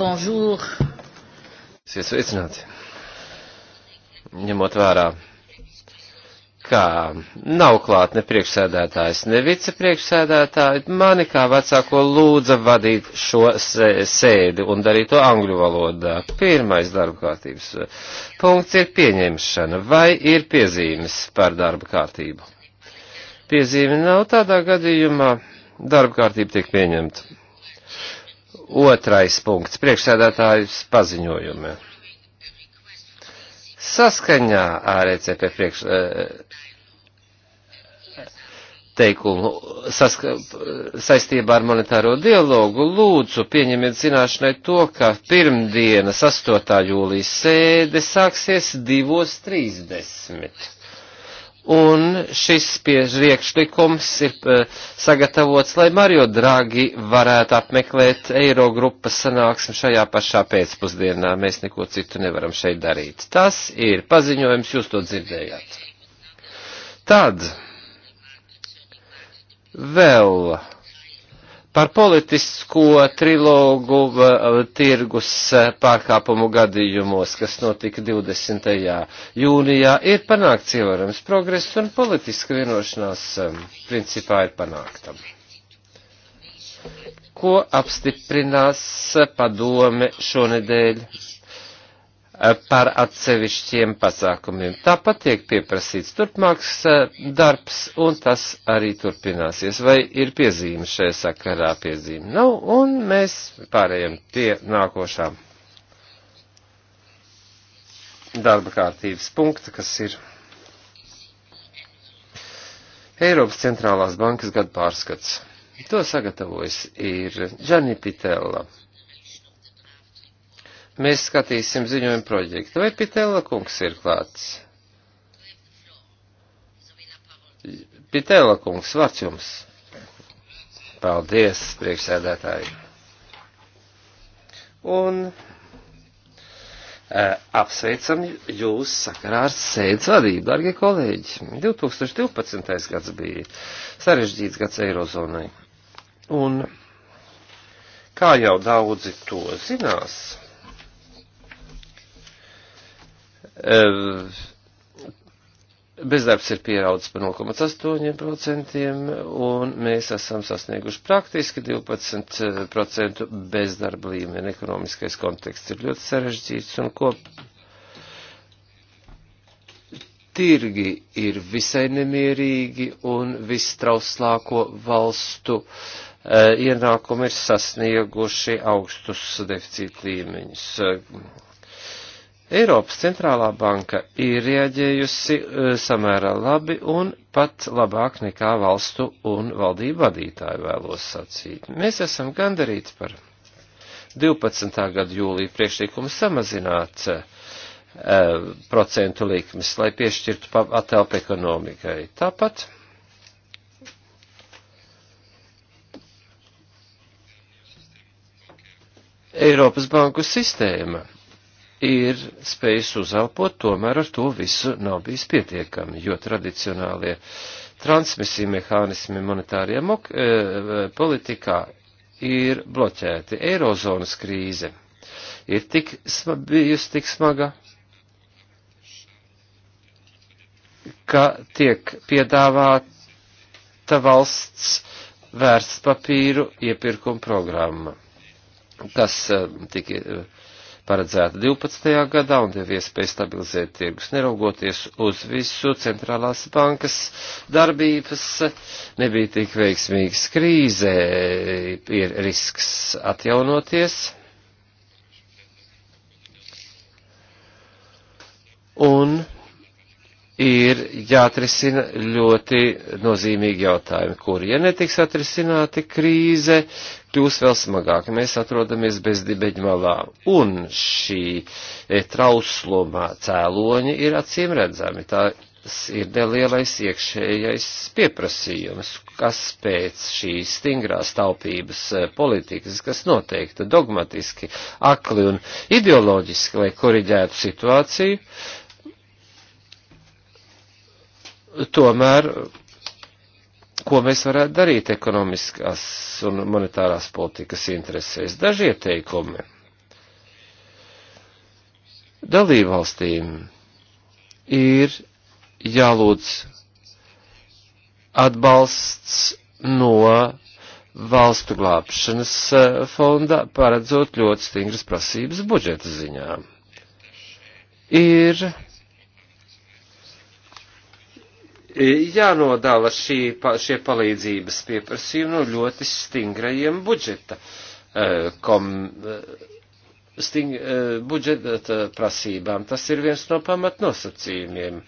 bonjour. Esiet sveicināti. Ņemot vērā, kā nav klāt ne priekšsēdētājs, ne vicepriekšsēdētāji, mani kā vecāko lūdza vadīt šo sēdi un darīt to angļu valodā. Pirmais darba kārtības punkts ir pieņemšana vai ir piezīmes par darba kārtību. Piezīme nav tādā gadījumā, darba kārtība tiek pieņemta. Otrais punkts - priekšsēdētājs paziņojumi. Saskaņā ar ECP priekš, eh, teikumu saska, saistībā ar monetāro dialogu lūdzu pieņemiet zināšanai to, ka pirmdiena 8. jūlijas sēde sāksies 2.30 un šis priekšlikums ir eh, sagatavots, lai Mario Draghi varētu apmeklēt Eirogrupas sanāksmi šajā pašā pēcpusdienā. Mēs neko citu nevaram šeit darīt. Tas ir paziņojums, jūs to dzirdējāt. Tad vēl Par politisko trilogu tirgus eh, pārkāpumu gadījumos, kas notika 20. jūnijā, ir panākts ievērams progress un politiska vienošanās eh, principā ir panāktam. Ko apstiprinās eh, padome šonedēļ? Eh, par atsevišķiem pasākumiem. Tāpat tiek pieprasīts turpmāks eh, darbs, un tas arī turpināsies. Vai ir piezīme šajā sakarā? Piezīme nav, un mēs pārējām pie nākošā darba kārtības punkta, kas ir Eiropas centrālās bankas gadu pārskats. To sagatavojas ir Džani Pitella Mēs skatīsim ziņojumu projektu. Vai Pitela kungs ir klāts? Pitela kungs, vārds jums. Paldies, priekšsēdētāji. Un eh, apsveicam jūs sakarā ar sēdes vadību, dargie kolēģi. 2012. gads bija sarežģīts gads Eirozonai. Un kā jau daudzi to zinās, Ehm, bezdarbs ir pieaudzis par 0,8% un mēs esam sasnieguši praktiski 12% ehm, bezdarba līmeni. Ekonomiskais konteksts ir ļoti sarežģīts un kop tirgi ir visai nemierīgi un vistrauslāko valstu e, ienākumi ir sasnieguši augstus deficīta līmeņus. Eiropas centrālā banka ir rieģējusi e, samērā labi un pat labāk nekā valstu un valdību vadītāji vēlos sacīt. Mēs esam gandarīti par 12. gada jūlija priekšlikumu samazināt e, procentu likmes, lai piešķirtu atelpu ekonomikai. Tāpat Eiropas banku sistēma ir spējis uzelpot, tomēr ar to visu nav bijis pietiekami, jo tradicionālie transmisija mehānismi monetārajā mok, e, e, politikā ir bloķēti. Eirozonas krīze ir tik sma, bijusi tik smaga, ka tiek piedāvāta valsts vērtspapīru iepirkuma programma, kas e, tika e, paredzēta 12. gadā un deva iespēju stabilizēt tirgus, neraugoties uz visu centrālās bankas darbības, nebija tik veiksmīgas krīze, ir risks atjaunoties. Un ir jāatrisina ļoti nozīmīgi jautājumi, kuri, ja netiks atrisināti, krīze kļūs vēl smagāk. Mēs atrodamies bez dibeņa malā. Un šī e, trausluma cēloņi ir acīm redzami. Tas ir nelielais iekšējais pieprasījums, kas pēc šīs stingrās taupības e, politikas, kas noteikti dogmatiski, akli un ideoloģiski, lai koriģētu situāciju, uh, tomēr, ko mēs varētu darīt ekonomiskās un monetārās politikas interesēs? Daži ieteikumi dalībvalstīm ir jālūdz atbalsts no valstu glābšanas eh, fonda, paredzot ļoti stingras prasības budžeta ziņā. Ir E, jānodala šī, šie palīdzības pieprasījumi no ļoti stingrajiem budžeta e, kom, e, sting, budžeta prasībām. Tas ir viens no pamatnosacījumiem.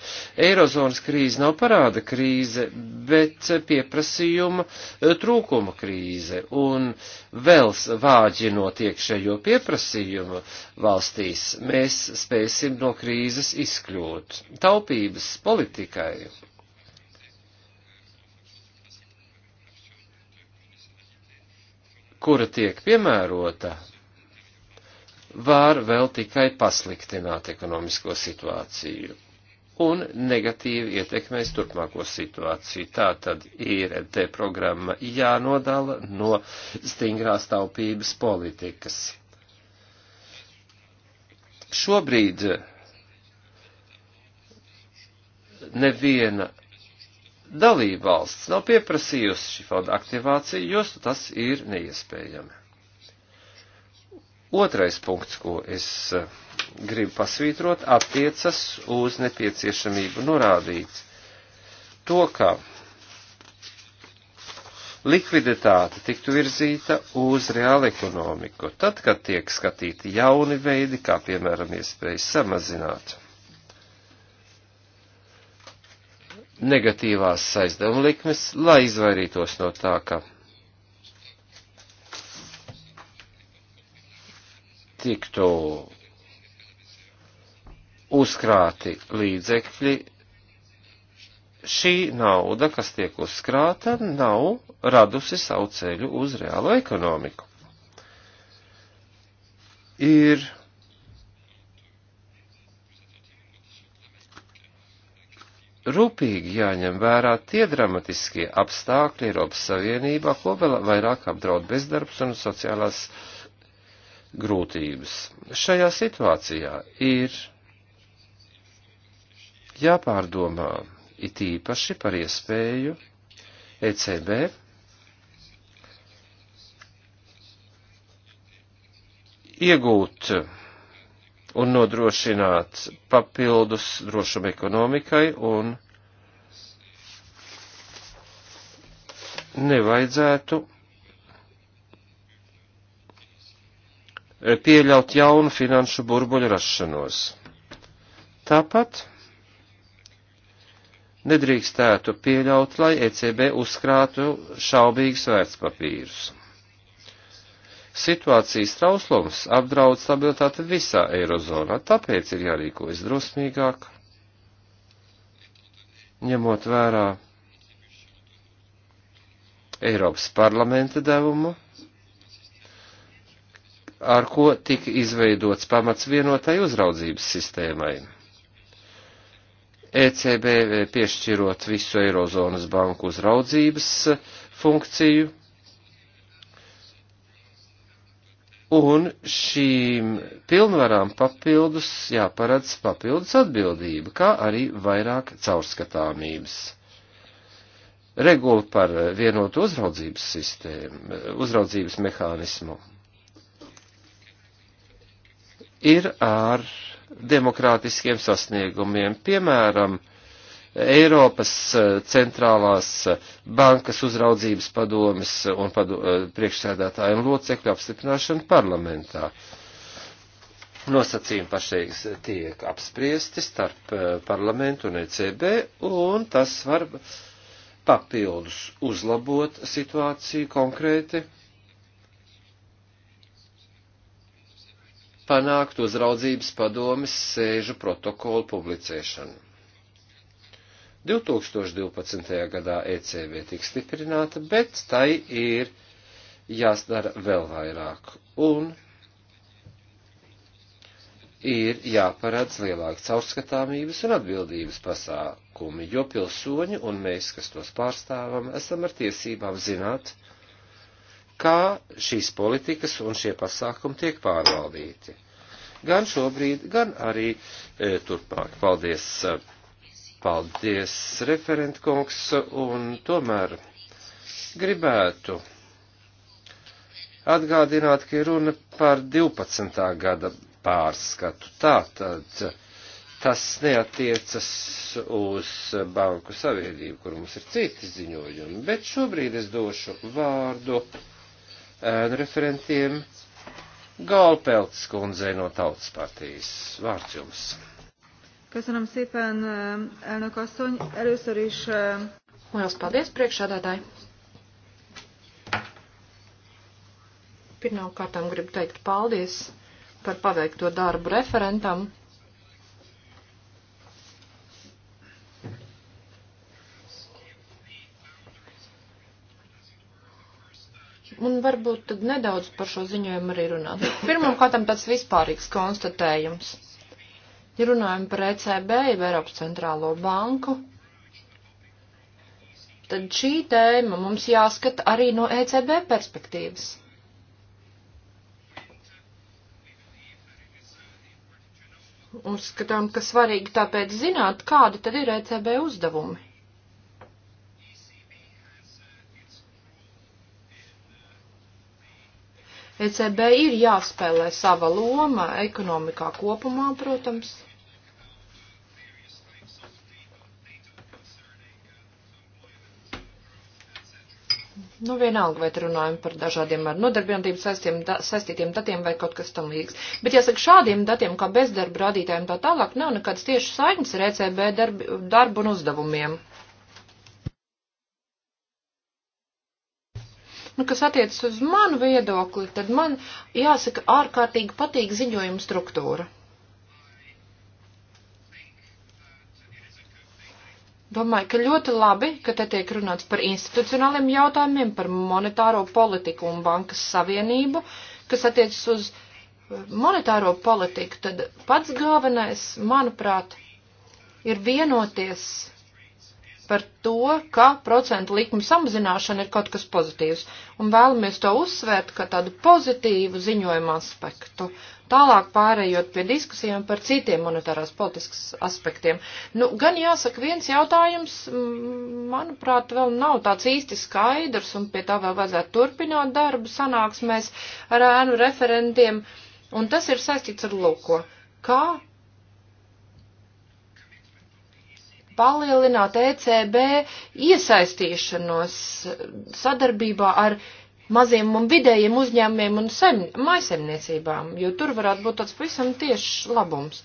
Eirozonas krīze nav parāda krīze, bet pieprasījuma trūkuma krīze. Un vēl vāģinot iekšējo pieprasījumu valstīs, mēs spēsim no krīzes izkļūt. Taupības politikai kura tiek piemērota, var vēl tikai pasliktināt ekonomisko situāciju un negatīvi ietekmēs turpmāko situāciju. Tā tad ir te programma jānodala no stingrās taupības politikas. Šobrīd neviena dalībvalsts nav pieprasījusi šī fonda aktivāciju, jo tas ir neiespējami. Otrais punkts, ko es eh, gribu pasvītrot, attiecas uz nepieciešamību norādīt to, ka likviditāte tiktu virzīta uz reālu ekonomiku, tad, kad tiek skatīti jauni veidi, kā piemēram iespējas samazināt negatīvās aizdevuma likmes, lai izvairītos no tā, ka tiktu uzkrāti līdzekļi. Šī nauda, kas tiek uzkrāta, nav radusi savu ceļu uz reālo ekonomiku. Ir rūpīgi jāņem vērā tie dramatiskie apstākļi Eiropas Savienībā, ko vēl vairāk apdraud bezdarbs un sociālās grūtības. Šajā situācijā ir jāpārdomā it īpaši par iespēju ECB iegūt un nodrošināt papildus drošumu ekonomikai un nevajadzētu pieļaut jaunu finanšu burbuļu rašanos. Tāpat nedrīkstētu pieļaut, lai ECB uzkrātu šaubīgus vērtspapīrus. Situācijas trauslums apdraud stabilitāti visā eirozonā, tāpēc ir jārīkojas drosmīgāk, ņemot vērā Eiropas parlamenta devumu, ar ko tika izveidots pamats vienotai uzraudzības sistēmai. ECB piešķirot visu Eirozonas banku uzraudzības funkciju, Un šīm pilnvarām papildus jāparedz papildus atbildība, kā arī vairāk caurskatāmības. Regula par vienotu uzraudzības sistēmu, uzraudzības mehānismu ir ar demokrātiskiem sasniegumiem, piemēram, Eiropas eh, centrālās eh, bankas uzraudzības padomes un padu, eh, priekšsēdētāju un locekļu apstiprināšanu parlamentā. Nosacījumi pašreiz tiek apspriesti starp parlamentu un ECB, un tas var papildus uzlabot situāciju konkrēti, panākt uzraudzības padomes sēžu protokolu publicēšanu. 2012. gadā ECB tiks stiprināta, bet tai ir jāsdara vēl vairāk un ir jāparedz lielāka caurskatāmības un atbildības pasākumi, jo pilsoņi un mēs, kas tos pārstāvam, esam ar tiesībām zināt, kā šīs politikas un šie pasākumi tiek pārvaldīti. Gan šobrīd, gan arī e, turpmāk. Paldies! E, Paldies, referentkungs, un tomēr gribētu atgādināt, ka ir runa par 12. gada pārskatu. Tātad tas neatiecas uz Banku Savienību, kur mums ir citi ziņojumi, bet šobrīd es došu vārdu ēnu referentiem Galpelts kundzei no Tautas partijas. Vārds jums! Köszönöm szépen, eh, elnök asszony. Először is... Eh, Lielas paldies, priekšādātāji. Pirmām kārtām gribu teikt paldies par paveikto darbu referentam. Un varbūt tad nedaudz par šo ziņojumu arī runāt. Pirmam kārtam tāds vispārīgs konstatējums. Ja runājam par ECB, jeb Eiropas centrālo banku, tad šī tēma mums jāskata arī no ECB perspektīvas. Uzskatām, ka svarīgi tāpēc zināt, kādi tad ir ECB uzdevumi. ECB ir jāspēlē sava loma ekonomikā kopumā, protams. Nu, vienalga, vai runājam par dažādiem ar nodarbinātību da, saistītiem datiem vai kaut kas tam līdzīgs. Bet, jāsaka, šādiem datiem, kā bezdarba rādītājiem tā tālāk, nav nekādas tieši saiknes ar ECB darbi, darbu un uzdevumiem. Nu, kas attiecas uz manu viedokli, tad man jāsaka ārkārtīgi patīk ziņojuma struktūra. Domāju, ka ļoti labi, ka te tiek runāts par institucionāliem jautājumiem, par monetāro politiku un bankas savienību, kas attiecas uz eh, monetāro politiku, tad pats galvenais, manuprāt, ir vienoties par to, ka procentu likuma samazināšana ir kaut kas pozitīvs, un vēlamies to uzsvērt kā tādu pozitīvu ziņojumu aspektu. Tālāk pārējot pie diskusijām par citiem monetārās politiskas aspektiem. Nu, gan jāsaka, viens jautājums, mm, manuprāt, vēl nav tāds īsti skaidrs, un pie tā vēl vajadzētu turpināt darbu sanāksmēs ar ēnu referentiem, un tas ir saistīts ar lūko. Kā palielināt ECB iesaistīšanos sadarbībā ar maziem un vidējiem uzņēmumiem un sem, maisemniecībām, jo tur varētu būt tāds pavisam tiešs labums.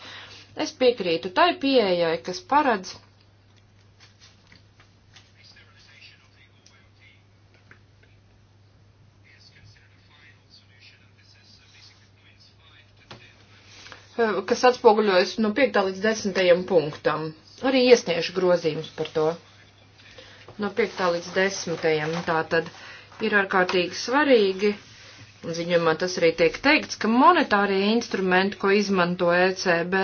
Es piekrītu tai pieejai, kas paredz eh, kas atspoguļojas no 5. līdz 10. punktam. Arī iesniešu grozījumus par to. No 5. līdz 10. tā tad ir ārkārtīgi svarīgi, un ziņojumā tas arī tiek teikts, ka monetārie instrumenti, ko izmanto ECB,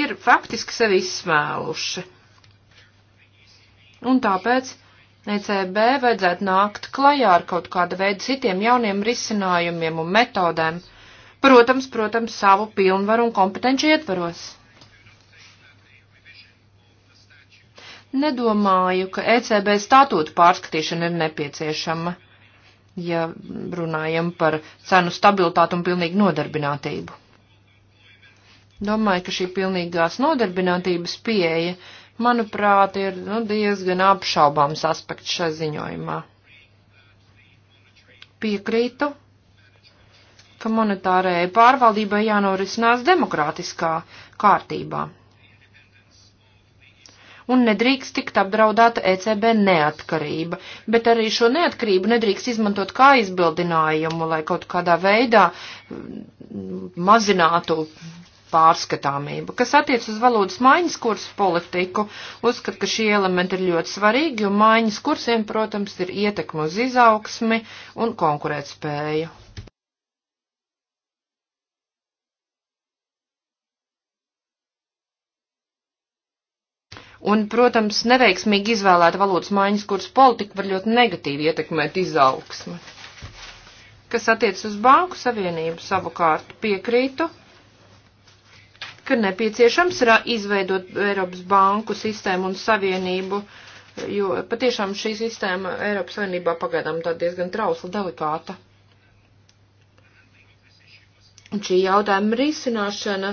ir faktiski sevi izsmēluši. Un tāpēc ECB vajadzētu nākt klajā ar kaut kādu veidu citiem jauniem risinājumiem un metodēm, protams, protams, savu pilnvaru un kompetenci ietvaros. Nedomāju, ka ECB statūtu pārskatīšana ir nepieciešama, ja runājam par cenu stabilitātu un pilnīgu nodarbinātību. Domāju, ka šī pilnīgās nodarbinātības pieeja, manuprāt, ir nu, diezgan apšaubāms aspekts šai ziņojumā. Piekrītu, ka monetārajai pārvaldībai jānorisinās demokrātiskā kārtībā un nedrīkst tikt apdraudēta ECB neatkarība. Bet arī šo neatkarību nedrīkst izmantot kā izbildinājumu, lai kaut kādā veidā mm, mazinātu pārskatāmību. Kas attiec uz valodas maiņas kursu politiku, uzskat, ka šie elementi ir ļoti svarīgi, jo maiņas kursiem, protams, ir ietekme uz izaugsmi un konkurētspēju. Un, protams, neveiksmīgi izvēlēta valūtas maiņas kursu politika var ļoti negatīvi ietekmēt izaugsmi. Kas attiec uz Banku Savienību savukārt piekrītu, ka nepieciešams ir izveidot Eiropas banku sistēmu un savienību, jo patiešām šī sistēma Eiropas Savienībā pagaidām tā diezgan trausla delikāta. Un šī jautājuma risināšana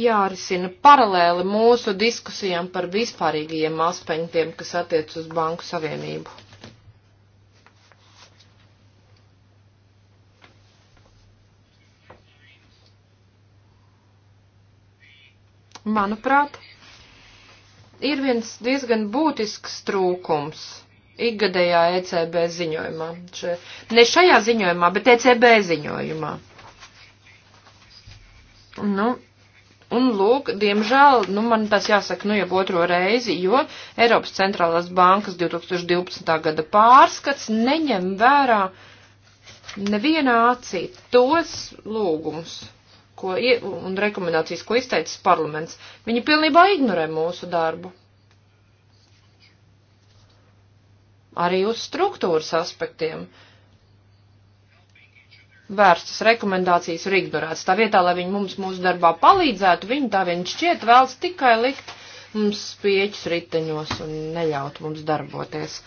jārisina paralēli mūsu diskusijām par vispārīgajiem aspektiem, kas attiec uz Banku Savienību. Manuprāt, ir viens diezgan būtisks trūkums ikgadējā ECB ziņojumā. Ne šajā ziņojumā, bet ECB ziņojumā. Nu, Un lūk, diemžēl, nu man tas jāsaka, nu jau otro reizi, jo Eiropas centrālās bankas 2012. gada pārskats neņem vērā nevienā acī tos lūgumus ko, un rekomendācijas, ko izteicis parlaments. Viņi pilnībā ignorē mūsu darbu. Arī uz struktūras aspektiem. Uh, vērstas rekomendācijas ir ignorētas. Tā vietā, lai viņi mums mūsu darbā palīdzētu, viņi tā vien šķiet vēlas tikai likt mums spieķus riteņos un neļaut mums darboties.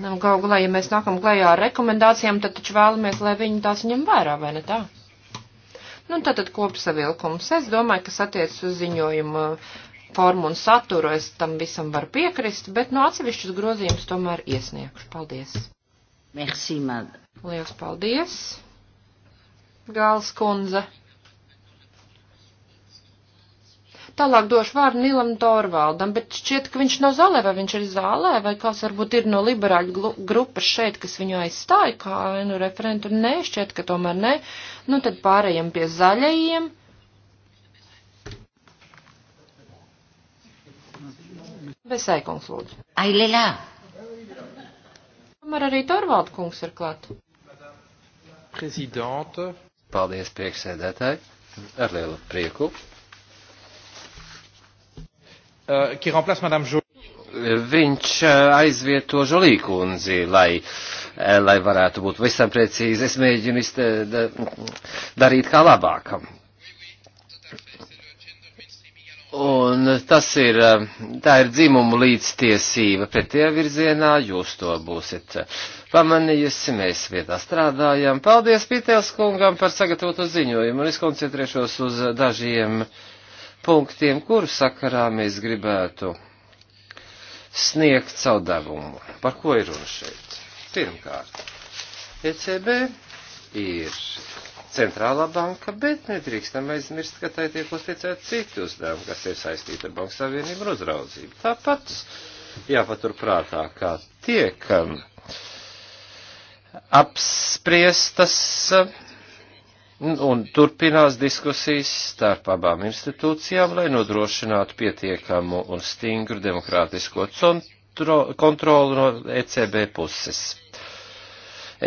Nu, Galu galā, ja mēs nākam klajā ar rekomendācijām, tad taču vēlamies, lai viņi tās ņem vērā, vai ne tā? Nu, tātad kopsavilkums. Es domāju, kas attiec uz ziņojumu formu un saturu, es tam visam varu piekrist, bet no atsevišķas grozījums tomēr iesniegšu. Paldies! Merci, Mad. Lielas paldies! Gāls kundze. Tālāk došu vārdu Nilam Torvaldam, bet šķiet, ka viņš nav zālē, vai viņš ir zālē, vai kāds varbūt ir no liberāļu grupas šeit, kas viņu aizstāja, kā nu referentu, nē, šķiet, ka tomēr nē. Nu tad pārējiem pie zaļajiem. Vesai kungs lūdzu. Ai, Lilā! Tomēr arī Torvalda kungs ir klāt. Prezidente. Paldies, priekšsēdētāji, ar lielu prieku. Uh, viņš euh, aizvieto Žolī kundzi, lai, euh, lai varētu būt visam precīzi. Es mēģinu darīt kā labākam. Un tas ir, eh, tā ir dzimumu līdztiesība pretie virzienā, jūs to būsiet eh, pamanījusi, mēs vietā strādājam. Paldies Pitēls kungam par sagatavotu ziņojumu, un es koncentrēšos uz dažiem punktiem, kuru sakarā mēs gribētu sniegt savu devumu. Par ko ir runa šeit? Pirmkārt, ECB ir centrālā banka, bet nedrīkstam aizmirst, ka tai tiek uzticēti citi uzdevumi, kas ir saistīti ar Banku Savienību un uzraudzību. Tāpat jāpaturprātā, kā tiek um, apspriestas um, un turpinās diskusijas starp abām institūcijām, lai nodrošinātu pietiekamu un stingru demokrātisko kontroli no ECB puses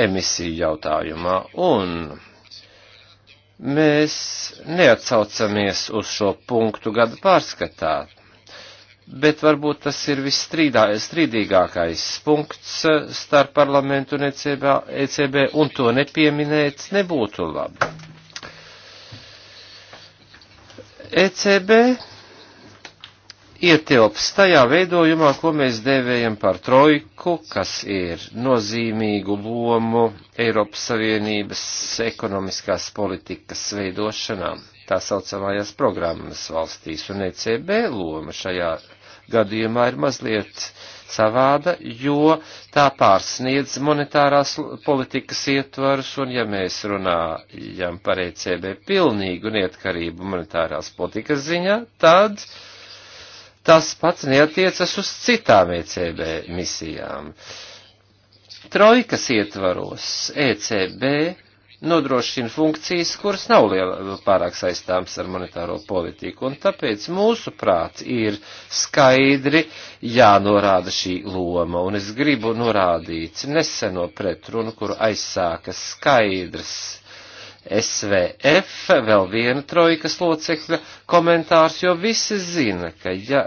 emisiju jautājumā. Un Mēs neatsaucamies uz šo punktu gada pārskatā, bet varbūt tas ir visstrīdīgākais punkts eh, starp parlamentu un ECB, ECB, un to nepieminēt nebūtu labi. ECB ietilps tajā veidojumā, ko mēs dēvējam par trojku, kas ir nozīmīgu lomu Eiropas Savienības ekonomiskās politikas veidošanā, tā saucamājās programmas valstīs, un ECB loma šajā gadījumā ir mazliet savāda, jo tā pārsniedz monetārās politikas ietvarus, un ja mēs runājam par ECB pilnīgu neatkarību monetārās politikas ziņā, tad Tas pats neatiecas uz citām ECB misijām. Trojkas ietvaros ECB nodrošina funkcijas, kuras nav liela, pārāk saistāmas ar monetāro politiku, un tāpēc mūsu prāt ir skaidri jānorāda šī loma, un es gribu norādīt neseno pretrunu, kuru aizsāka skaidrs SVF, vēl viena trojkas locekļa komentārs, jo visi zina, ka ja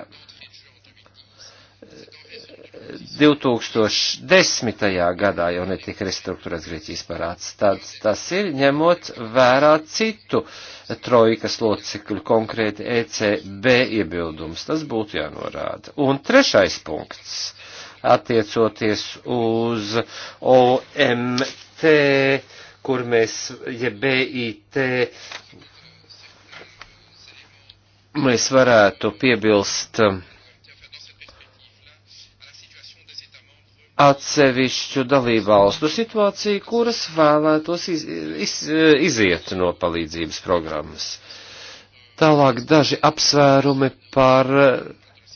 2010. gadā jau netika restruktūrēts Grieķijas parāds, tad tas ir ņemot vērā citu trojkas locekļu, konkrēti ECB iebildums. Tas būtu jānorāda. Un trešais punkts attiecoties uz OMT kur mēs, ja BIT, mēs varētu piebilst um, atsevišķu dalībvalstu situāciju, kuras vēlētos iz, iz, iziet no palīdzības programmas. Tālāk daži apsvērumi par uh,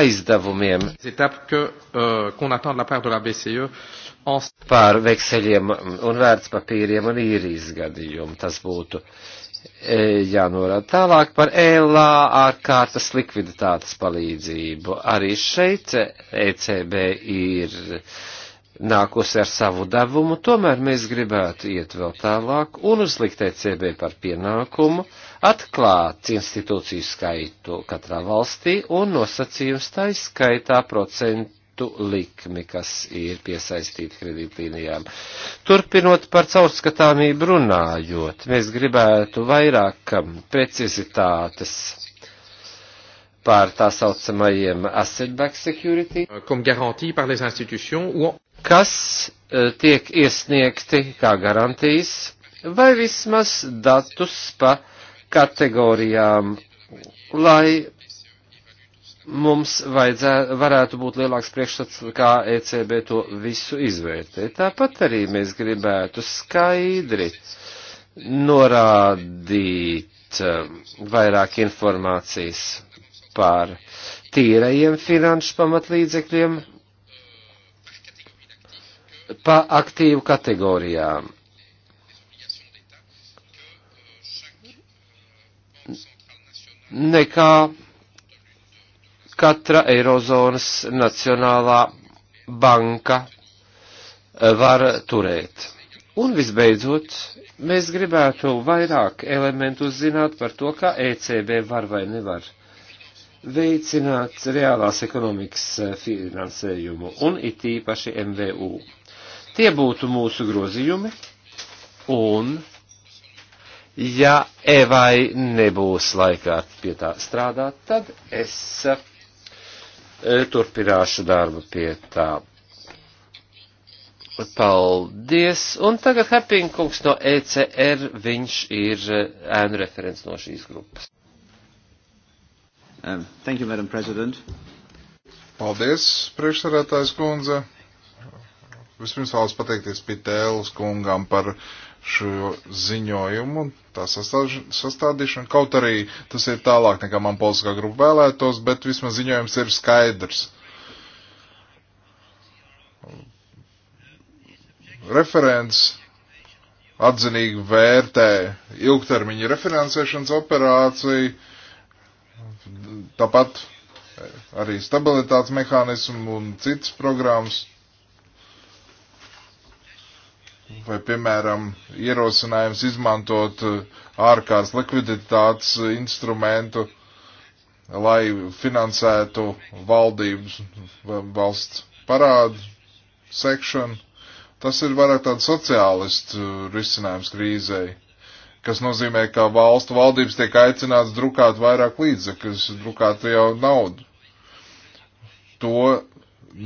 aizdevumiem. Étape, que, euh, Pār vekseļiem un vērtspapīriem un īrijas gadījumu tas būtu e, jānorāda. Tālāk par ELA ārkārtas likviditātes palīdzību. Arī šeit ECB ir nākusi ar savu devumu, tomēr mēs gribētu iet vēl tālāk un uzlikt ECB par pienākumu atklāt institūciju skaitu katrā valstī un nosacījums tā izskaitā procentu procentu likmi, kas ir piesaistīta kredītlīnijām. Turpinot par caurskatāmību runājot, mēs gribētu vairāk precizitātes par tā saucamajiem asset-back security, euh, kas eh, tiek iesniegti kā garantijas, vai vismaz datus pa kategorijām, lai mums vajadzē, varētu būt lielāks priekšstats, kā ECB to visu izvērtē. Tāpat arī mēs gribētu skaidri norādīt um, vairāk informācijas par tīrajiem finanšu pamatlīdzekļiem pa aktīvu kategorijām. Nekā katra Eirozonas nacionālā banka eh, var turēt. Un visbeidzot, mēs gribētu vairāk elementu uzzināt par to, kā ECB var vai nevar veicināt reālās ekonomikas eh, finansējumu un it īpaši MVU. Tie būtu mūsu grozījumi un, ja Evai nebūs laikā pie tā strādāt, tad es E, turpināšu darbu pie tā. Paldies! Un tagad Hepinkungs no ECR, viņš ir e, ēnu referents no šīs grupas. Um, thank you, Madam President. Paldies, priekšsarētājs kundze. Vispirms vēlos pateikties Pitēlus kungam par šo ziņojumu, tā sastādīšanu, kaut arī tas ir tālāk nekā man politiskā grupa vēlētos, bet vismaz ziņojums ir skaidrs. Referents atzinīgi vērtē ilgtermiņa refinansēšanas operāciju, tāpat arī stabilitātes mehānismu un citas programmas vai, piemēram, ierosinājums izmantot uh, ārkārtas likviditātes instrumentu, lai finansētu valdības valsts parādu sekšanu. Tas ir vairāk tāds sociālistu uh, risinājums krīzei, kas nozīmē, ka valstu valdības tiek aicināts drukāt vairāk līdzekļus, drukāt jau naudu. To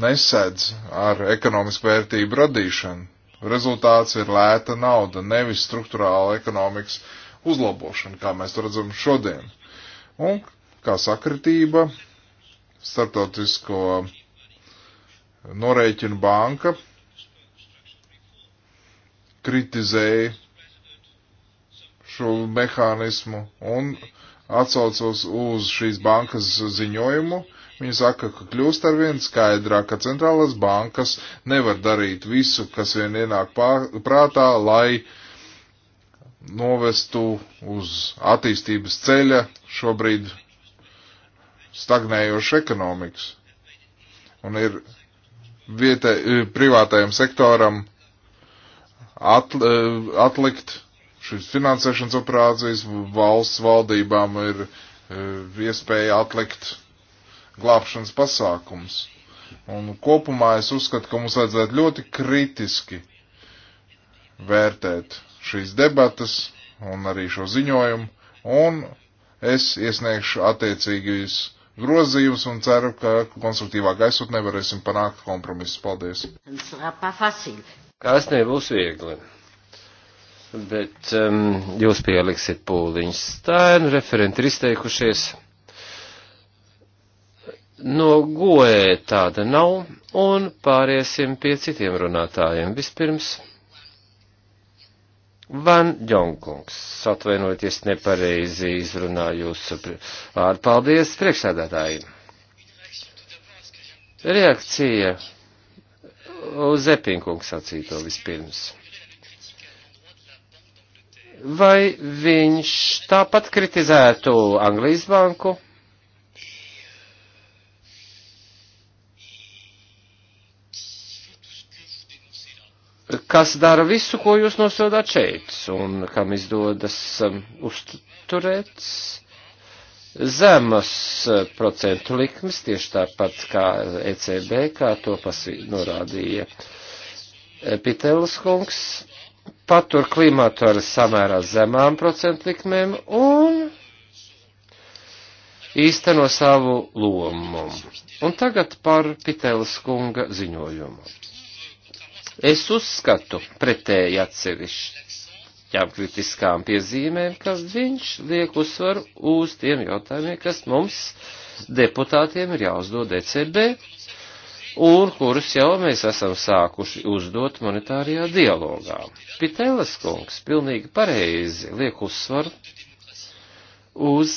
nesedz ar ekonomisku vērtību radīšanu Rezultāts ir lēta nauda, nevis struktūrāla ekonomikas uzlabošana, kā mēs to redzam šodien. Un kā sakritība, starptautisko norēķinu banka kritizēja šo mehānismu un atsaucos uz šīs bankas ziņojumu, Viņi saka, ka kļūst ar vien skaidrāk, ka centrālās bankas nevar darīt visu, kas vien ienāk prātā, lai novestu uz attīstības ceļa šobrīd stagnējošu ekonomikas. Un ir vietē, e, privātajam sektoram atl, e, atlikt šīs finansēšanas operācijas, valsts valdībām ir e, iespēja atlikt glābšanas pasākums. Un kopumā es uzskatu, ka mums vajadzētu ļoti kritiski vērtēt šīs debatas un arī šo ziņojumu, un es iesniegšu attiecīgus grozījumus un ceru, ka konstruktīvā gaisotnē varēsim panākt kompromisu. Paldies! Kas nebūs viegli, bet um, jūs pieliksiet pūliņus. Tā ir referenti ir izteikušies no goē tāda nav, un pāriesim pie citiem runātājiem. Vispirms, Van Džonkungs, atvainojieties nepareizi izrunāju jūsu vārdu. Paldies priekšsēdētājiem. Reakcija uz Epinkungs sacīto vispirms vai viņš tāpat kritizētu Anglijas banku? kas dara visu, ko jūs nosodāt šeit, un kam izdodas um, uzturēt zemas uh, procentu likmes, tieši tāpat kā ECB, kā to norādīja uh, Pitēlis kungs, patur klimatu ar samērā zemām procentu likmēm un īsteno savu lomu. Un tagad par Pitēlis kunga ziņojumu. Es uzskatu pretēji atsevišķām kritiskām piezīmēm, ka viņš liek uzsvaru uz tiem jautājumiem, kas mums deputātiem ir jāuzdod ECB un kurus jau mēs esam sākuši uzdot monetārajā dialogā. Pitēlas kungs pilnīgi pareizi liek uzsvaru uz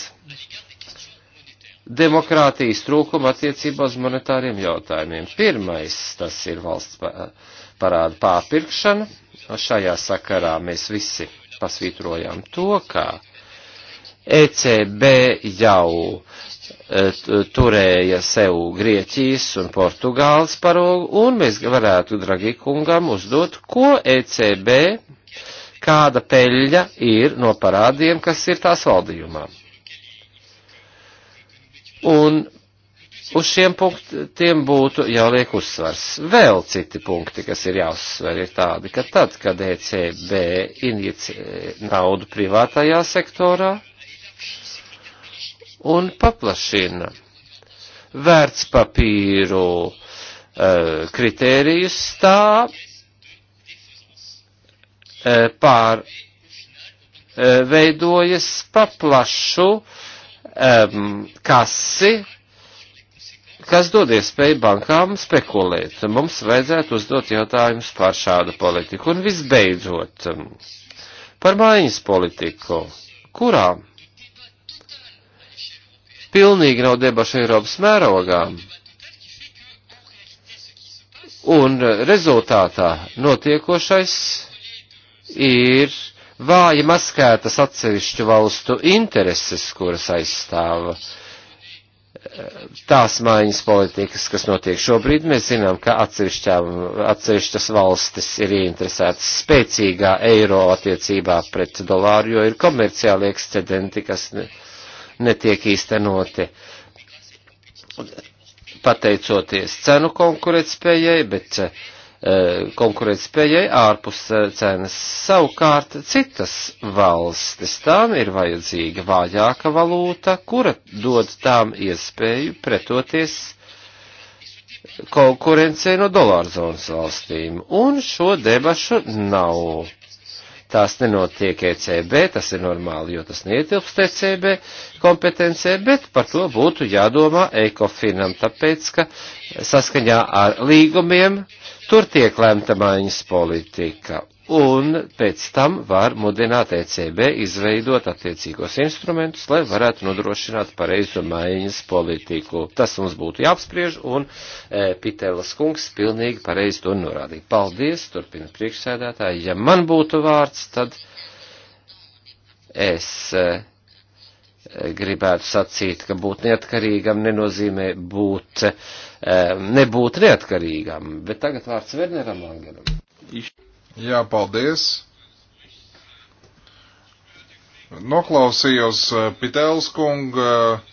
demokrātijas trūkumu attiecībā uz monetāriem jautājumiem. Pirmais tas ir valsts. Pa, parāda pārpirkšana. Šajā sakarā mēs visi pasvītrojām to, ka ECB jau e, turēja sev Grieķijas un Portugāles parogu, un mēs varētu Dragi kungam uzdot, ko ECB, kāda peļļa ir no parādiem, kas ir tās valdījumā. Un Uz šiem punktiem būtu jāliek uzsvars. Vēl citi punkti, kas ir jāuzsver, ir tādi, ka tad, kad ECB injicē naudu privātajā sektorā un paplašina vērtspapīru uh, kritērijus, tā uh, pār e, veidojas paplašu um, kasi, kas dod iespēju bankām spekulēt. Mums vajadzētu uzdot jautājumus par šādu politiku. Un visbeidzot, par mājas politiku, kurā pilnīgi nav debašu Eiropas mērogām. Un rezultātā notiekošais ir vāji maskētas atsevišķu valstu intereses, kuras aizstāva uh, tās mājas politikas, kas notiek šobrīd, mēs zinām, ka atsevišķas valstis ir ieinteresētas spēcīgā eiro attiecībā pret dolāru, jo ir komerciāli ekscedenti, kas ne, netiek īstenoti pateicoties cenu konkurētspējai, bet uh, E, konkurētspējai ārpus e, cenas. Savukārt citas valstis tām ir vajadzīga vājāka valūta, kura dod tām iespēju pretoties konkurencei no dolārzonas valstīm. Un šo debašu nav. Tās nenotiek ECB, tas ir normāli, jo tas neietilpst ECB kompetencē, bet par to būtu jādomā ECOFINam, tāpēc, ka saskaņā ar līgumiem uh, Tur tiek lemta maiņas politika, un pēc tam var mudināt ECB izveidot attiecīgos instrumentus, lai varētu nodrošināt pareizu maiņas politiku. Tas mums būtu jāapspriež, un e, Pitēlas kungs pilnīgi pareizi to norādīja. Paldies, turpina priekšsēdētāji. Ja man būtu vārds, tad es. E, gribētu sacīt, ka būt neatkarīgam nenozīmē būt, eh, nebūt neatkarīgam. Bet tagad vārds Werneram Langeram. Jā, paldies. Noklausījos eh, Pitēls kunga eh,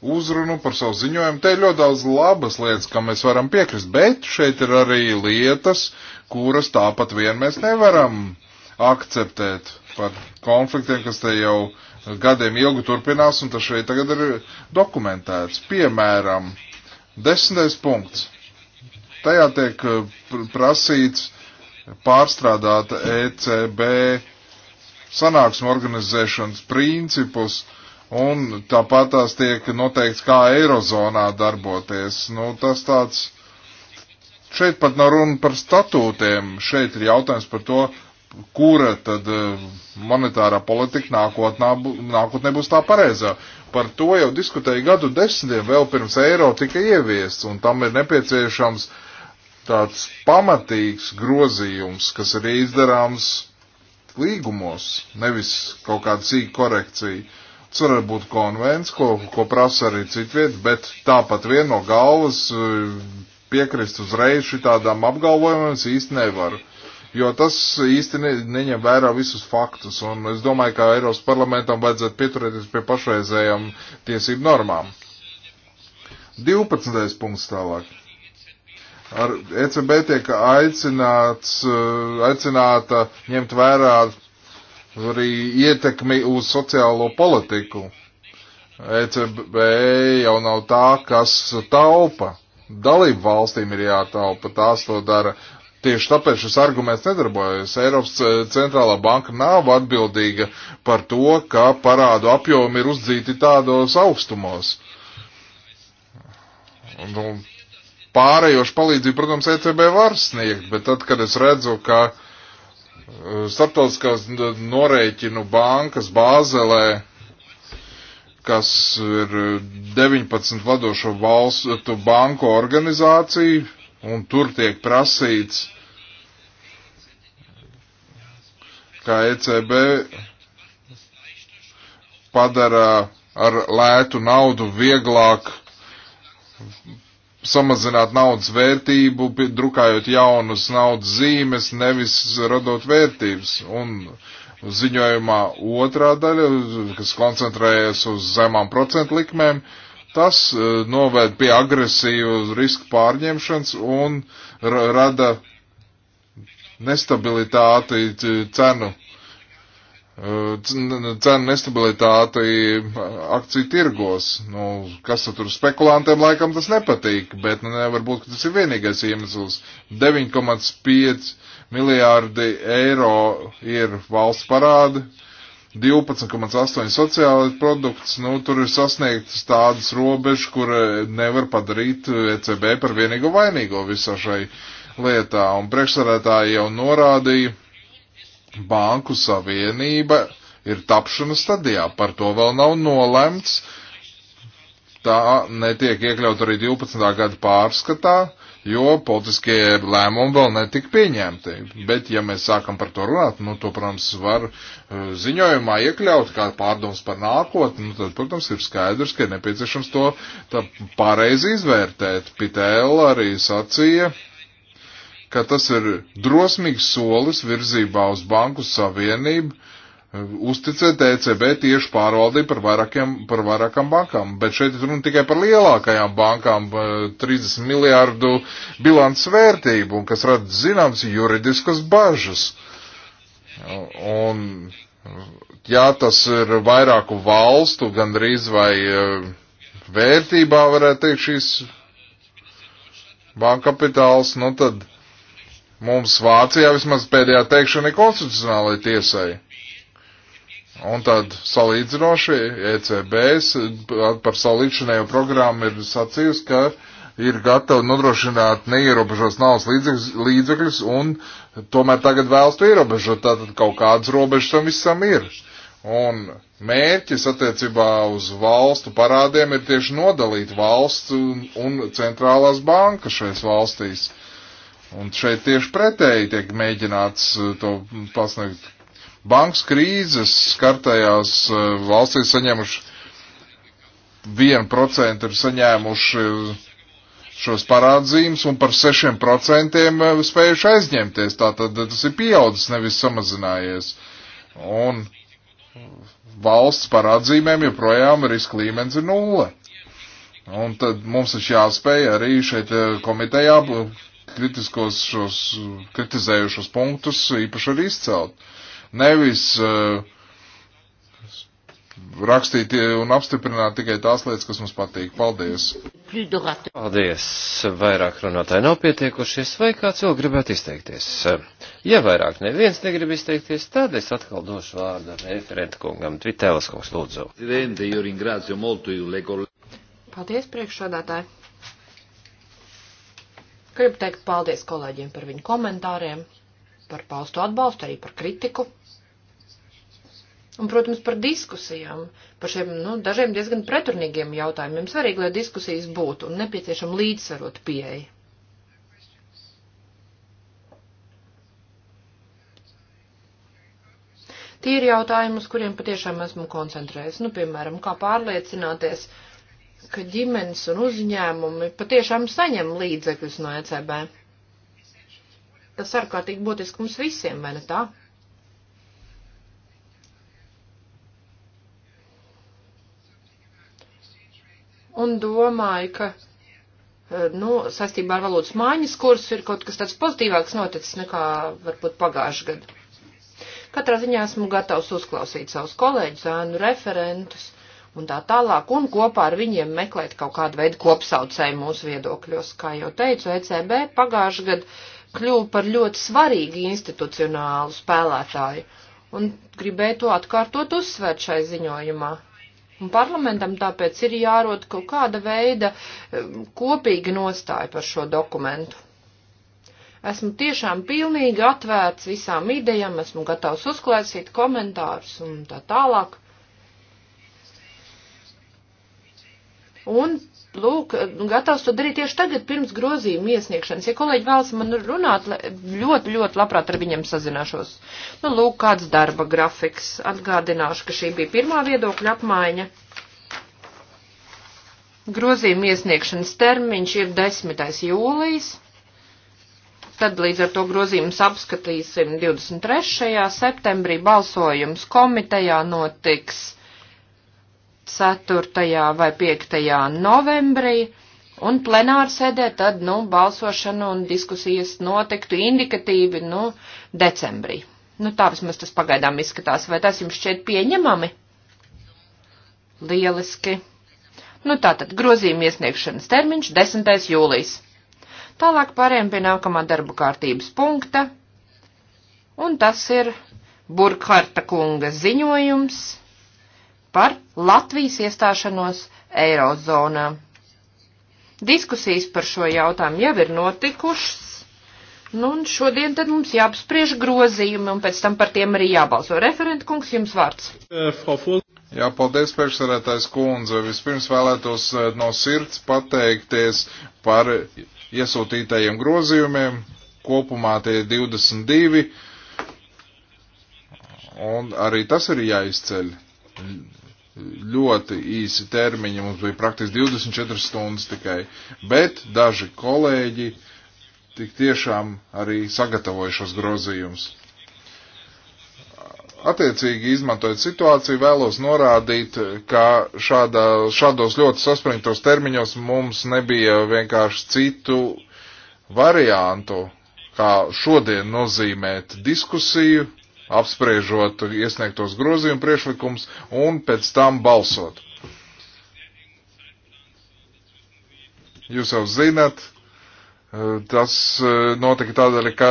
uzrunu par savu ziņojumu. Te ir ļoti daudz labas lietas, kam mēs varam piekrist, bet šeit ir arī lietas, kuras tāpat vien mēs nevaram akceptēt par konfliktiem, kas te jau uh, gadiem ilgi turpinās, un tas šeit tagad ir dokumentēts. Piemēram, desmitais punkts. Tajā tiek eh, prasīts pārstrādāt ECB sanāksmu organizēšanas principus, un tāpat tās tiek noteikts, kā Eirozonā darboties. Nu, tas tāds, šeit pat nav runa par statūtiem, šeit ir jautājums par to, uh, kura tad eh, monetārā politika nākotnā, nākotnē būs tā pareizā. Par to jau diskutēja gadu desmitiem, vēl pirms eiro tika ieviests, un tam ir nepieciešams tāds pamatīgs grozījums, kas ir izdarāms līgumos, nevis kaut kāda cīka korekcija. Tas var būt konvents, ko, ko prasa arī citviet, bet tāpat vien no galvas eh, piekrist uzreiz šitādām apgalvojumiem es īsti nevaru jo tas īsti ne, neņem vērā visus faktus, un es domāju, ka Eiropas parlamentam vajadzētu pieturēties pie pašreizējām tiesību normām. 12. punkts tālāk. Ar ECB tiek aicināts, eh, aicināta ņemt vērā arī ietekmi uz sociālo politiku. ECB jau nav tā, kas taupa. Dalību valstīm ir jātaupa, tās to dara. Tieši tāpēc šis arguments nedarbojas. Eiropas eh, centrālā banka nav atbildīga par to, ka parādu apjomi ir uzdzīti tādos augstumos. Nu, pārējošu palīdzību, protams, ECB var sniegt, bet tad, kad es redzu, ka eh, starptautiskās norēķinu bankas Bāzelē, kas ir 19 eh, vadošo valstu banku organizācija, un tur tiek prasīts, ka ECB padara ar lētu naudu vieglāk samazināt naudas vērtību, drukājot jaunas naudas zīmes, nevis radot vērtības. Un ziņojumā otrā daļa, kas koncentrējas uz zemām procentu likmēm, uh, Tas uh, noved pie agresīvas riska pārņemšanas un rada nestabilitāti cenu. E, cenu nestabilitāti akciju tirgos. Nu, kas tur spekulantiem laikam tas nepatīk, bet nu, nevar būt, ka tas ir vienīgais iemesls. 9,5 miljārdi eiro ir valsts parādi 12,8 sociālais produkts, nu, tur ir sasniegtas tādas robežas, kur nevar padarīt ECB par vienīgo vainīgo visā šai lietā. Un priekšsarētāji jau norādīja, Banku Savienība ir tapšanas stadijā, par to vēl nav nolemts. Tā netiek iekļaut arī 12. gada pārskatā jo politiskie lēmumi vēl netika pieņemti. Bet, ja mēs sākam par to runāt, nu, to, protams, var eh, ziņojumā iekļaut kā pārdoms par nākotni, nu, tad, protams, ir skaidrs, ka ir nepieciešams to pareizi izvērtēt. Pitēla arī sacīja, ka tas ir drosmīgs solis virzībā uz Banku Savienību, uzticēt ECB tieši pārvaldību par, vairākiem, par vairākām bankām. Bet šeit runa tikai par lielākajām bankām, 30 miljārdu bilants vērtību, un kas rada zināms juridiskas bažas. Un, ja tas ir vairāku valstu, gandrīz vai eh, vērtībā varētu teikt šīs banka kapitāls, nu tad mums Vācijā vismaz pēdējā teikšana ir konstitucionālajai tiesai. Un tad salīdzinoši ECBS par salīdzinējo programmu ir sacījusi, ka ir gatava nodrošināt neierobežos naudas līdzekļus un tomēr tagad vēlas to ierobežot. Tātad kaut kādas robežas tam visam ir. Un mērķis attiecībā uz valstu parādiem ir tieši nodalīt valsts un centrālās bankas šais valstīs. Un šeit tieši pretēji tiek mēģināts to pasniegt Bankas krīzes skartajās eh, valstīs saņēmuši 1% ir saņēmuši šos parādzījumus un par 6% eh, spējuši aizņemties. Tātad eh, tas ir pieaudzis, nevis samazinājies. Un valsts parādzīmēm joprojām riska līmenis ir nulle. Un tad mums ir jāspēj arī šeit komitejā kritiskos šos kritizējušos punktus īpaši arī izcelt. Nevis uh, rakstīt un apstiprināt tikai tās lietas, kas mums patīk. Paldies! Paldies! Vairāk runātāji nav pietiekušies, vai kāds vēl gribētu izteikties? Ja vairāk neviens negrib izteikties, tad es atkal došu vārdu referentu kungam Tvitēlas kungs lūdzu. Paldies, priekšsādātāji! Gribu teikt paldies kolēģiem par viņu komentāriem, par paustu atbalstu, arī par kritiku un, protams, par diskusijām, par šiem, nu, dažiem diezgan pretrunīgiem jautājumiem. Svarīgi, lai diskusijas būtu un nepieciešama līdzsvarot pieeja. Tie ir jautājumi, uz kuriem patiešām esmu koncentrējies. Nu, piemēram, kā pārliecināties, ka ģimenes un uzņēmumi patiešām saņem līdzekļus no ECB. Tas ārkārtīgi būtiski mums visiem, vai ne tā? un domāju, ka, e, nu, saistībā ar valūtas mājas kursu ir kaut kas tāds pozitīvāks noticis nekā varbūt pagājušajā gadā. Katrā ziņā esmu gatavs uzklausīt savus kolēģus, ēnu referentus un tā tālāk, un kopā ar viņiem meklēt kaut kādu veidu kopsaucēju mūsu viedokļos. Kā jau teicu, ECB pagājušajā gadā kļuva par ļoti svarīgu institucionālu spēlētāju, un gribēju to atkārtot uzsvērt šai ziņojumā. Un parlamentam tāpēc ir jārod kaut kāda veida eh, kopīga nostāja par šo dokumentu. Esmu tiešām pilnīgi atvērts visām idejām, esmu gatavs uzklāsīt komentārus un tā tālāk. Un lūk, gatavs to darīt tieši tagad pirms grozījuma iesniegšanas. Ja kolēģi vēlas man runāt, ļoti, ļoti labprāt ar viņiem sazināšos. Nu, lūk, kāds darba grafiks. Atgādināšu, ka šī bija pirmā viedokļa apmaiņa. Grozījuma iesniegšanas termiņš ir 10. jūlijas. Tad līdz ar to grozījumus apskatīsim 23. septembrī. Balsojums komitejā notiks 4. vai 5. novembrī, un plenārsēdē tad, nu, balsošana un diskusijas notiktu indikatīvi, nu, decembrī. Nu, tā vismaz tas pagaidām izskatās. Vai tas jums šķiet pieņemami? Lieliski. Nu, tātad grozījuma iesniegšanas termiņš 10. jūlijas. Tālāk pārējām pie nākamā darba kārtības punkta, un tas ir Burkharta kunga ziņojums par Latvijas iestāšanos Eirozonā. Diskusijas par šo jautājumu jau ir notikušas. Nu, un šodien tad mums jāapspriež grozījumi, un pēc tam par tiem arī jābalso. Referent kungs, jums vārds. Eh, Jā, paldies, priekšsarētājs kundze. Vispirms vēlētos eh, no sirds pateikties par iesūtītajiem grozījumiem. Kopumā tie ir 22, un arī tas ir jāizceļ ļoti īsi termiņi, mums bija praktiski 24 stundas tikai, bet daži kolēģi tik tiešām arī sagatavojušos grozījumus. Attiecīgi, izmantojot situāciju, vēlos norādīt, ka šādā, šādos ļoti saspringtos termiņos mums nebija vienkārši citu variantu, kā šodien nozīmēt diskusiju apspriežot iesniegtos grozījumu priešlikums un pēc tam balsot. Jūs jau zinat, eh, tas eh, notika tādēļ, ka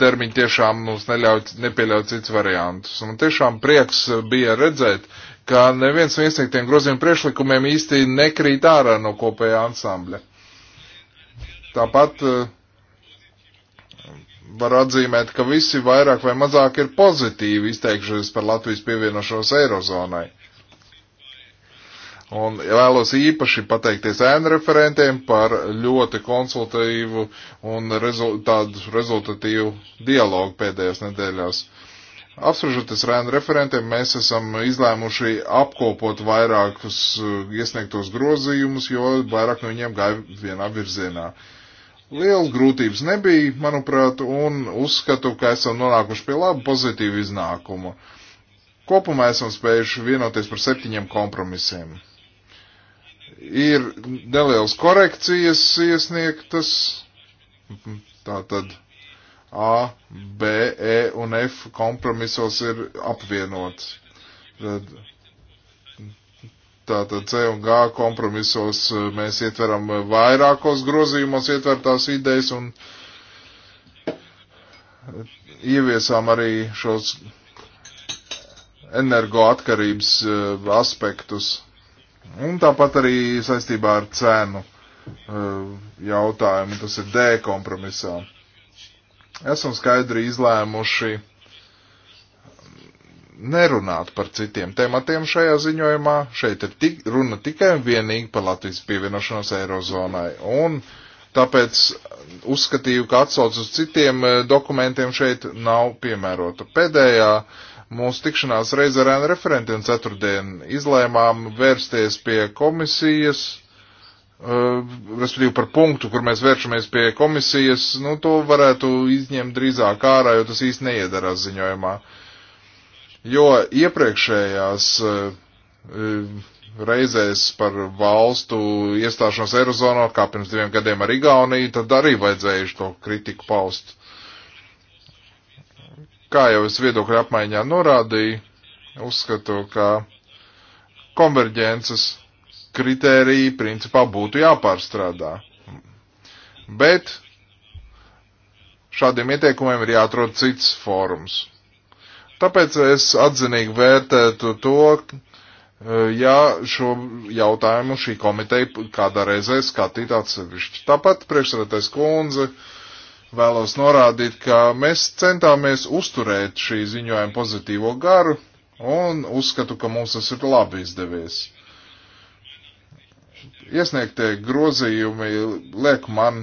termiņi tiešām mums neļauj, nepieļauj cits variantus. Un tiešām prieks bija redzēt, ka neviens no iesniegtiem grozījumu priešlikumiem īsti nekrīt ārā no kopējā ansambļa. Tāpat uh, var atzīmēt, ka visi vairāk vai mazāk ir pozitīvi izteikšies par Latvijas pievienošanos Eirozonai. Un vēlos īpaši pateikties ēnu referentiem par ļoti konsultatīvu un rezult, tādu rezultatīvu dialogu pēdējās nedēļās. Apspriežoties ar ēnu referentiem, mēs esam izlēmuši apkopot vairākus uh, iesniegtos grozījumus, jo vairāk no viņiem gāja vienā virzienā. Uh, Liela grūtības nebija, manuprāt, un uzskatu, ka esam nonākuši pie laba pozitīva iznākuma. Kopumā esam spējuši vienoties par septiņiem kompromisiem. Ir nelielas korekcijas iesniegtas, tātad A, B, E un F kompromisos ir apvienots. Tad Tātad C un G kompromisos eh, mēs ietveram eh, vairākos grozījumos ietvertās idejas un eh, ieviesām arī šos energoatkarības aspektus. Un tāpat arī saistībā ar cenu jautājumu, tas ir D kompromisā. Esam skaidri izlēmuši nerunāt par citiem tematiem šajā ziņojumā. Šeit ir tik, runa tikai un vienīgi par Latvijas pievienošanos Eirozonai. Un tāpēc uzskatīju, ka atsauc uz citiem eh, dokumentiem šeit nav piemērota. Pēdējā mūsu tikšanās reizē ar ēnu referentiem ceturtdien izlēmām vērsties pie komisijas eh, respektīvi par punktu, kur mēs vēršamies pie komisijas, nu to varētu izņemt drīzāk ārā, jo tas īsti neiedarās ziņojumā. Uh, jo iepriekšējās e, e, reizēs par valstu iestāšanos Eirozonā, kā pirms diviem gadiem ar Igauniju, tad arī vajadzējuši to kritiku paust. Kā jau es viedokļu apmaiņā norādīju, uzskatu, ka konverģences kritēriji principā būtu jāpārstrādā. Bet šādiem ieteikumiem ir jāatrod cits fórums Tāpēc es atzinīgi vērtētu to, eh, ja šo jautājumu šī komiteja kādā reizē skatīt atsevišķi. Tāpat priekšsēdētais kundze vēlos norādīt, ka mēs centāmies uzturēt šī ziņojuma pozitīvo garu un uzskatu, ka mums tas ir labi izdevies. Iesniegtie grozījumi liek man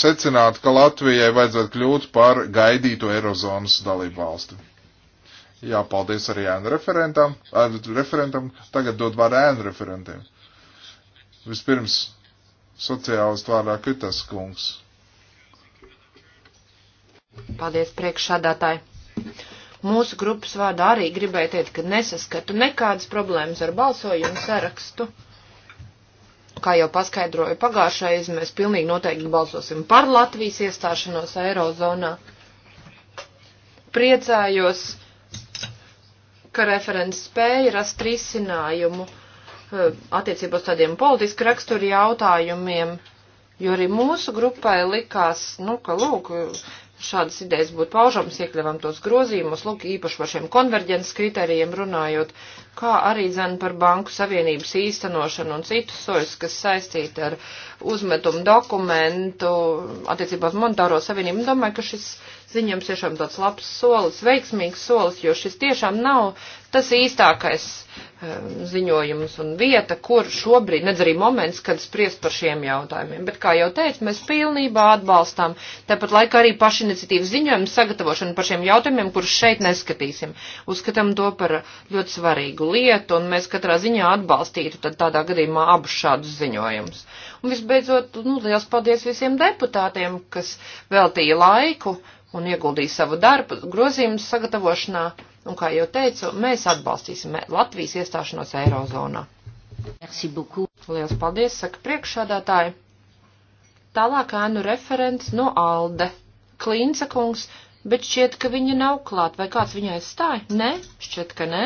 secināt, ka Latvijai vajadzētu kļūt par gaidīto Eirozonas dalību valsti. Jā, paldies arī ēnu referentam. Ar referentam tagad dod vārdu ēnu referentiem. Vispirms sociālistu vārdā Kitas kungs. Paldies priekšsādātāji. Mūsu grupas vārdā arī gribēju teikt, ka nesaskatu nekādas problēmas ar balsojumu sarakstu. Kā jau paskaidroju pagājušais, mēs pilnīgi noteikti balsosim par Latvijas iestāšanos Eirozonā. Priecājos ka referents spēja rast risinājumu eh, attiecībā uz tādiem politiski raksturu jautājumiem, jo arī mūsu grupai likās, nu, ka, lūk, šādas idejas būtu paužamas, iekļavam tos grozījumus, lūk, īpaši par šiem konverģences kritērijiem runājot, kā arī dzen par banku savienības īstenošanu un citus sojas, kas saistīti ar uzmetumu dokumentu attiecībā uz monetāro savienību. Domāju, ka šis ziņojums tiešām tāds labs solis, veiksmīgs solis, jo šis tiešām nav tas īstākais Eh, ziņojums un vieta, kur šobrīd, nedz arī moments, kad spriest par šiem jautājumiem. Bet, kā jau teicu, mēs pilnībā atbalstām, tāpat laikā arī pašiniciatīvas ziņojumu sagatavošanu par šiem jautājumiem, kurus šeit neskatīsim. Uzskatām to par ļoti svarīgu lietu, un mēs katrā ziņā atbalstītu tad tādā gadījumā abus šādus ziņojumus. Un visbeidzot, nu, liels paldies visiem deputātiem, kas veltīja laiku un ieguldīja savu darbu grozījumu sagatavošanā Un, kā jau teicu, mēs atbalstīsim Latvijas iestāšanos Eirozonā. Lielas paldies, saka priekšsādātāji. Tālāk ēnu referents no Alde. Klīnca kungs, bet šķiet, ka viņa nav klāt. Vai kāds viņai aizstāja? Nē, šķiet, ka nē.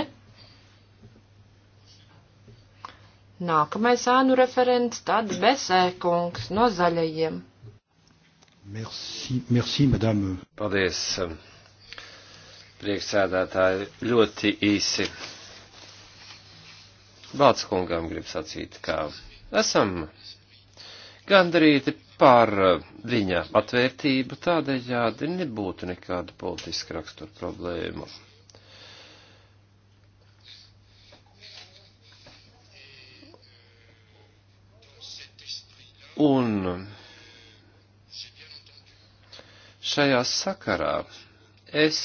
Nākamais ēnu referents tad Besē kungs no zaļajiem. Merci, merci, madame. Paldies. Priekšsēdētāji ļoti īsi. Balts kungam grib sacīt, ka esam gandarīti par viņa atvērtību, tādējādi nebūtu nekāda politiska rakstura problēma. Un šajā sakarā es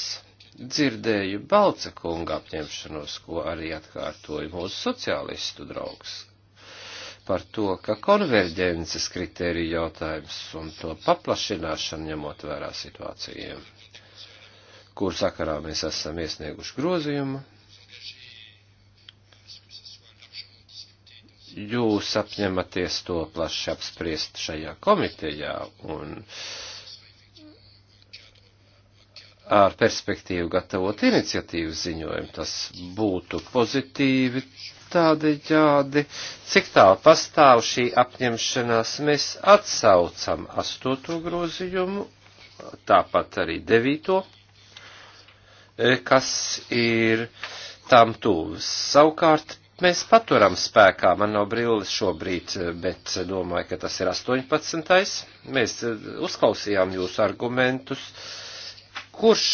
dzirdēju Balca kunga apņemšanos, ko arī atkārtoja mūsu sociālistu draugs, par to, ka konverģences kritērija jautājums un to paplašināšana ņemot vērā situācijiem, kur sakarā mēs esam iesnieguši grozījumu, jūs apņematies to plaši apspriest šajā komitejā un uh, ar perspektīvu gatavot iniciatīvas ziņojumu. Tas būtu pozitīvi tādējādi, cik tālu pastāv šī apņemšanās. Mēs atsaucam astoto grozījumu, tāpat arī devīto, e, kas ir tam tūvis. Savukārt mēs paturam spēkā, man nav brilles šobrīd, e, bet domāju, ka tas ir 18. Mēs e, uzklausījām jūsu argumentus kurš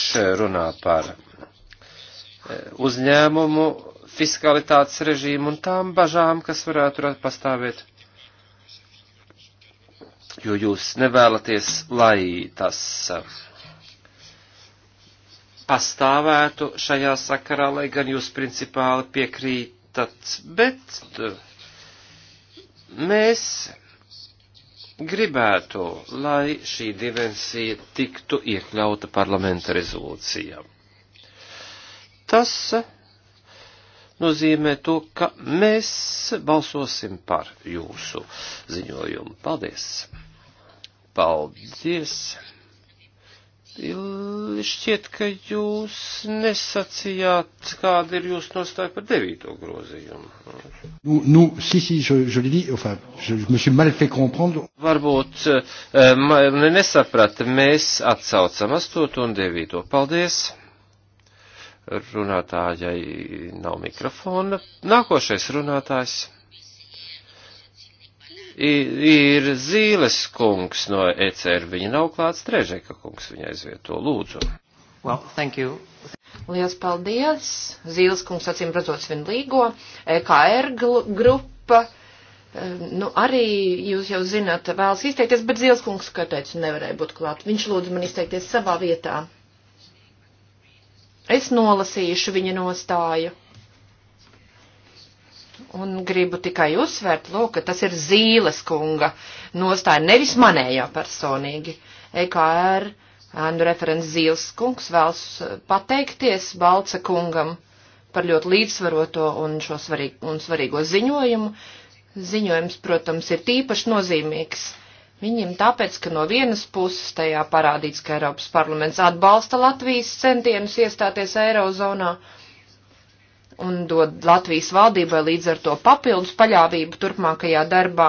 runā par eh, uzņēmumu fiskalitātes režīmu un tām bažām, kas varētu pastāvēt. Jo jūs nevēlaties, lai tas eh, pastāvētu šajā sakarā, lai gan jūs principāli piekrītat, bet eh, mēs gribētu, lai šī dimensija tiktu iekļauta parlamenta rezolūcijā. Tas nozīmē to, ka mēs balsosim par jūsu ziņojumu. Paldies! Paldies! Šķiet, ka jūs nesacījāt, kāda ir jūsu nostāja par devīto grozījumu. Nu, nu, si, si, je, je l'ai dit, enfin, je, je me suis mal fait comprendre. Varbūt eh, ne, nesaprat, mēs atsaucam astoto un devīto. Paldies. Runātājai nav mikrofona. Nākošais runātājs ir Zīles kungs no ECR, viņa nav klāts Trežeka kungs, viņa aizvieto lūdzu. Well, thank you. Liels paldies. Zīles kungs acīm redzot svinlīgo, EKR grupa. Ehm, nu, arī jūs jau zināt, vēlas izteikties, bet Zīles kungs, kā teicu, nevarēja būt klāt. Viņš lūdzu man izteikties savā vietā. Es nolasīšu viņa nostāju. Un gribu tikai uzsvērt, lūk, ka tas ir Zīles kunga nostāja, nevis manējā personīgi. EKR ēnu referents Zīles kungs vēlas pateikties Balca kungam par ļoti līdzsvaroto un šo svarīg, un svarīgo ziņojumu. Ziņojums, protams, ir tīpaši nozīmīgs viņiem tāpēc, ka no vienas puses tajā parādīts, ka Eiropas parlaments atbalsta Latvijas centienus iestāties Eirozonā. Uh, un dod Latvijas valdībai līdz ar to papildus paļāvību turpmākajā darbā.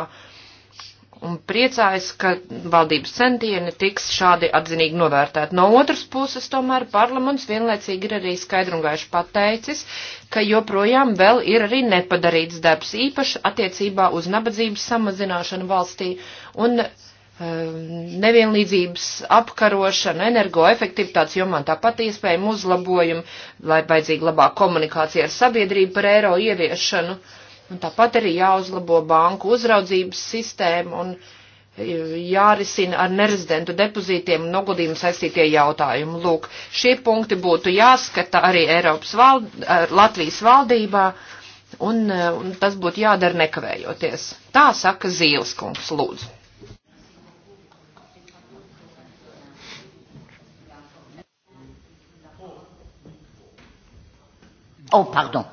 Un priecājas, ka valdības centieni tiks šādi atzinīgi novērtēti. No otras puses, tomēr parlaments vienlaicīgi ir arī skaidru un gaišu pateicis, ka joprojām vēl ir arī nepadarīts darbs īpaši attiecībā uz nabadzības samazināšanu valstī un Ehm, nevienlīdzības apkarošana, energoefektivitātes jomā tāpat iespējama uzlabojuma, lai vajadzīga labāka komunikācija ar sabiedrību par eiro ieviešanu. Un tāpat arī jāuzlabo banku uzraudzības sistēma un e, jārisina ar nerezidentu depozītiem un noguldījumu saistītie jautājumi. Lūk, šie punkti būtu jāskata arī Eiropas vald e, Latvijas valdībā un, e, un tas būtu jādara nekavējoties. Tā saka Zīles kungs, lūdzu. Oh, pardon.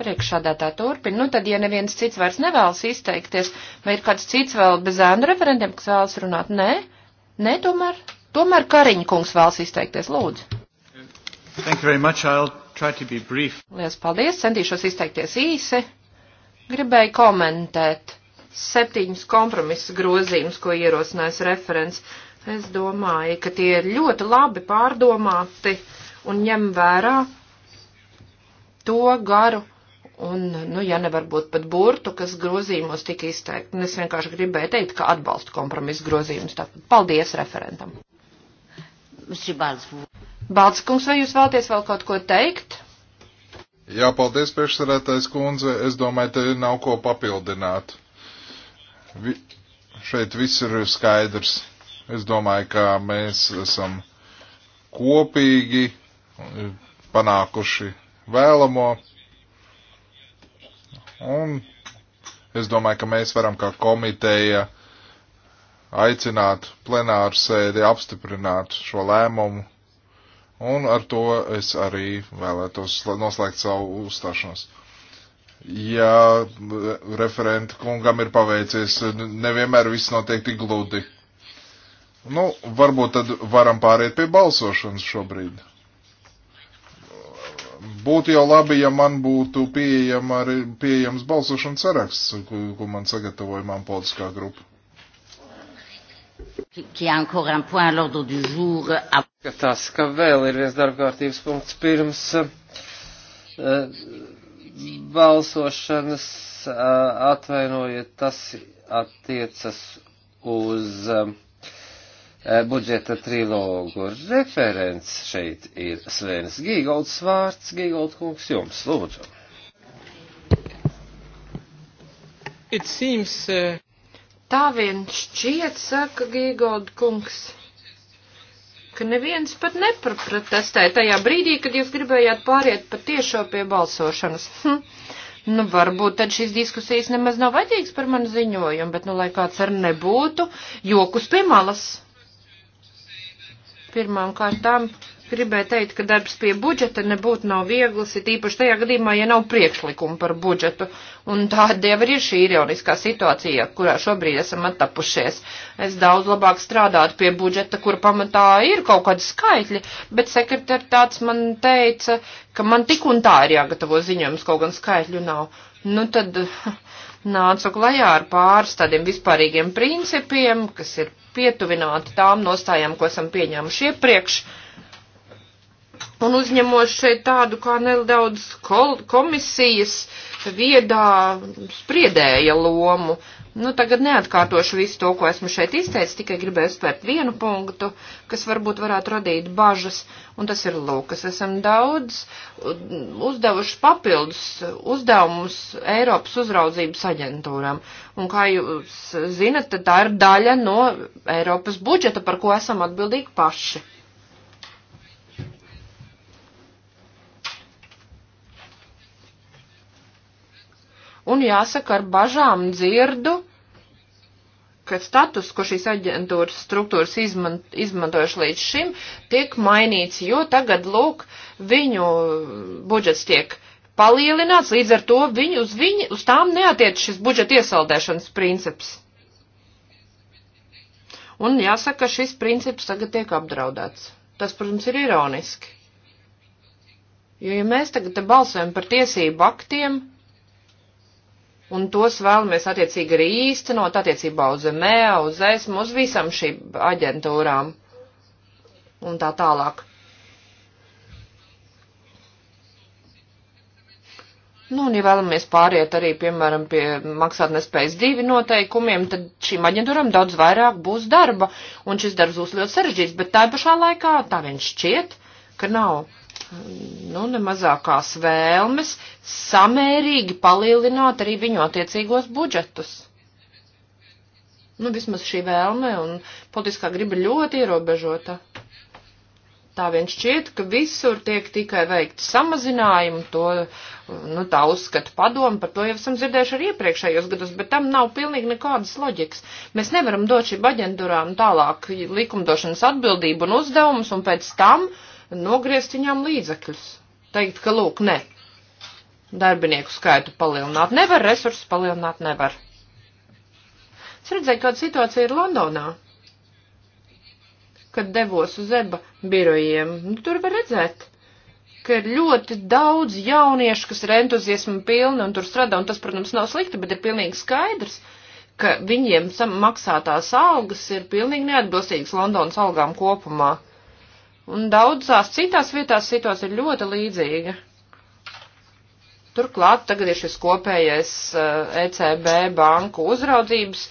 Priekšādātā turpina. Nu tad, ja neviens cits vairs nevēlas izteikties, vai ir kāds cits vēl bez ēnu referentiem, kas vēlas runāt? Nē? Nē, tomēr? Tomēr Kariņa kungs vēlas izteikties, lūdzu. Thank you very much. I'll try to be brief. Lielas paldies, centīšos izteikties īsi. Gribēju komentēt septiņus kompromisu grozījumus, ko ierosinājis referents. Es domāju, ka tie ir ļoti labi pārdomāti un ņem vērā to garu un, nu, ja nevar būt pat burtu, kas grozījumos tika izteikti. Un es vienkārši gribēju teikt, ka atbalstu kompromisu grozījumus. Tātad paldies referentam. Baltskungs, vai jūs vēlaties vēl kaut ko teikt? Jā, paldies, priekšsarētais kundze. Es domāju, te nav ko papildināt. Vi šeit viss ir skaidrs. Es domāju, ka mēs esam kopīgi panākuši vēlamo. Un es domāju, ka mēs varam kā komiteja aicināt plenāru sēdi apstiprināt šo lēmumu. Un ar to es arī vēlētos noslēgt savu uzstāšanos. Ja referenta kungam ir paveicies, nevienmēr viss notiek tik gludi. Nu, varbūt tad varam pāriet pie balsošanas šobrīd. Būtu jau labi, ja man būtu pieejama arī pieejams balsošanas saraksts, ko, ko man sagatavoja man politiskā grupa. Skatās, ka vēl ir viens darbkārtības punkts pirms uh, balsošanas. Uh, atvainojiet, tas attiecas uz. Uh, Eh, budžeta trilogu. Referents šeit ir Svenis Gīgolds vārds. Gīgolds kungs jums, lūdzu. It seems, uh... Tā vien šķiet, saka Gīgolda kungs, ka neviens pat neprotestēja tajā brīdī, kad jūs gribējāt pāriet pat tiešo pie balsošanas. Hm. Nu, varbūt tad šīs diskusijas nemaz nav vajadzīgas par manu ziņojumu, bet nu, lai kāds ar nebūtu, jokus pie malas. Pirmām kārtām gribēju teikt, ka darbs pie budžeta nebūtu nav viegls, ir īpaši tajā gadījumā, ja nav priekšlikumu par budžetu. Un tāda jau ir šī ironiskā situācija, kurā šobrīd esam attapušies. Es daudz labāk strādātu pie budžeta, kur pamatā ir kaut kādi skaitļi, bet sekretaritāts man teica, ka man tik un tā ir jāgatavo ziņojums, kaut gan skaitļu nav. Nu tad nācu klajā ar pāris tādiem vispārīgiem principiem, kas ir pietuvināti tām nostājām, ko esam pieņēmuši iepriekš. Un uzņemot šeit tādu kā nedaudz komisijas viedā spriedēja lomu, Nu, tagad neatkārtošu visu to, ko esmu šeit izteicis, tikai gribēju spērt vienu punktu, kas varbūt varētu radīt bažas, un tas ir lūkas. Esam daudz uzdevuši papildus uzdevumus Eiropas uzraudzības aģentūram, un kā jūs zinat, tad tā ir daļa no Eiropas budžeta, par ko esam atbildīgi paši. un jāsaka ar bažām dzirdu, ka status, ko šīs aģentūras struktūras izman, izmantojuši līdz šim, tiek mainīts, jo tagad, lūk, viņu budžets tiek palielināts, līdz ar to viņu, uz, viņu, uz tām neatiec šis budžeta iesaldēšanas princips. Un jāsaka, šis princips tagad tiek apdraudēts. Tas, protams, ir ironiski. Jo, ja mēs tagad te balsojam par tiesību aktiem, Un tos vēlamies attiecīgi arī īstenot attiecībā uz e MEA, uz ESMU, e, uz visam šīm aģentūrām un tā tālāk. Nu, un ja vēlamies pāriet arī, piemēram, pie maksātnespējas divi noteikumiem, tad šīm aģentūram daudz vairāk būs darba, un šis darbs būs ļoti sarežģīts, bet tā pašā laikā tā viņš šķiet, ka nav nu, nemazākās vēlmes samērīgi palielināt arī viņu attiecīgos budžetus. Nu, vismaz šī vēlme un politiskā griba ļoti ierobežota. Tā vien šķiet, ka visur tiek tikai veikti samazinājumi, to, nu, tā uzskata padomu, par to jau esam dzirdējuši arī iepriekšējos gados, bet tam nav pilnīgi nekādas loģikas. Mēs nevaram dot šīm aģentūrām tālāk likumdošanas atbildību un uzdevumus, un pēc tam uh, nogriezt viņām līdzekļus. Teikt, ka lūk, ne. Darbinieku skaitu palielināt nevar, resursus palielināt nevar. Es redzēju, kāda situācija ir Londonā, kad devos uz eba birojiem. Nu, tur var redzēt, ka ir ļoti daudz jauniešu, kas ir entuziasma pilni un tur strādā, un tas, protams, nav slikti, bet ir pilnīgi skaidrs, ka viņiem maksātās algas ir pilnīgi neatbilstīgas Londonas algām kopumā un daudzās citās vietās situācija ir ļoti līdzīga. Turklāt tagad ir šis kopējais ECB eh, e banku uzraudzības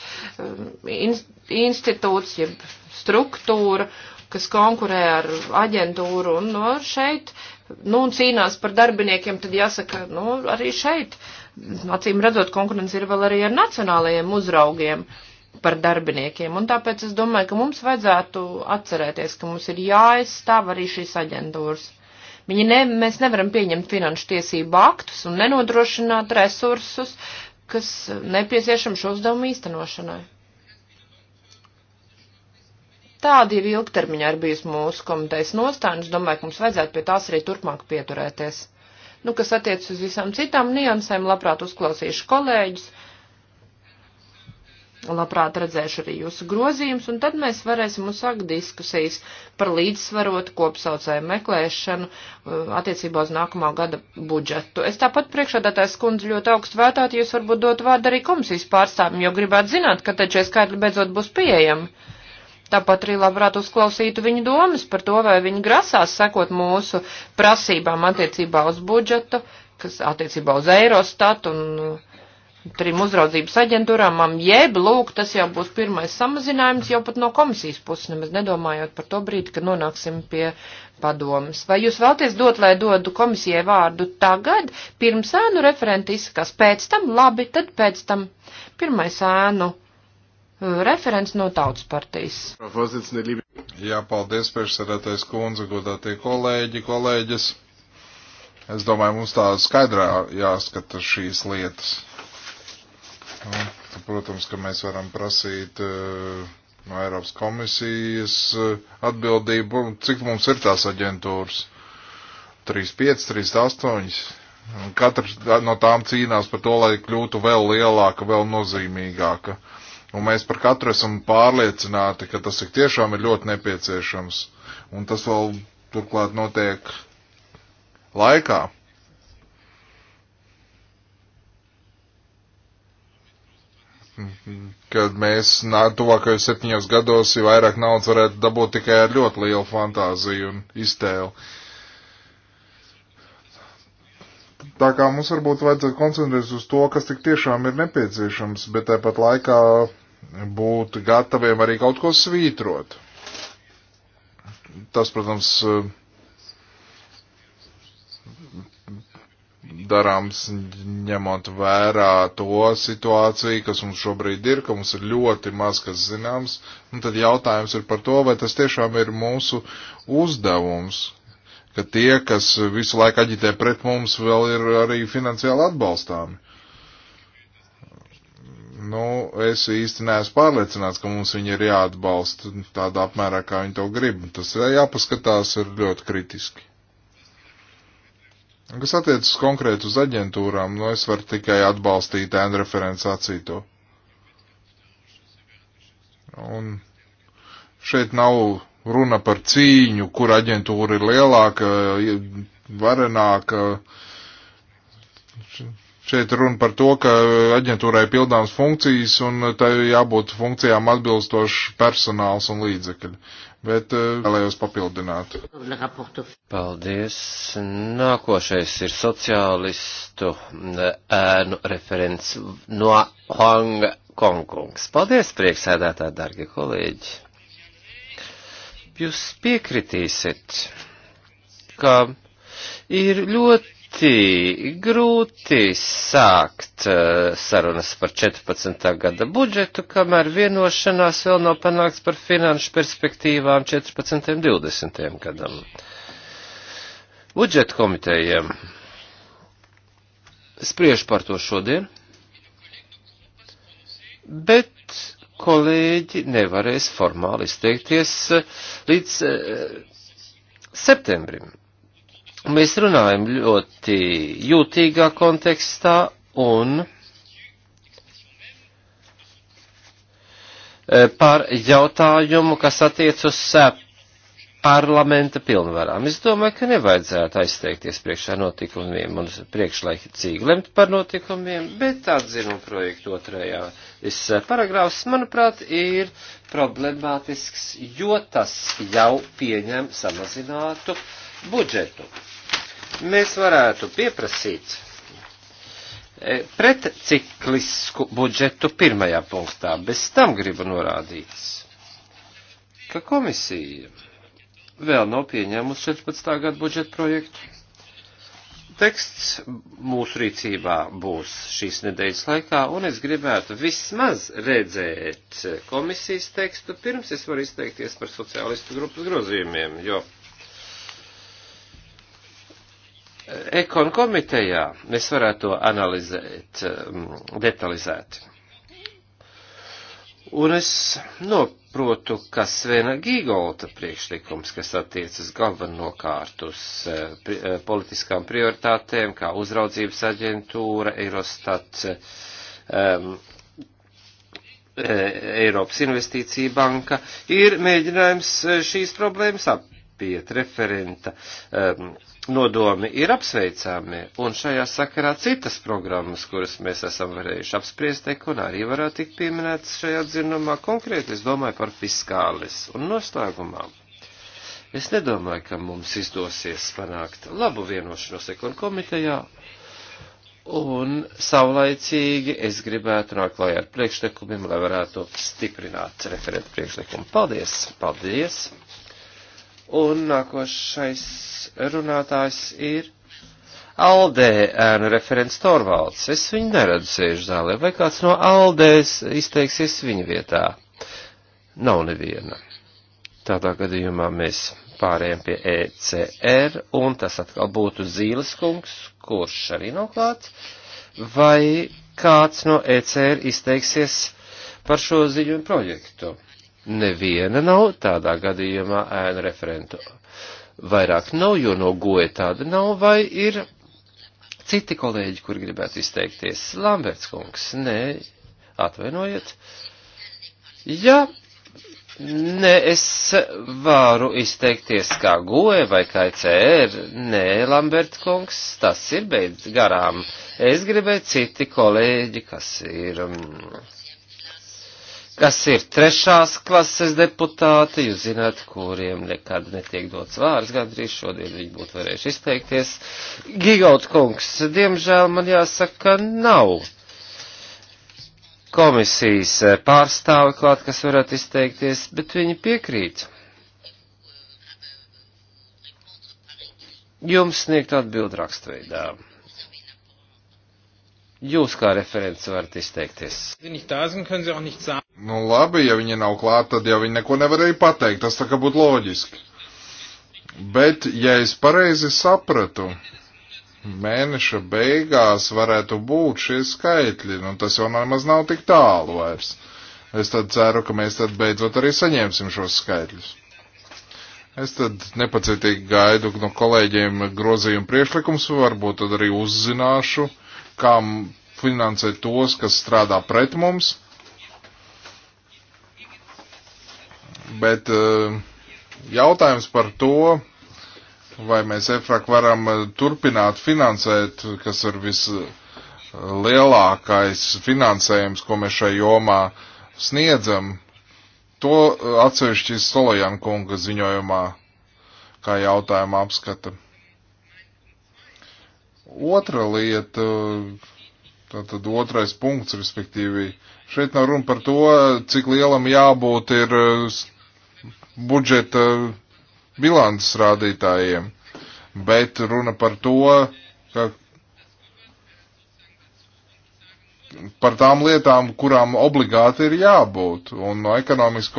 eh, institūts, jeb struktūra, kas konkurē ar aģentūru un no nu, šeit, nu, un cīnās par darbiniekiem, tad jāsaka, nu, arī šeit, acīm redzot, konkurence ir vēl arī ar nacionālajiem uzraugiem. Uh, par darbiniekiem. Un tāpēc es domāju, ka mums vajadzētu atcerēties, ka mums ir jāaizstāv arī šīs aģentūras. Viņi ne, mēs nevaram pieņemt finanšu tiesību aktus un nenodrošināt resursus, kas nepieciešami šo uzdevumu īstenošanai. Tāda jau ilgtermiņā ir bijusi mūsu komitejas nostāja, un es domāju, ka mums vajadzētu pie tās arī turpmāk pieturēties. Nu, kas attiec uz visām citām niansēm, labprāt uzklausīšu kolēģis labprāt redzēšu arī jūsu grozījumus, un tad mēs varēsim uzsākt diskusijas par līdzsvarotu kopsaucēju meklēšanu uh, attiecībā uz nākamā gada budžetu. Es tāpat priekšādātājs kundze ļoti augstu vērtētu, jūs varbūt dot vārdu arī komisijas pārstāvjiem, jo gribētu zināt, ka tad šie skaitļi beidzot būs pieejami. Tāpat arī labprāt uzklausītu viņu domas par to, vai viņi grasās sekot mūsu prasībām attiecībā uz budžetu, kas attiecībā uz Eirostatu un uh, trim uzraudzības aģentūrām, jeb, lūk, tas jau būs pirmais samazinājums jau pat no komisijas puses, nemaz nedomājot par to brīdi, kad nonāksim pie padomas. Vai jūs vēlties dot, lai dodu komisijai vārdu tagad, pirms ēnu referenti izsakās, pēc tam labi, tad pēc tam pirmais ēnu uh, referents no tautas partijas. Jā, paldies, priekšsēdētais kundze, godātie kolēģi, kolēģis. Es domāju, mums tā skaidrā jāskata šīs lietas. Nu, protams, ka mēs varam prasīt uh, no Eiropas komisijas uh, atbildību, cik mums ir tās aģentūras. 3,5, 3,8. Katra no tām cīnās par to, lai kļūtu vēl lielāka, vēl nozīmīgāka. Un mēs par katru esam pārliecināti, ka tas ir tiešām ir ļoti nepieciešams. Un tas vēl turklāt notiek laikā. kad mēs tuvākajos septiņos gados jau vairāk naudas varētu dabūt tikai ar ļoti lielu fantāziju un iztēlu. Tā kā mums varbūt vajadzētu koncentrēties uz to, kas tik tiešām ir nepieciešams, bet tāpat laikā būt gataviem arī kaut ko svītrot. Tas, protams, darāms ņemot vērā to situāciju, kas mums šobrīd ir, ka mums ir ļoti maz kas zināms, un tad jautājums ir par to, vai tas tiešām ir mūsu uzdevums, ka tie, kas visu laiku aģitē pret mums, vēl ir arī finansiāli atbalstāmi. Nu, es īsti neesmu pārliecināts, ka mums viņi ir jāatbalsta tādā apmērā, kā viņi to grib. Tas jāpaskatās ir ļoti kritiski. Kas attiecas konkrēti uz aģentūrām, nu es varu tikai atbalstīt N referents acīto. Un šeit nav runa par cīņu, kur aģentūra ir lielāka, varenāka. Šeit runa par to, ka aģentūrai pildāms funkcijas un tai jābūt funkcijām atbilstoši personāls un līdzekļi bet eh, vēlējos papildināt. Paldies. Nākošais ir sociālistu mm, ēnu referents no Hong Kongungs. Paldies, prieksēdētāji, dargi kolēģi. Jūs piekritīsiet, ka ir ļoti grūti, grūti sākt eh, sarunas par 14. gada budžetu, kamēr vienošanās vēl nav panākts par finanšu perspektīvām 14. un 20. gadam. Budžeta komitejiem spriež par to šodien, bet kolēģi nevarēs formāli izteikties eh, līdz eh, septembrim. Mēs runājam ļoti jūtīgā kontekstā un e, par jautājumu, kas attiec uz parlamenta pilnvarām. Es domāju, ka nevajadzētu aizsteigties priekšā notikumiem un priekšlaicīgi lemt par notikumiem, bet atzinuma projektu otrajā e, paragrāfs, manuprāt, ir problemātisks, jo tas jau pieņem samazinātu uh, budžetu, mēs varētu pieprasīt e, pretciklisku budžetu pirmajā punktā. Bez tam gribu norādīt, ka komisija vēl nav pieņēmusi 14. gadu budžetu projektu. Teksts mūsu rīcībā būs šīs nedēļas laikā, un es gribētu vismaz redzēt komisijas tekstu, pirms es varu izteikties par sociālistu grupas grozījumiem, jo Ekon komitejā mēs varētu to analizēt mm, detalizēti. Un es noprotu, ka Svena Gīgolta priekšlikums, kas attiecas galvenokārt uz eh, eh, politiskām prioritātēm, kā uzraudzības aģentūra, Eurostat, um, Eiropas investīcija banka, ir mēģinājums eh, šīs problēmas ap pieeja referenta um, nodomi ir apsveicami, un šajā sakarā citas programmas, kuras mēs esam varējuši apspriest, ekon arī varētu tikt pieminētas šajā dzinumā. Konkrēti es domāju par fiskālis un noslēgumā. Es nedomāju, ka mums izdosies panākt labu vienošanos ekon komitejā, Un saulaicīgi es gribētu nākt klājā ar priekšlikumiem, lai varētu stiprināt referentu priekšlikumu. Paldies! Paldies! Un nākošais runātājs ir Aldē ēnu referents Torvalds. Es viņu neredzu sēžu zālē. Vai kāds no Aldēs izteiksies viņa vietā? Nav neviena. Tādā gadījumā mēs pārējām pie ECR, un tas atkal būtu Zīles kungs, kurš arī nav klāts. Vai kāds no ECR izteiksies par šo ziņu projektu? neviena nav, tādā gadījumā ēnu referentu vairāk nav, jo no goja tāda nav, vai ir citi kolēģi, kur gribētu izteikties. Lamberts kungs, nē, atvainojiet. Ja Nē, es varu izteikties kā goe vai kā CR. Nē, Lambert kungs, tas ir beidz garām. Es gribēju citi kolēģi, kas ir. Um, kas ir trešās klases deputāti, jūs zināt, kuriem nekad netiek dots vārds, gandrīz šodien viņi būtu varējuši izteikties. Gigaut kungs, diemžēl man jāsaka, nav komisijas pārstāvi klāt, kas varētu izteikties, bet viņi piekrīt. Jums sniegt atbildi rakstveidā. Jūs kā referents varat izteikties. Nu labi, ja viņa nav klāta, tad jau viņa neko nevarēja pateikt. Tas tā kā būtu loģiski. Bet, ja es pareizi sapratu, mēneša beigās varētu būt šie skaitļi, nu tas jau nemaz nav tik tālu vairs. Es tad ceru, ka mēs tad beidzot arī saņemsim šos skaitļus. Es tad nepacietīgi gaidu no kolēģiem grozījumu priekšlikums, varbūt tad arī uzzināšu, kā finansēt tos, kas strādā pret mums Bet eh, jautājums par to, vai mēs EFRAK varam eh, turpināt finansēt, kas ir vislielākais finansējums, ko mēs šai jomā sniedzam, to eh, atsevišķi Solojan kunga ziņojumā kā jautājumu apskata. Otra lieta, tātad otrais punkts, respektīvi, šeit nav runa par to, cik lielam jābūt ir budžeta bilances rādītājiem, bet runa par to, ka par tām lietām, kurām obligāti ir jābūt. Un no ekonomikas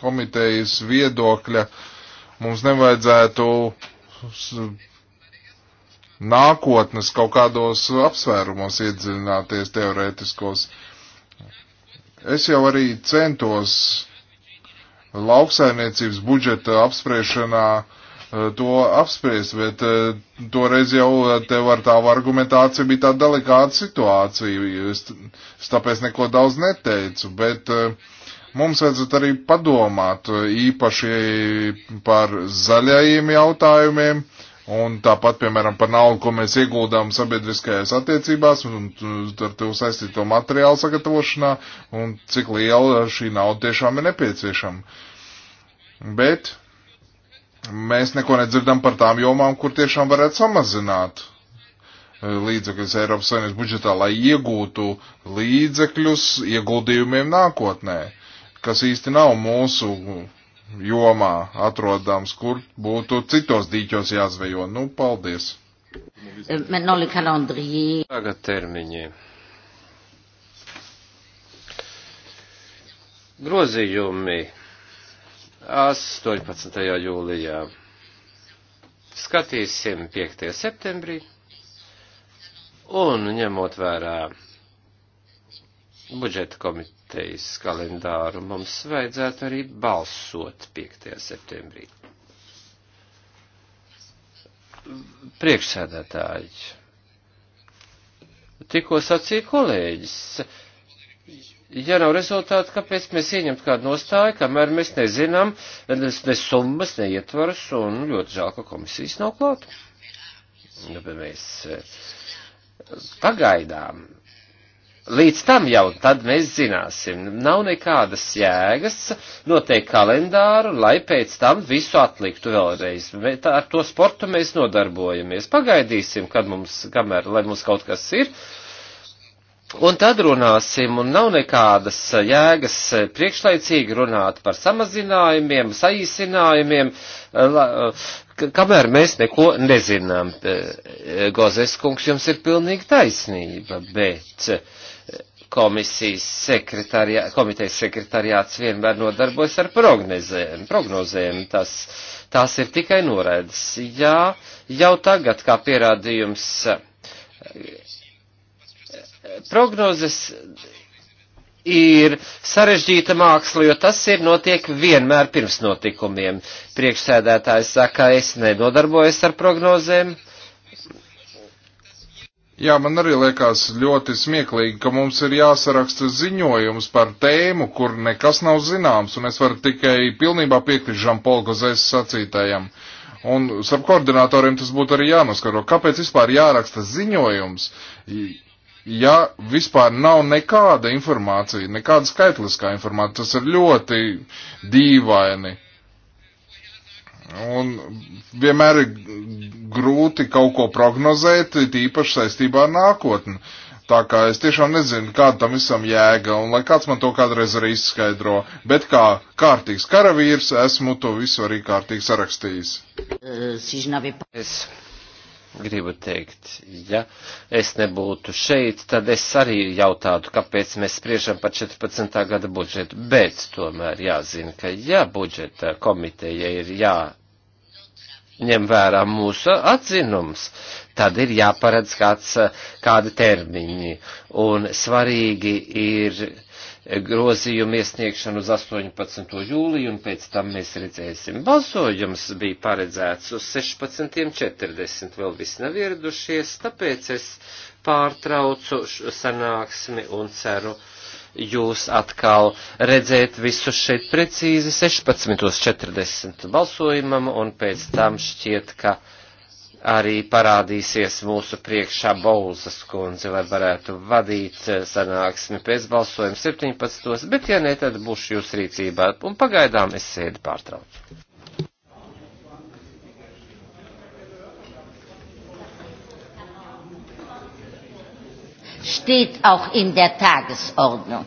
komitejas viedokļa mums nevajadzētu nākotnes kaut kādos apsvērumos iedzināties teorētiskos. Es jau arī centos lauksainiecības budžeta apspriešanā eh, to apspriest, bet eh, toreiz jau eh, tev ar tāvu argumentāciju bija tāda delikāta situācija, es, es tāpēc neko daudz neteicu, bet mums vajadzētu arī padomāt īpaši par zaļajiem jautājumiem, uh, Un tāpat, piemēram, par naudu, ko mēs ieguldām sabiedriskajās attiecībās un ar to saistīto materiālu sagatavošanā, un cik liela šī nauda tiešām ir nepieciešama. Bet mēs neko nedzirdam par tām jomām, kur tiešām varētu samazināt e, līdzekļus Eiropas Savienības budžetā, lai iegūtu līdzekļus ieguldījumiem nākotnē, kas īsti nav mūsu jomā atrodams, kur būtu citos dīķos jāzvejo. Nu, paldies! Tagad termiņi. Grozījumi 18. jūlijā. Skatīsim 5. septembrī un ņemot vērā budžeta komiteju komitejas kalendāru mums vajadzētu arī balsot 5. septembrī. Priekšsēdētāji, tikko sacīja kolēģis, ja nav rezultāti, kāpēc mēs ieņemt kādu nostāju, kamēr mēs nezinām ne, ne summas, ne ietvaras, un ļoti žēl, ka komisijas nav klāt. Nu, mēs eh, pagaidām Līdz tam jau tad mēs zināsim. Nav nekādas jēgas noteikt kalendāru, lai pēc tam visu atliktu vēlreiz. Bet ar to sportu mēs nodarbojamies. Pagaidīsim, kad mums, kamēr, lai mums kaut kas ir. Un tad runāsim, un nav nekādas jēgas priekšlaicīgi runāt par samazinājumiem, saīsinājumiem, kamēr mēs neko nezinām. Gozes kungs, jums ir pilnīgi taisnība, bet komisijas sekretariā, komitejas sekretariāts vienmēr nodarbojas ar prognozēm. prognozēm tas, tās ir tikai noraidas. Jā, jau tagad, kā pierādījums, prognozes ir sarežģīta māksla, jo tas ir notiek vienmēr pirms notikumiem. Priekšsēdētājs saka, es nenodarbojos ar prognozēm Jā, man arī liekas ļoti smieklīgi, ka mums ir jāsaraksta ziņojums par tēmu, kur nekas nav zināms, un es varu tikai pilnībā piekrist Žampol Gozēs sacītājam. Un starp koordinatoriem tas būtu arī jānoskaro. Kāpēc vispār jāraksta ziņojums, ja vispār nav nekāda informācija, nekāda skaitliskā informācija? Tas ir ļoti dīvaini. Un vienmēr ir grūti kaut ko prognozēt, tīpaši saistībā ar nākotni. Tā kā es tiešām nezinu, kāda tam visam jēga, un lai kāds man to kādreiz arī izskaidro, bet kā kārtīgs karavīrs esmu to visu arī kārtīgi sarakstījis. Eh, es gribu teikt, ja es nebūtu šeit, tad es arī jautātu, kāpēc mēs spriežam par 14. gada budžetu. Bet tomēr jāzina, ka ja budžeta komiteja ir jāņem vērā mūsu atzinums, tad ir jāparedz kāds, kādi termiņi. Un svarīgi ir grozījumu iesniegšanu uz 18. jūliju, un pēc tam mēs redzēsim. Balsojums bija paredzēts uz 16.40, vēl viss nav ieradušies, tāpēc es pārtraucu sanāksmi un ceru jūs atkal redzēt visus šeit precīzi 16.40 balsojumam, un pēc tam šķiet, ka arī parādīsies mūsu priekšā Bolzas kundze, lai varētu vadīt eh, sanāksmi pēc balsojuma 17. Bet, ja ne, tad būšu jūs rīcībā. Un pagaidām es sēdi pārtraucu. steht auch in der Tagesordnung.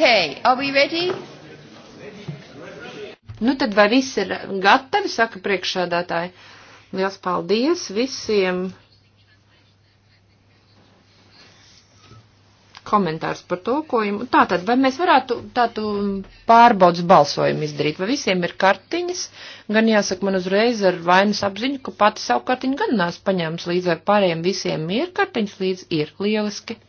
Okay, are we ready? Nu tad vai viss ir gatavi, saka priekšsādātāji. Liels paldies visiem. Komentārs par tulkojumu. Tātad, vai mēs varētu tādu pārbaudas balsojumu izdarīt, vai visiem ir kartiņas? Gan jāsaka man uzreiz ar vainas apziņu, ka pati savu kartiņu gan nās paņēmis līdz ar pārējiem visiem ir kartiņas līdz ir lieliski.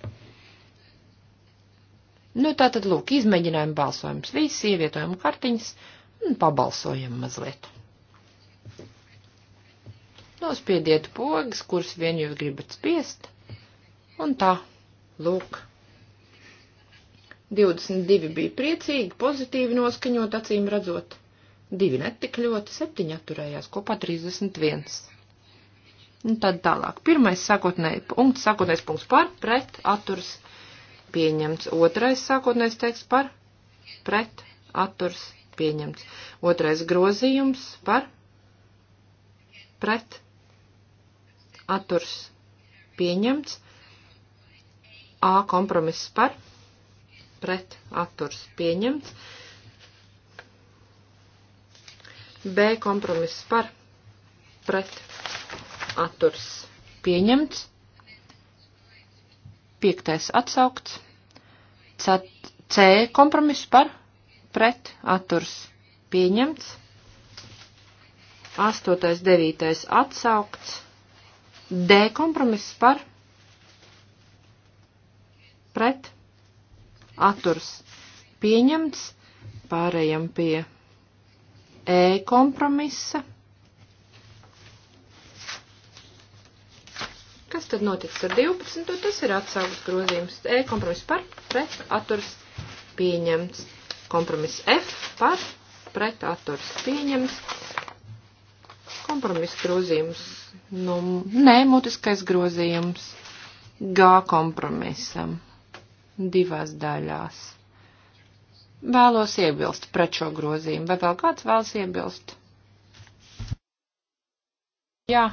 Nu, tā tad, lūk, izmēģinājuma balsojums. Viss ievietojam kartiņas un pabalsojam mazliet. Nospiediet pogas, kuras vien jūs gribat spiest. Un tā, lūk. 22 bija priecīgi, pozitīvi noskaņot, acīm redzot. Divi netik ļoti, septiņi atturējās, kopā 31. Un tad tālāk. Pirmais sākotnēji punkts, sākotnējs punkts par, pret, atturs pieņemts. Otrais sākotnējais teksts par pret atturs pieņemts. Otrais grozījums par pret atturs pieņemts. A kompromiss par pret atturs pieņemts. B kompromiss par pret atturs pieņemts piektais atsaukts, C, C kompromiss par, pret, atturs pieņemts, astotais, devītais atsaukts, D kompromiss par, pret, atturs pieņemts, pārējam pie E kompromisa Kas tad notiks ar 12? Tas ir atsaukts grozījums. E kompromiss par, pret, atturs, pieņemts. Kompromiss F par, pret, atturs, pieņemts. Kompromiss grozījums. Nu, nē, mutiskais grozījums. G kompromisam. Divās daļās. Vēlos iebilst pret šo grozījumu. Vai vēl kāds vēlas iebilst? Jā,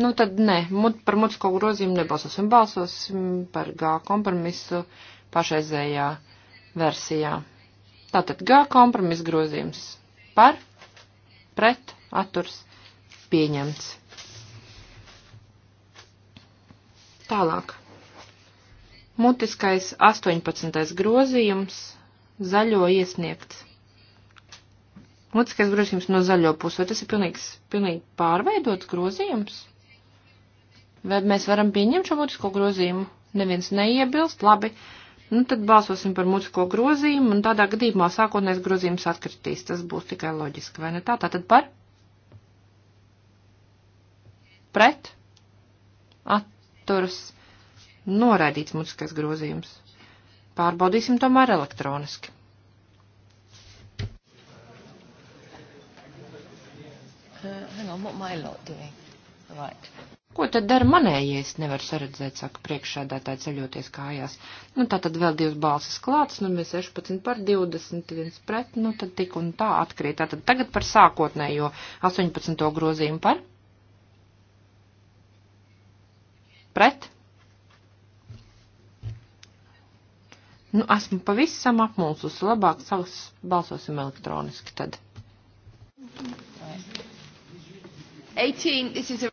nu tad nē, mut, par mutisko grozījumu nebalsosim, balsosim par G kompromisu pašreizējā versijā. Tātad G kompromisu grozījums par, pret, atturs, pieņemts. Tālāk. Mutiskais 18. grozījums zaļo iesniegts. Mutiskais grozījums no zaļo puses, vai tas ir pilnīgs, pilnīgi pārveidots grozījums? Vai mēs varam pieņemt šo mutisko grozījumu? Neviens neiebilst, labi. Nu, tad balsosim par mutisko grozījumu, un tādā gadījumā sākotnēs grozījums atkritīs. Tas būs tikai loģiski, vai ne tā? Tātad par? Pret? Atturas? Noraidīts mutiskais grozījums. Pārbaudīsim tomēr elektroniski. Uh, hang on, what my lot doing? Right. Ko tad dara manējie, es nevaru saredzēt, saka priekšsēdētāji ceļoties kājās. Nu, tā tad vēl divas balsis klāts, nu, mēs 16 par 21 pret, nu, tad tik un tā atkrīt. Tā tad tagad par sākotnējo 18. grozījumu par? Pret? Nu, esmu pavisam apmulsus, labāk savus balsosim elektroniski tad. Mm -hmm. 18.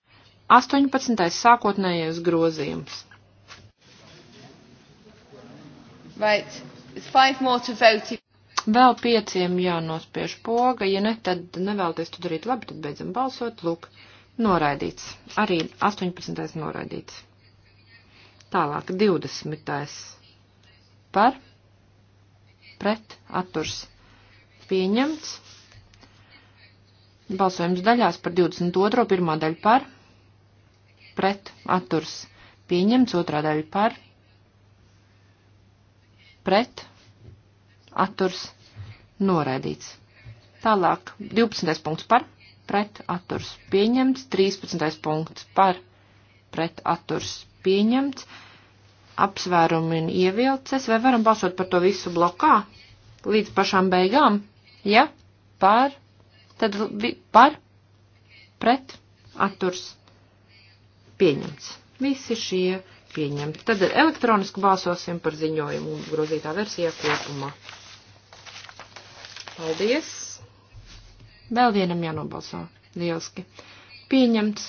18. sākotnējais grozījums. Right. Vēl pieciem jānospiež poga, ja ne, tad nevēlties to darīt labi, tad beidzam balsot, lūk, noraidīts. Arī 18. noraidīts. Tālāk, 20. par, pret, atturs, pieņemts, Balsojums daļās par 22. pirmā daļa par, pret, atturs, pieņemts, otrā daļa par, pret, atturs, noraidīts. Tālāk, 12. punkts par, pret, atturs, pieņemts, 13. punkts par, pret, atturs, pieņemts, apsvērumi un ievilces, vai varam balsot par to visu blokā līdz pašām beigām, ja, par, pret, Tad par, pret, atturs pieņemts. Visi šie pieņemti. Tad elektroniski balsosim par ziņojumu grozītā versijā kopumā. Paldies! Vēl vienam jānobalso. Lieliski. Pieņemts.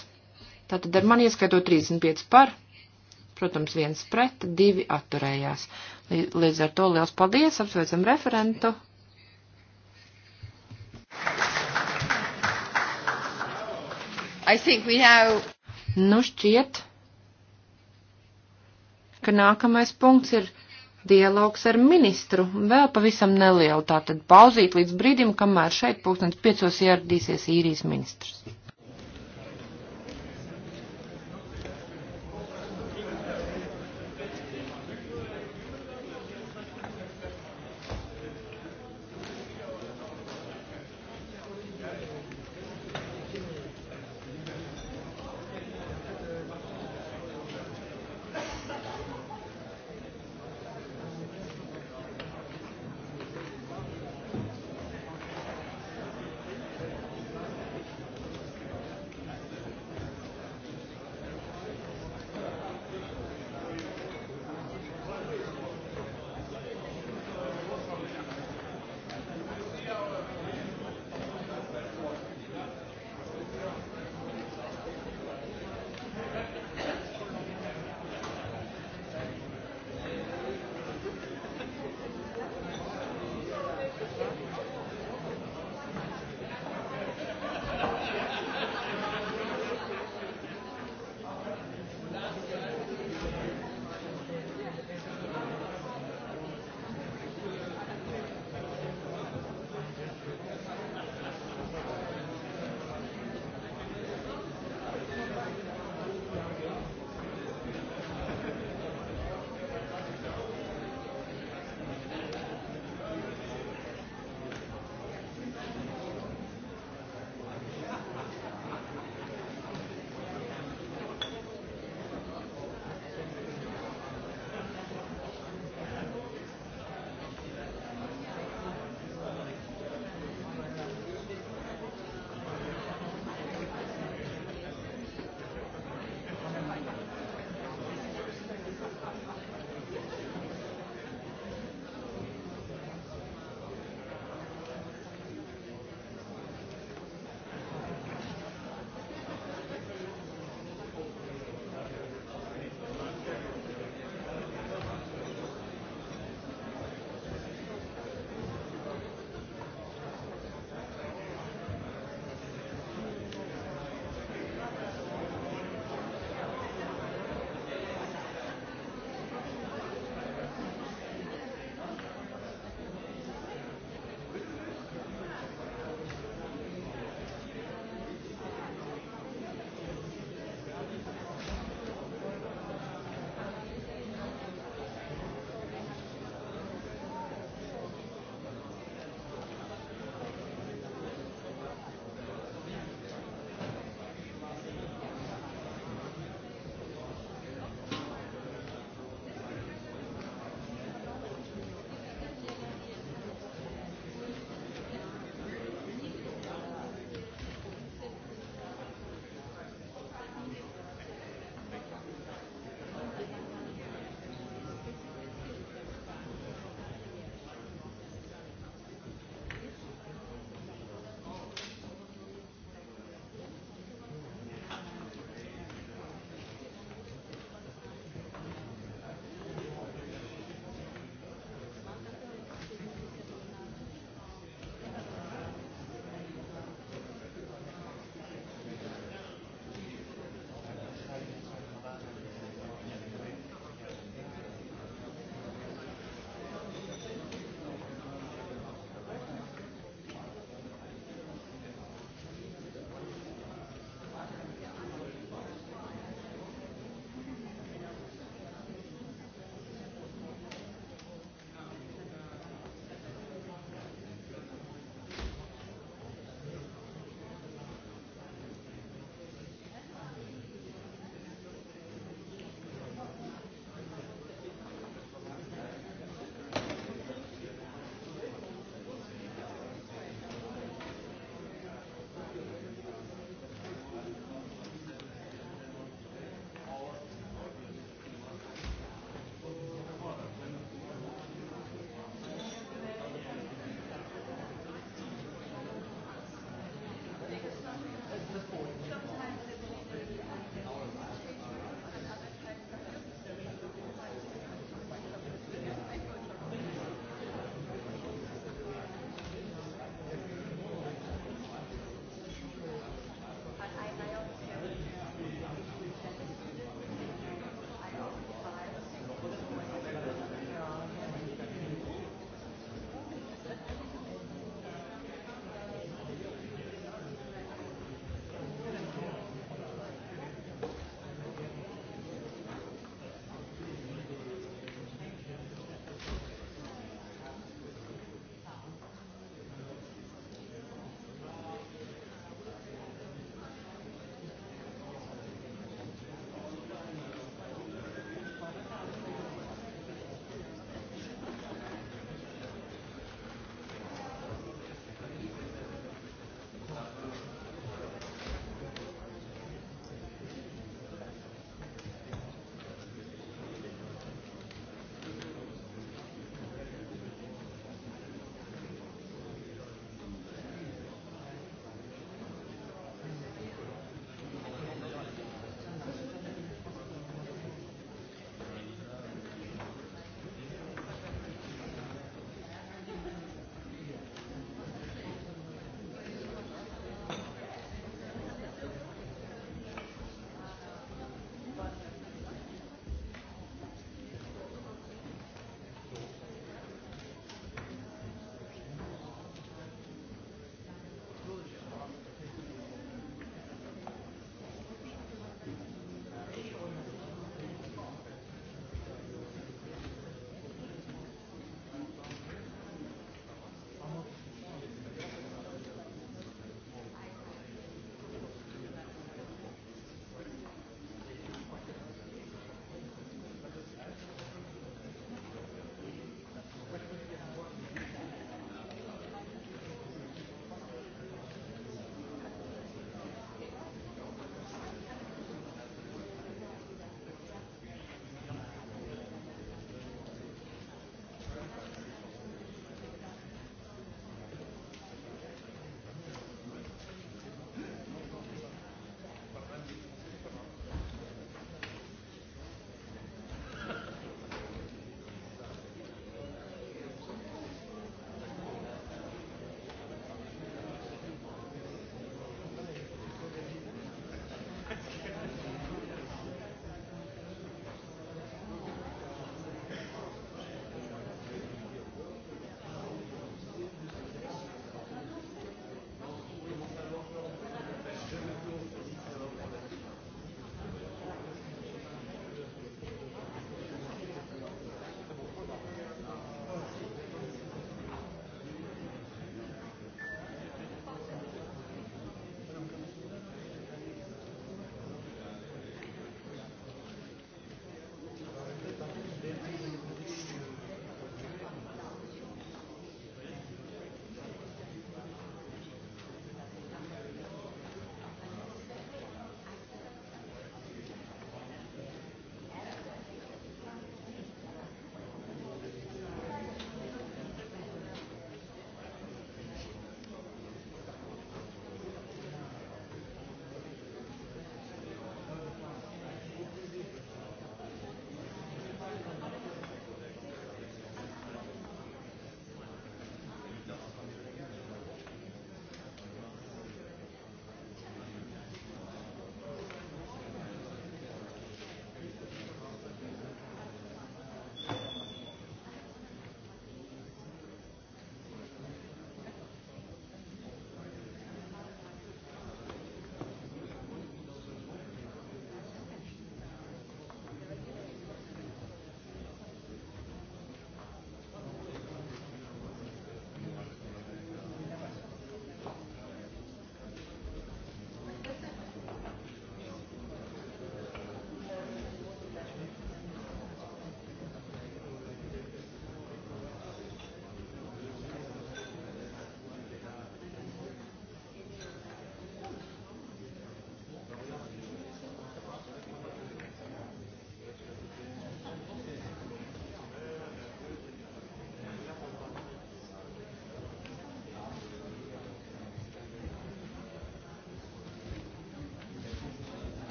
Tātad ar mani ieskaitot 35 par, protams, viens pret, divi atturējās. Līdz ar to liels paldies, apsveicam referentu. Now... Nu šķiet, ka nākamais punkts ir dialogs ar ministru. Vēl pavisam nelielu tātad pauzīt līdz brīdim, kamēr šeit pūkstens piecos ieradīsies īrijas ministrs.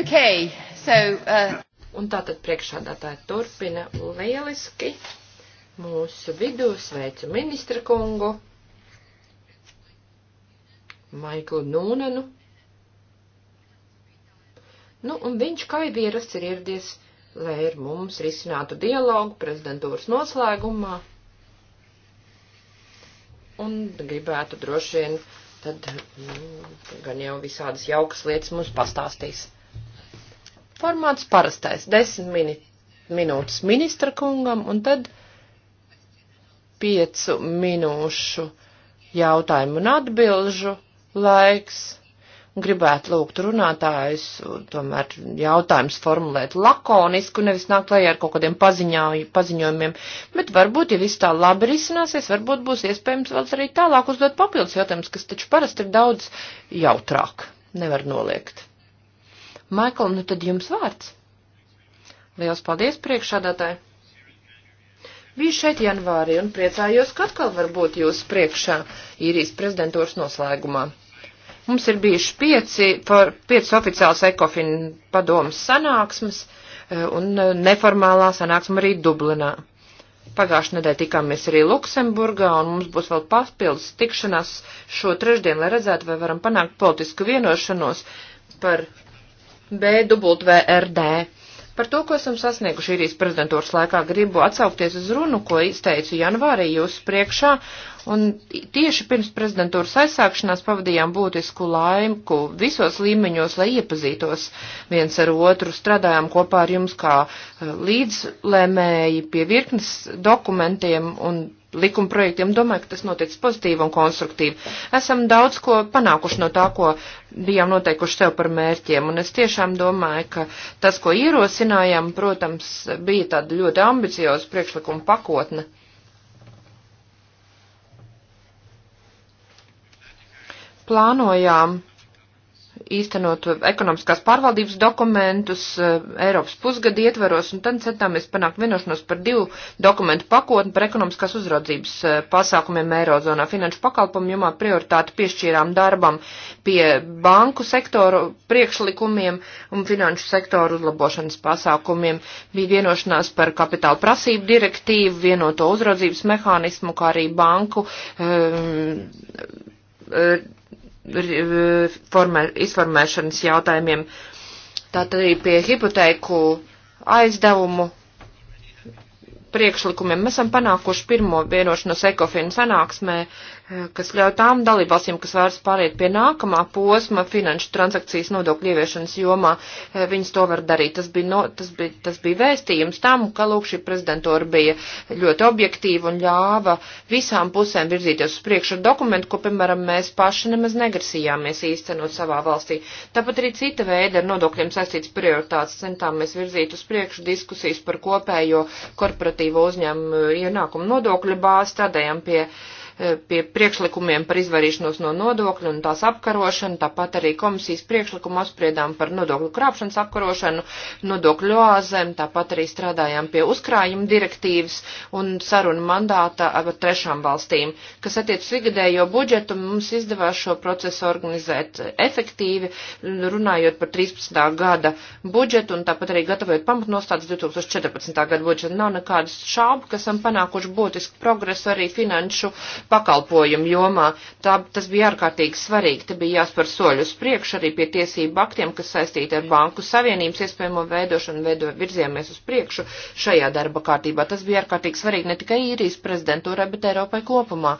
Okay, so, uh... Un tātad priekšādātāji turpina lieliski mūsu vidū sveicu ministra kungu, Maiklu Nūnenu. Nu, un viņš kā jau ierasts ir ieradies, lai ar mums risinātu dialogu prezidentūras noslēgumā. Un gribētu droši vien tad nu, gan jau visādas jaukas lietas mums pastāstīs. Formāts parastais - desmit mini, minūtes ministra kungam un tad piecu minūšu jautājumu un atbilžu laiks. Gribētu lūgt runātājus, tomēr jautājums formulēt lakonisku, nevis nākt klajā ar kaut kādiem paziņauj, paziņojumiem, bet varbūt, ja viss tā labi risināsies, varbūt būs iespējams vēl arī tālāk uzdot papildus jautājumus, kas taču parasti ir daudz jautrāk, nevar noliegt. Maikl, nu tad jums vārds. Liels paldies priekšādātāji. Biju šeit janvārī un priecājos, ka atkal var būt jūsu priekšā īrijas prezidentūras noslēgumā. Mums ir bijuši pieci, pieci oficiāls ekofin padomas sanāksmes e, un e, neformālā sanāksme arī Dublinā. Pagājušajā nedēļā tikāmies arī Luksemburgā, un mums būs vēl papildus tikšanās šo trešdienu, lai redzētu, vai varam panākt politisku vienošanos par BWRD. Par to, ko esam sasnieguši īrijas prezidentūras laikā, gribu atsaukties uz runu, ko izteicu janvārī jūsu priekšā, un tieši pirms prezidentūras aizsākšanās pavadījām būtisku laiku visos līmeņos, lai iepazītos viens ar otru, strādājām kopā ar jums kā eh, līdzlēmēji pie virknes dokumentiem un likuma projektiem. Domāju, ka tas notiek pozitīvi un konstruktīvi. Esam daudz ko panākuši no tā, ko bijām noteikuši sev par mērķiem, un es tiešām domāju, ka tas, ko ierosinājām, protams, bija tāda ļoti ambicioza priekšlikuma pakotne. Plānojām īstenot ekonomiskās pārvaldības dokumentus eh, Eiropas pusgada ietveros, un tad centāmies panākt vienošanos par divu dokumentu pakotni par ekonomiskās uzraudzības eh, pasākumiem Eirozonā. Finanšu pakalpumu jomā prioritāti piešķīrām darbam pie banku sektoru priekšlikumiem un finanšu sektoru uzlabošanas pasākumiem. Bija vienošanās par kapitāla prasību direktīvu, vienoto uzraudzības mehānismu, kā arī banku. Um, formē, izformēšanas jautājumiem. Tātad arī pie hipoteiku aizdevumu priekšlikumiem. Mēs esam panākuši pirmo vienošanos ekofinu sanāksmē, kas ļauj tām dalībvalstīm, kas vairs pāriet pie nākamā posma finanšu transakcijas nodokļu ieviešanas jomā, eh, viņas to var darīt. Tas bija, no, tas bija, tas bija vēstījums tam, ka lūk šī prezidentūra bija ļoti objektīva un ļāva visām pusēm virzīties uz priekšu ar dokumentu, ko, piemēram, mēs paši nemaz negrasījāmies īstenot savā valstī. Tāpat arī cita veida ar nodokļiem saistīts prioritātes centāmies virzīt uz priekšu diskusijas par kopējo korporatīvo uzņēmumu ienākumu nodokļu bāzi, tādējām pie uh, pie priekšlikumiem par izvairīšanos no nodokļu un tās apkarošanu, tāpat arī komisijas priekšlikumu apspriedām par nodokļu krāpšanas apkarošanu, nodokļu oāzēm, tāpat arī strādājām pie uzkrājuma direktīvas un sarunu mandāta ar trešām valstīm. Kas attiec uz ikgadējo budžetu, mums izdevās šo procesu organizēt efektīvi, runājot par 13. gada budžetu un tāpat arī gatavojot pamatnostādes 2014. gada budžetu. Nav nekādas šaubu, ka esam panākuši būtisku progresu arī finanšu pakalpojumu jomā. Tā, tas bija ārkārtīgi svarīgi. Te bija jāspēr soļi uz priekšu arī pie tiesību aktiem, kas saistīti ar Banku Savienības iespējamo veidošanu, veido virzījāmies uz priekšu šajā darba kārtībā. Tas bija ārkārtīgi svarīgi ne tikai īrijas prezidentūrai, bet Eiropai kopumā.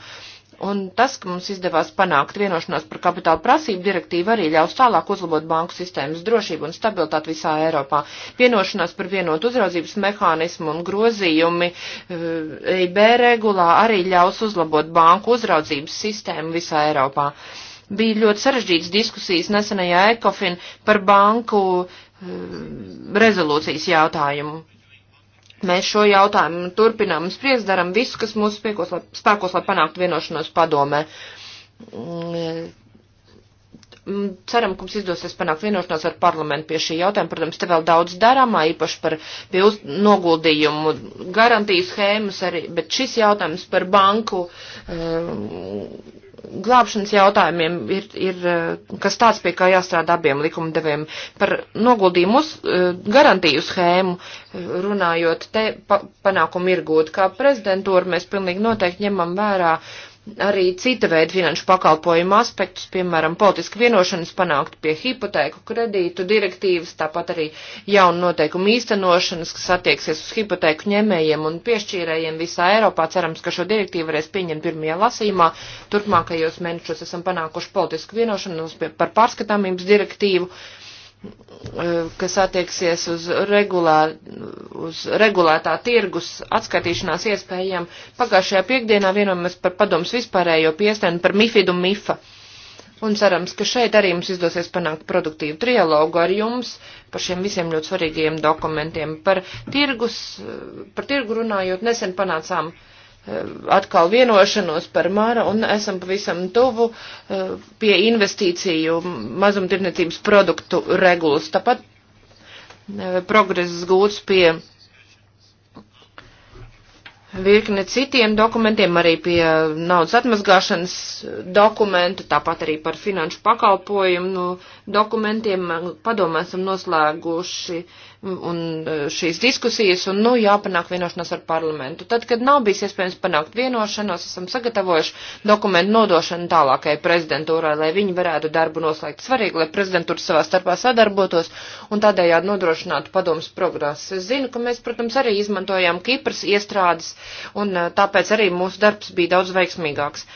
Un tas, ka mums izdevās panākt vienošanās par kapitāla prasību direktīvu, arī ļaus tālāk uzlabot banku sistēmas drošību un stabilitāti visā Eiropā. Vienošanās par vienotu uzraudzības mehānismu un grozījumi eh, EIB regulā arī ļaus uzlabot banku uzraudzības sistēmu visā Eiropā. Bija ļoti sarežģītas diskusijas nesenajā ECOFIN par banku eh, rezolūcijas jautājumu Mēs šo jautājumu turpinām un spriekš darām visu, kas mūsu spēkos, lai, spēkos, lai panāktu vienošanos padomē. Mm, mm, ceram, ka mums izdosies panākt vienošanos ar parlamentu pie šī jautājuma. Protams, te vēl daudz darāmā, īpaši par pilz, noguldījumu garantijas schēmas, arī, bet šis jautājums par banku um, glābšanas jautājumiem ir, ir eh, kas tāds, pie kā jāstrādā abiem likumdevējiem. Par noguldījumu uz eh, garantiju schēmu eh, runājot, te panākumu ir gūt. Kā prezidentūra mēs pilnīgi noteikti ņemam vērā arī cita veida finanšu pakalpojumu aspektus, piemēram, politisku vienošanos panākt pie hipotēku kredītu direktīvas, tāpat arī jaunu noteikumu īstenošanas, kas attieksies uz hipotēku ņemējiem un piešķīrējiem visā Eiropā. Cerams, ka šo direktīvu varēs pieņemt pirmajā lasīmā. Turpmākajos mēnešos esam panākuši politisku vienošanos par pārskatāmības direktīvu. Uh, kas attieksies uz, regulā, uz regulētā tirgus atskaitīšanās iespējām. Pagājušajā piekdienā vienojamies par padomus vispārējo piestēnu par MIFID un MIFA. Un cerams, ka šeit arī mums izdosies panākt produktīvu trialogu ar jums par šiem visiem ļoti svarīgiem dokumentiem. Par, tirgus, par tirgu runājot, nesen panācām uh, Eh, atkal vienošanos par Māra un esam pavisam tuvu eh, pie investīciju mazumtirniecības produktu regulas. Tāpat eh, progress gūts pie virkne citiem dokumentiem, arī pie naudas atmazgāšanas dokumentu, tāpat arī par finanšu pakalpojumu dokumentiem. Padomēsim noslēguši uh, un e, šīs diskusijas, un, nu, jāpanāk vienošanās ar parlamentu. Tad, kad nav bijis iespējams panākt vienošanos, esam sagatavojuši dokumentu nodošanu tālākai prezidentūrai, lai viņi varētu darbu noslēgt svarīgi, lai prezidentūra savā starpā sadarbotos un tādējādi nodrošinātu padomus progresu. Es zinu, ka mēs, protams, arī izmantojām Kipras iestrādes, un e, tāpēc arī mūsu darbs bija daudz veiksmīgāks.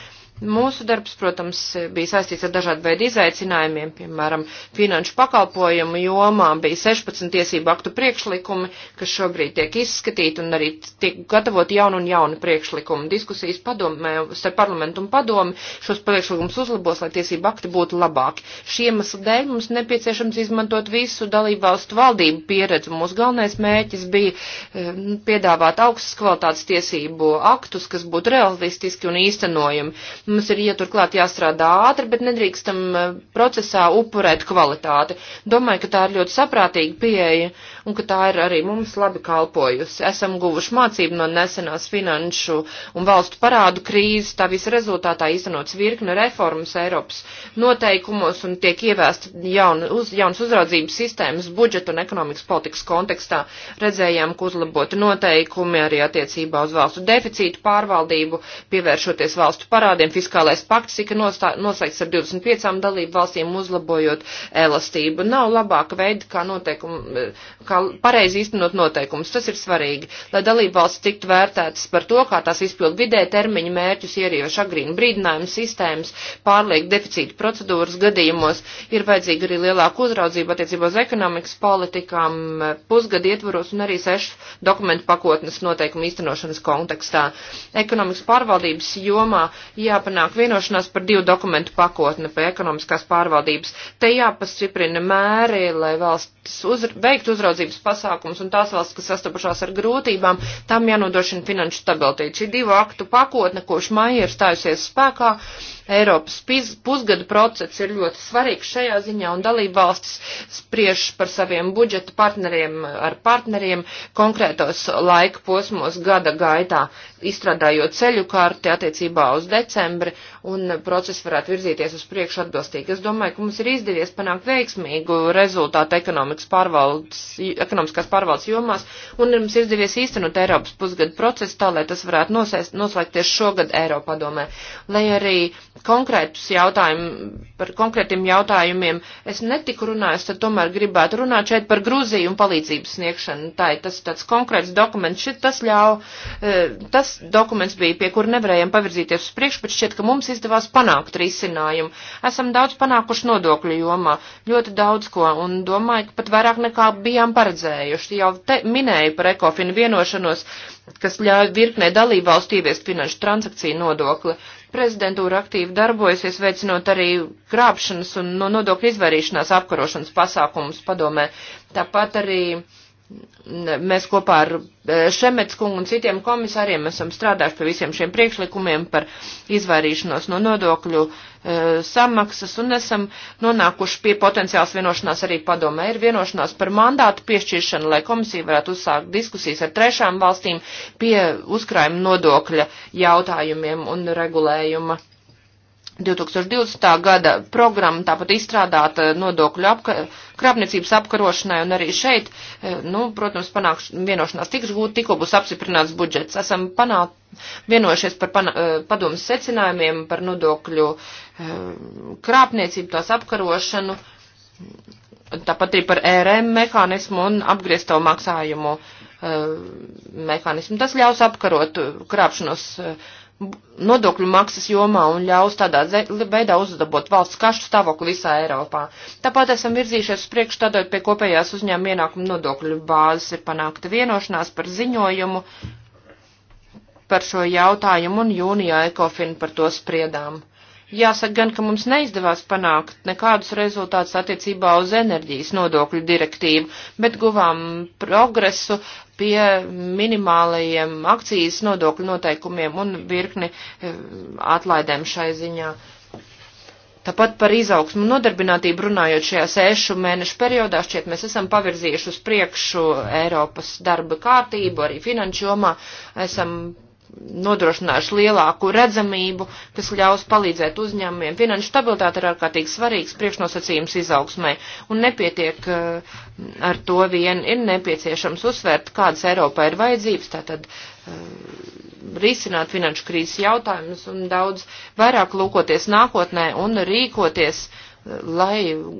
Mūsu darbs, protams, bija saistīts ar dažādu veidu izaicinājumiem, piemēram, finanšu pakalpojumu jomā bija 16 tiesību aktu priekšlikumi, kas šobrīd tiek izskatīti un arī tiek gatavoti jauni un jauni priekšlikumi. Diskusijas padomē, starp parlamentu un padomi šos priekšlikumus uzlabos, lai tiesību akti būtu labāki. Šī iemesla dēļ mums nepieciešams izmantot visu dalībvalstu valdību pieredzi. Mūsu galvenais mēķis bija eh, piedāvāt augstas kvalitātes tiesību aktus, kas būtu realistiski un īstenojami Mums ir ieturklāt ja jāstrādā ātri, bet nedrīkstam eh, procesā upurēt kvalitāti. Domāju, ka tā ir ļoti saprātīga pieeja un ka tā ir arī mums labi kalpojusi. Esam guvuši mācību no nesenās finanšu un valstu parādu krīzes, tā visa rezultātā īstenots virkne reformas Eiropas noteikumos un tiek ievēst jaun, uz, jaunas uzraudzības sistēmas budžeta un ekonomikas politikas kontekstā. Redzējām, ka uzlaboti noteikumi arī attiecībā uz valstu deficītu pārvaldību, pievēršoties valstu parādiem, fiskālais pakts tika noslēgts ar 25 dalību valstīm uzlabojot elastību. Nav labāka veida, kā noteikumi, kā kā pareizi īstenot noteikumus. Tas ir svarīgi, lai dalībvalsts tiktu vērtētas par to, kā tās izpild vidē termiņu mērķus, ierieši agrīnu brīdinājumu sistēmas, pārlieku deficītu procedūras gadījumos. Ir vajadzīga arī lielāka uzraudzība attiecībā uz ekonomikas politikām eh, pusgadu ietvaros un arī sešu dokumentu pakotnes noteikumu īstenošanas kontekstā. Ekonomikas pārvaldības jomā jāpanāk vienošanās par divu dokumentu pakotni pie ekonomiskās pārvaldības. Te jāpastiprina mēri, lai valsts uz, veikt uzraudzību uzraudzības pasākums un tās valsts, kas sastapušās ar grūtībām, tam jānodrošina finanšu stabilitāte. Šī divu aktu pakotne, kurš māja ir stājusies spēkā, uh, Eiropas pusgada process ir ļoti svarīgs šajā ziņā, un dalība valstis spriež par saviem budžeta partneriem ar partneriem konkrētos laika posmos gada gaitā, izstrādājot ceļu karti attiecībā uz decembri, un process varētu virzīties uz priekšu atbilstīgi. Es domāju, ka mums ir izdevies panākt veiksmīgu rezultātu ekonomikas pārvaldes, ekonomiskās pārvaldes jomās, un mums ir izdevies īstenot Eiropas pusgada procesu tā, lai tas varētu nosēst, noslēgties šogad Eiropadomē. Lai arī konkrētus jautājumus, par konkrētiem jautājumiem es netiku runājis, tad tomēr gribētu runāt šeit par Grūziju un palīdzības sniegšanu. Tā ir tas tāds konkrēts dokuments. Šit tas ļau, e, tas dokuments bija, pie kur nevarējām pavirzīties uz priekšu, bet šķiet, ka mums izdevās panākt risinājumu. Esam daudz panākuši nodokļu jomā, ļoti daudz ko, un domāju, ka pat vairāk nekā bijām paredzējuši. Jau te minēju par ekofinu vienošanos, kas ļauj virknē dalībvalstu ieviest finanšu transakciju nodokli. Prezidentūra aktīvi darbojusies, veicinot arī krāpšanas un no nodokļu izvairīšanās apkarošanas pasākumus padomē. Tāpat arī uh, mēs kopā ar e, Šemets kungu un citiem komisāriem esam strādājuši pie visiem šiem priekšlikumiem par izvairīšanos no nodokļu e, samaksas un esam nonākuši pie potenciāls vienošanās arī padomē. Ir vienošanās par mandātu piešķiršanu, lai komisija varētu uzsākt diskusijas ar trešām valstīm pie uzkrājuma nodokļa jautājumiem un regulējuma 2020. gada programma tāpat izstrādāta eh, nodokļu apka, krāpniecības apkarošanai un arī šeit, eh, nu, protams, panāks vienošanās tiks gūt, tikko būs apsiprināts budžets. Esam panā, vienojušies par pana, eh, padomas secinājumiem par nodokļu krāpniecību, tās apkarošanu, tāpat arī par ERM mehānismu un apgriezto maksājumu mehānismu. Tas ļaus apkarot krāpšanos nodokļu maksas jomā un ļaus tādā veidā uzlabot valsts kašu stāvokli visā Eiropā. Tāpat esam virzījušies uz priekšu tādēļ pie kopējās uzņēmuma ienākuma nodokļu bāzes ir panākta vienošanās par ziņojumu par šo jautājumu un jūnijā ekofin par to spriedām. Jāsaka gan, ka mums neizdevās panākt nekādus rezultātus attiecībā uz enerģijas nodokļu direktīvu, bet guvām progresu pie minimālajiem akcijas nodokļu noteikumiem un virkni eh, atlaidēm šai ziņā. Tāpat par izaugsmu un nodarbinātību runājot šajā sešu mēnešu periodā, šķiet mēs esam pavirzījuši uz priekšu Eiropas darba kārtību, arī finanšu jomā esam nodrošinājuši lielāku redzamību, kas ļaus palīdzēt uzņēmumiem. Finanšu stabilitāte ir ārkārtīgi svarīgs priekšnosacījums izaugsmai, un nepietiek uh, ar to vien, ir nepieciešams uzsvērt, kādas Eiropā ir vajadzības, tātad uh, risināt finanšu krīzes jautājumus un daudz vairāk lūkoties nākotnē un rīkoties eh, lai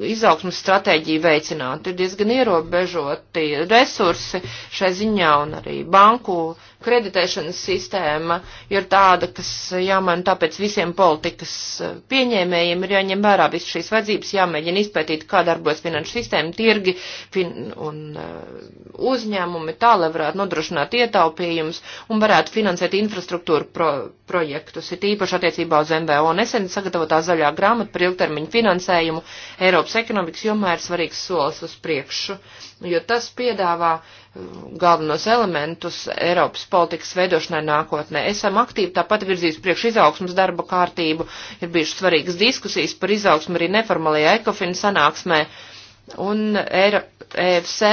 izaugsmas stratēģiju veicinātu. Ir diezgan ierobežoti resursi šai ziņā un arī banku uh, kreditēšanas sistēma ir tāda, kas jāmaina tāpēc visiem politikas eh, pieņēmējiem ir jāņem vērā visas šīs vajadzības, jāmēģina izpētīt, kā darbojas finanšu sistēma, tirgi fin un uh, uzņēmumi tā, lai varētu nodrošināt ietaupījumus un varētu finansēt infrastruktūru pro projektus. Ir īpaši attiecībā uz MVO nesen sagatavotā zaļā grāmata par ilgtermiņu finansējumu Eiropas ekonomikas jomā ir svarīgs solis uz priekšu. Nu, jo tas piedāvā uh, galvenos elementus Eiropas politikas veidošanai nākotnē. Esam aktīvi tāpat virzījis priekš izaugsmas darba kārtību, ir bijušas svarīgas diskusijas par izaugsmu arī neformālajā ekofina sanāksmē. Un Eiro, EFC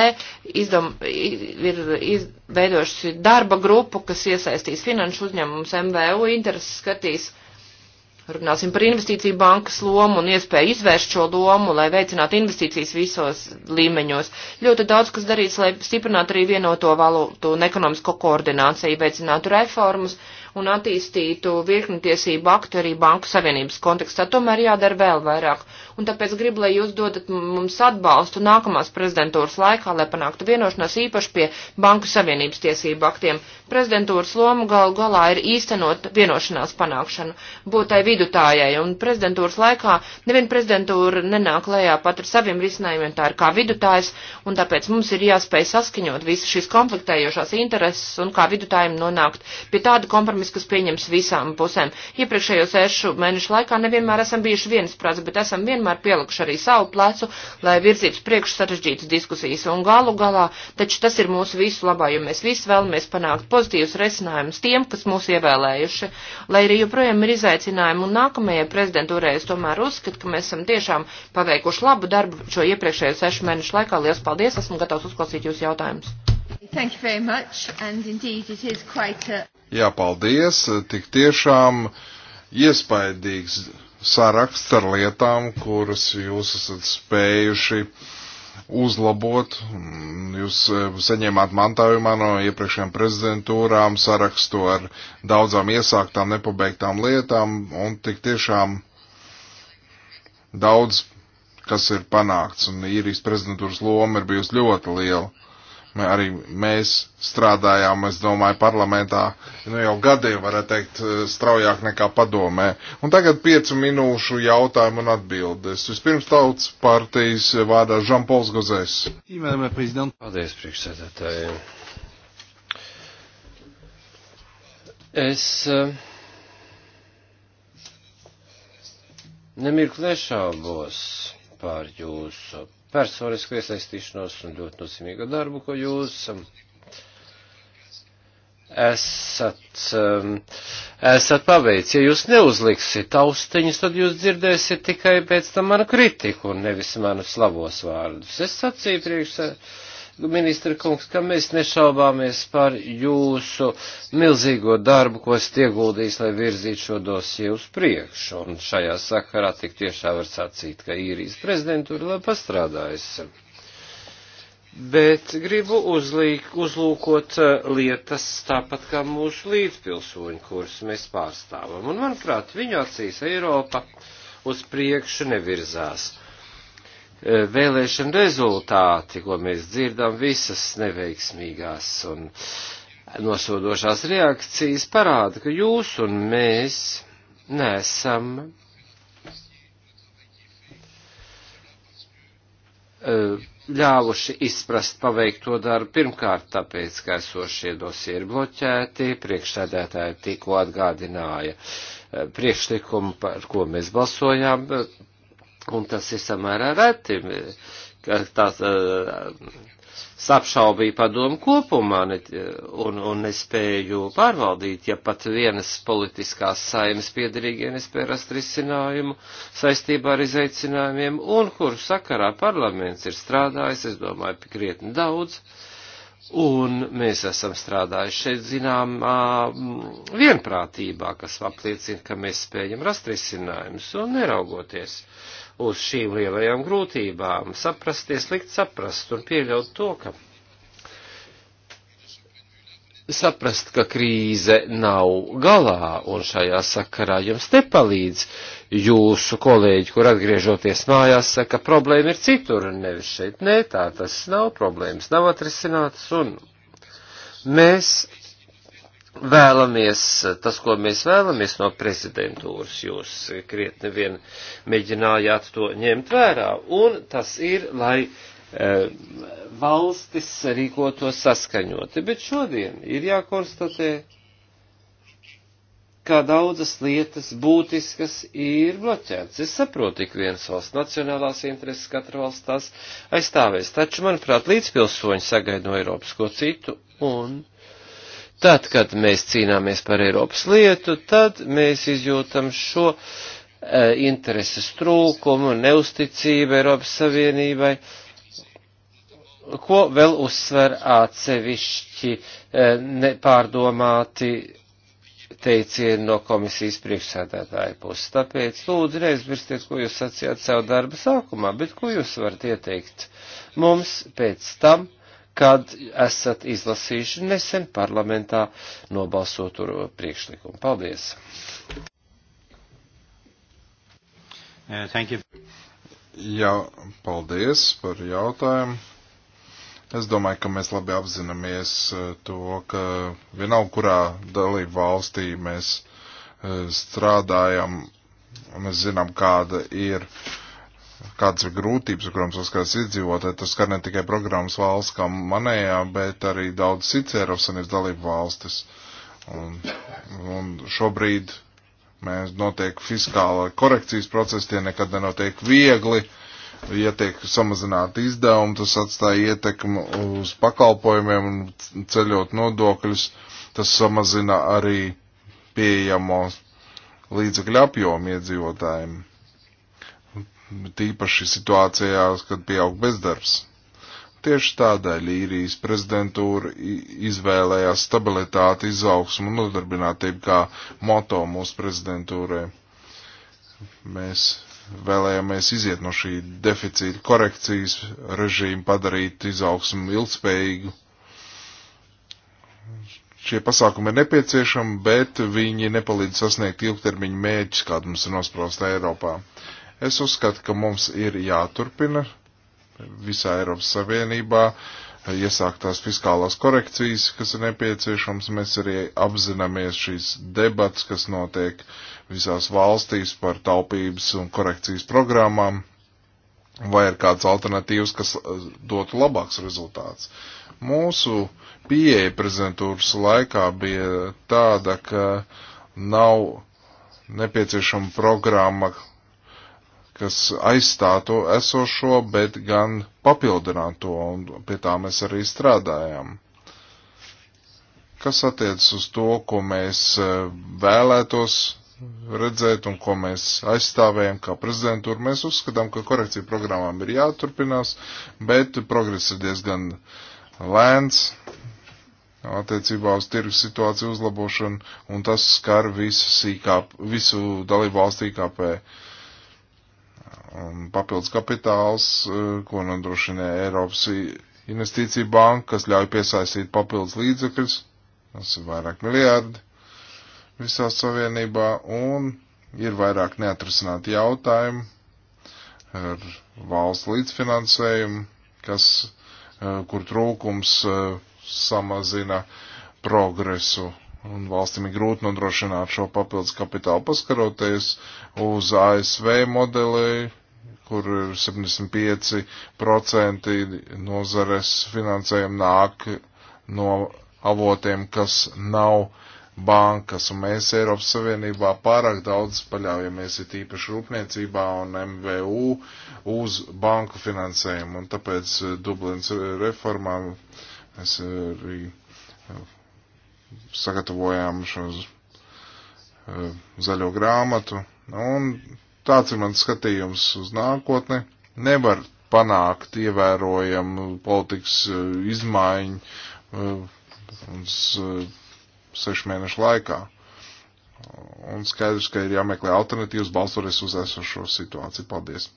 izdom, ir izveidojuši darba grupu, kas iesaistīs finanšu uzņēmumus MVU intereses skatīs Runāsim par investīciju bankas lomu un iespēju izvērst šo lomu, lai veicinātu investīcijas visos līmeņos. Ļoti daudz, kas darīts, lai stiprinātu arī vienoto valūtu un ekonomisko koordināciju, veicinātu reformas. Uh, un attīstītu virkni tiesību aktu arī Banku Savienības kontekstā. Tomēr jādara vēl vairāk. Un tāpēc gribu, lai jūs dodat mums atbalstu nākamās prezidentūras laikā, lai panāktu vienošanās īpaši pie Banku Savienības tiesību aktiem. Prezidentūras loma galu galā ir īstenot vienošanās panākšanu, būt tai vidutājai. Un prezidentūras laikā neviena prezidentūra nenāk lejā pat ar saviem risinājumiem, tā ir kā vidutājs, un tāpēc mums ir jāspēj saskaņot visas šīs konfliktējošās intereses un kā vidutājiem nonākt pie tāda kompromisa kompromiss, kas pieņems visām pusēm. Iepriekšējo sešu mēnešu laikā nevienmēr esam bijuši viensprāts, bet esam vienmēr pielikuši arī savu plecu, lai virzītu priekš sarežģītas diskusijas. Un galu galā, taču tas ir mūsu visu labā, jo mēs visi vēlamies panākt pozitīvus resinājumus tiem, kas mūs ievēlējuši. Lai arī joprojām ir izaicinājumi un nākamajai prezidentūrai es tomēr uzskatu, ka mēs esam tiešām paveikuši labu darbu šo iepriekšējo sešu mēnešu laikā. Lielas paldies! Esmu gatavs uzklausīt jūsu jautājumus thank you very much, and indeed it is quite a... Jā, paldies, tik tiešām iespaidīgs saraksts ar lietām, kuras jūs esat spējuši uzlabot. Jūs eh, saņēmāt mantojumā no iepriekšējām prezidentūrām sarakstu ar daudzām iesāktām, nepabeigtām lietām, un tik tiešām daudz, kas ir panākts, un īrijas prezidentūras loma ir bijusi ļoti liela arī mēs strādājām, es domāju, parlamentā nu, jau gadiem, varētu teikt, eh, straujāk nekā padomē. Un tagad piecu minūšu jautājumu un atbildes. Vispirms tautas partijas vārdā Žampols Gozēs. Paldies, priekšsēdētāji. Es eh, nemirkli nešaubos pār jūsu personisku iesaistīšanos un ļoti nozīmīgu darbu, ko jūs um, esat, um, esat paveicis. Ja jūs neuzliksiet austiņas, tad jūs dzirdēsiet tikai pēc tam manu kritiku un nevis manu slavos vārdus. Es sacīju priekšsēdētājiem ministra kungs, ka mēs nešaubāmies par jūsu milzīgo darbu, ko esat ieguldījis, lai virzītu šo dosiju uz priekšu. Un šajā sakarā tik tiešām var sacīt, ka īrijas prezidentūra labi pastrādājas. Bet gribu uzlīk, uzlūkot eh, lietas tāpat kā mūsu līdzpilsoņi, kurus mēs pārstāvam. Un, manuprāt, viņu acīs Eiropa uz priekšu nevirzās E, vēlēšana rezultāti, ko mēs dzirdam, visas neveiksmīgās un nosodošās reakcijas parāda, ka jūs un mēs nesam e, ļāvuši izprast paveikto darbu pirmkārt tāpēc, ka esošie dosie ir bloķēti, priekšsēdētāji tikko atgādināja e, priekšlikumu, par ko mēs balsojām, Un tas ir samērā reti, ka tās uh, eh, sapšaubīja padomu kopumā ne, un, un nespēju pārvaldīt, ja pat vienas politiskās saimas piedarīgie nespēja rast risinājumu saistībā ar izaicinājumiem, un kuru sakarā parlaments ir strādājis, es domāju, krietni daudz. Un mēs esam strādājuši šeit zināmā mm, vienprātībā, kas apliecina, ka mēs spējam rast risinājumus un neraugoties uz šīm lielajām grūtībām, saprasties, likt saprast un pieļaut to, ka saprast, ka krīze nav galā, un šajā sakarā jums nepalīdz jūsu kolēģi, kur atgriežoties mājās, saka, problēma ir citur un nevis šeit. Nē, tā tas nav, problēmas nav atrisinātas, un mēs vēlamies, tas, ko mēs vēlamies no prezidentūras, jūs krietni vien mēģinājāt to ņemt vērā, un tas ir, lai eh, valstis rīkoto saskaņoti, bet šodien ir jākonstatē, ka daudzas lietas būtiskas ir bloķētas. Es saprotu, ik viens valsts nacionālās intereses katra valsts tās aizstāvēs, taču, manuprāt, līdzpilsoņi sagaida no Eiropas ko citu, un uh, Tad, kad mēs cīnāmies par Eiropas lietu, tad mēs izjūtam šo e, intereses trūkumu, neusticību Eiropas Savienībai, ko vēl uzsver atsevišķi e, nepārdomāti teicieni no komisijas priekšsēdētāja puses. Tāpēc lūdzu neaizmirstiet, ko jūs sacījāt savu darbu sākumā, bet ko jūs varat ieteikt mums pēc tam, kad esat izlasījuši nesen parlamentā nobalsot priekšlikumu. Paldies! Uh, Jā, paldies par jautājumu. Es domāju, ka mēs labi apzināmies uh, to, ka vienalga, kurā dalību valstī mēs uh, strādājam, mēs zinām, kāda ir uh, kādas ir grūtības, ar kurām saskaras iedzīvotāji. Tas skar ne tikai programmas valsts kā manējā, bet arī daudz cits Eiropas Savienības dalību valstis. Un, un šobrīd mēs notiek fiskāla korekcijas procesi, tie nekad nenotiek viegli. Ja tiek samazināti izdevumi, tas atstāja ietekmi uz pakalpojumiem un ceļot nodokļus. Tas samazina arī pieejamo līdzekļu apjomu iedzīvotājiem tīpaši situācijās, kad pieaug bezdarbs. Tieši tādēļ īrijas prezidentūra izvēlējās stabilitāti, izaugsmu un nodarbinātību kā moto mūsu prezidentūrē. Mēs vēlējāmies iziet no šī deficīta korekcijas režīma, padarīt izaugsmu ilgspējīgu. Šie pasākumi ir nepieciešami, bet viņi nepalīdz sasniegt ilgtermiņu mēģis, kādu mums ir nosprosta Eiropā. Es uzskatu, ka mums ir jāturpina visā Eiropas Savienībā iesāktās fiskālās korekcijas, kas ir nepieciešams. Mēs arī apzināmies šīs debats, kas notiek visās valstīs par taupības un korekcijas programmām, vai ir kāds alternatīvs, kas uh, dotu labāks rezultāts. Mūsu pieeja prezentūras laikā bija tāda, ka nav nepieciešama programma, kas aizstātu esošo, bet gan papildinātu to, un pie tā mēs arī strādājam. Kas attiecas uz to, ko mēs e, vēlētos redzēt un ko mēs aizstāvējam kā prezidentūra, mēs uzskatām, ka korekcija programmām ir jāturpinās, bet progress ir diezgan lēns attiecībā uz tirgus situāciju uzlabošanu, un tas skar visu, sīkā, visu dalību valstī IKP. Uh, Un papildus kapitāls, e, ko nodrošina Eiropas investīcija banka, kas ļauj piesaistīt papildus līdzekļus, tas ir vairāk miljārdi visā savienībā, un ir vairāk neatrisināti jautājumi ar valsts līdzfinansējumu, kas, e, kur trūkums e, samazina progresu un valstīm ir grūti nodrošināt šo papildus kapitālu. Paskaroties uz ASV modeli, kur ir 75% nozares finansējumi nāk no avotiem, kas nav bankas, un mēs Eiropas Savienībā pārāk daudz paļaujamies, ir tīpaši rūpniecībā un MVU, uz banku finansējumu, un tāpēc eh, Dublins reformā mēs eh, arī eh, sagatavojām šo zaļo grāmatu, un Tāds ir mans skatījums uz nākotni. Nevar panākt ievērojamu politikas eh, izmaiņu eh, uz eh, sešu mēnešu laikā. Un skaidrs, ka ir jāmeklē alternatīvas balsoties uz esošo situāciju. Paldies!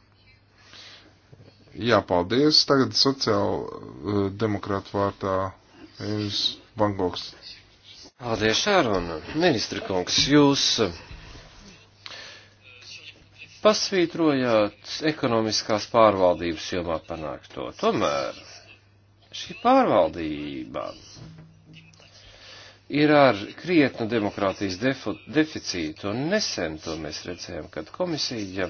Jā, paldies. Tagad sociāla demokrāta vārtā Evis Bangoks. Paldies, Šārona. Ministri kungs, jūs pasvītrojāt ekonomiskās pārvaldības jomā panākto. Tomēr šī pārvaldība ir ar krietnu demokrātijas defu, deficītu, un nesen to mēs redzējām, kad komisija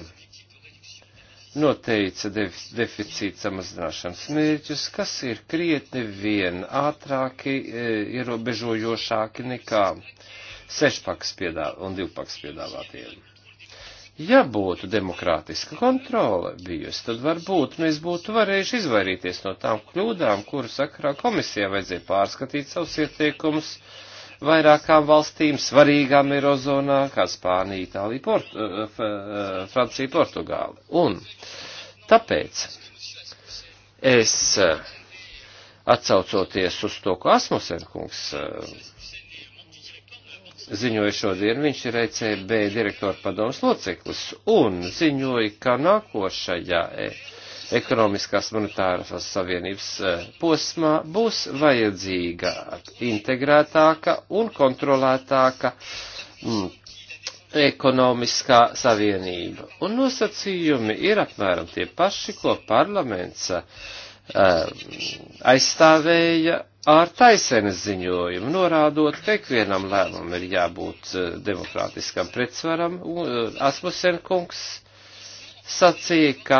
noteica def, deficīta samazināšanas mērķus, kas ir krietni vien ātrāki, e, ierobežojošāki nekā sešpaks piedāvā un divpaks piedāvātiem. Ja būtu demokrātiska kontrole bijusi, tad varbūt mēs būtu varējuši izvairīties no tām kļūdām, kuru sakarā komisijā vajadzēja pārskatīt savus ieteikumus vairākām valstīm, svarīgām Eirozonā, kā Spānija, Itālija, Portu, eh, eh, eh, Francija, Portugāla. Un tāpēc es atcaucoties uz to, ko Asmusen kungs ziņoja šodien, viņš ir ECB direktora padomas loceklis un ziņoja, ka nākošajā e, ekonomiskās monetārās savienības e, posmā būs vajadzīga integrētāka un kontrolētāka mm, ekonomiskā savienība. Un nosacījumi ir apmēram tie paši, ko parlaments uh, aizstāvēja ar taisenes ziņojumu, norādot, ka ikvienam lēmumam ir jābūt eh, demokrātiskam pretsvaram. Eh, Asmusen kungs sacīja, ka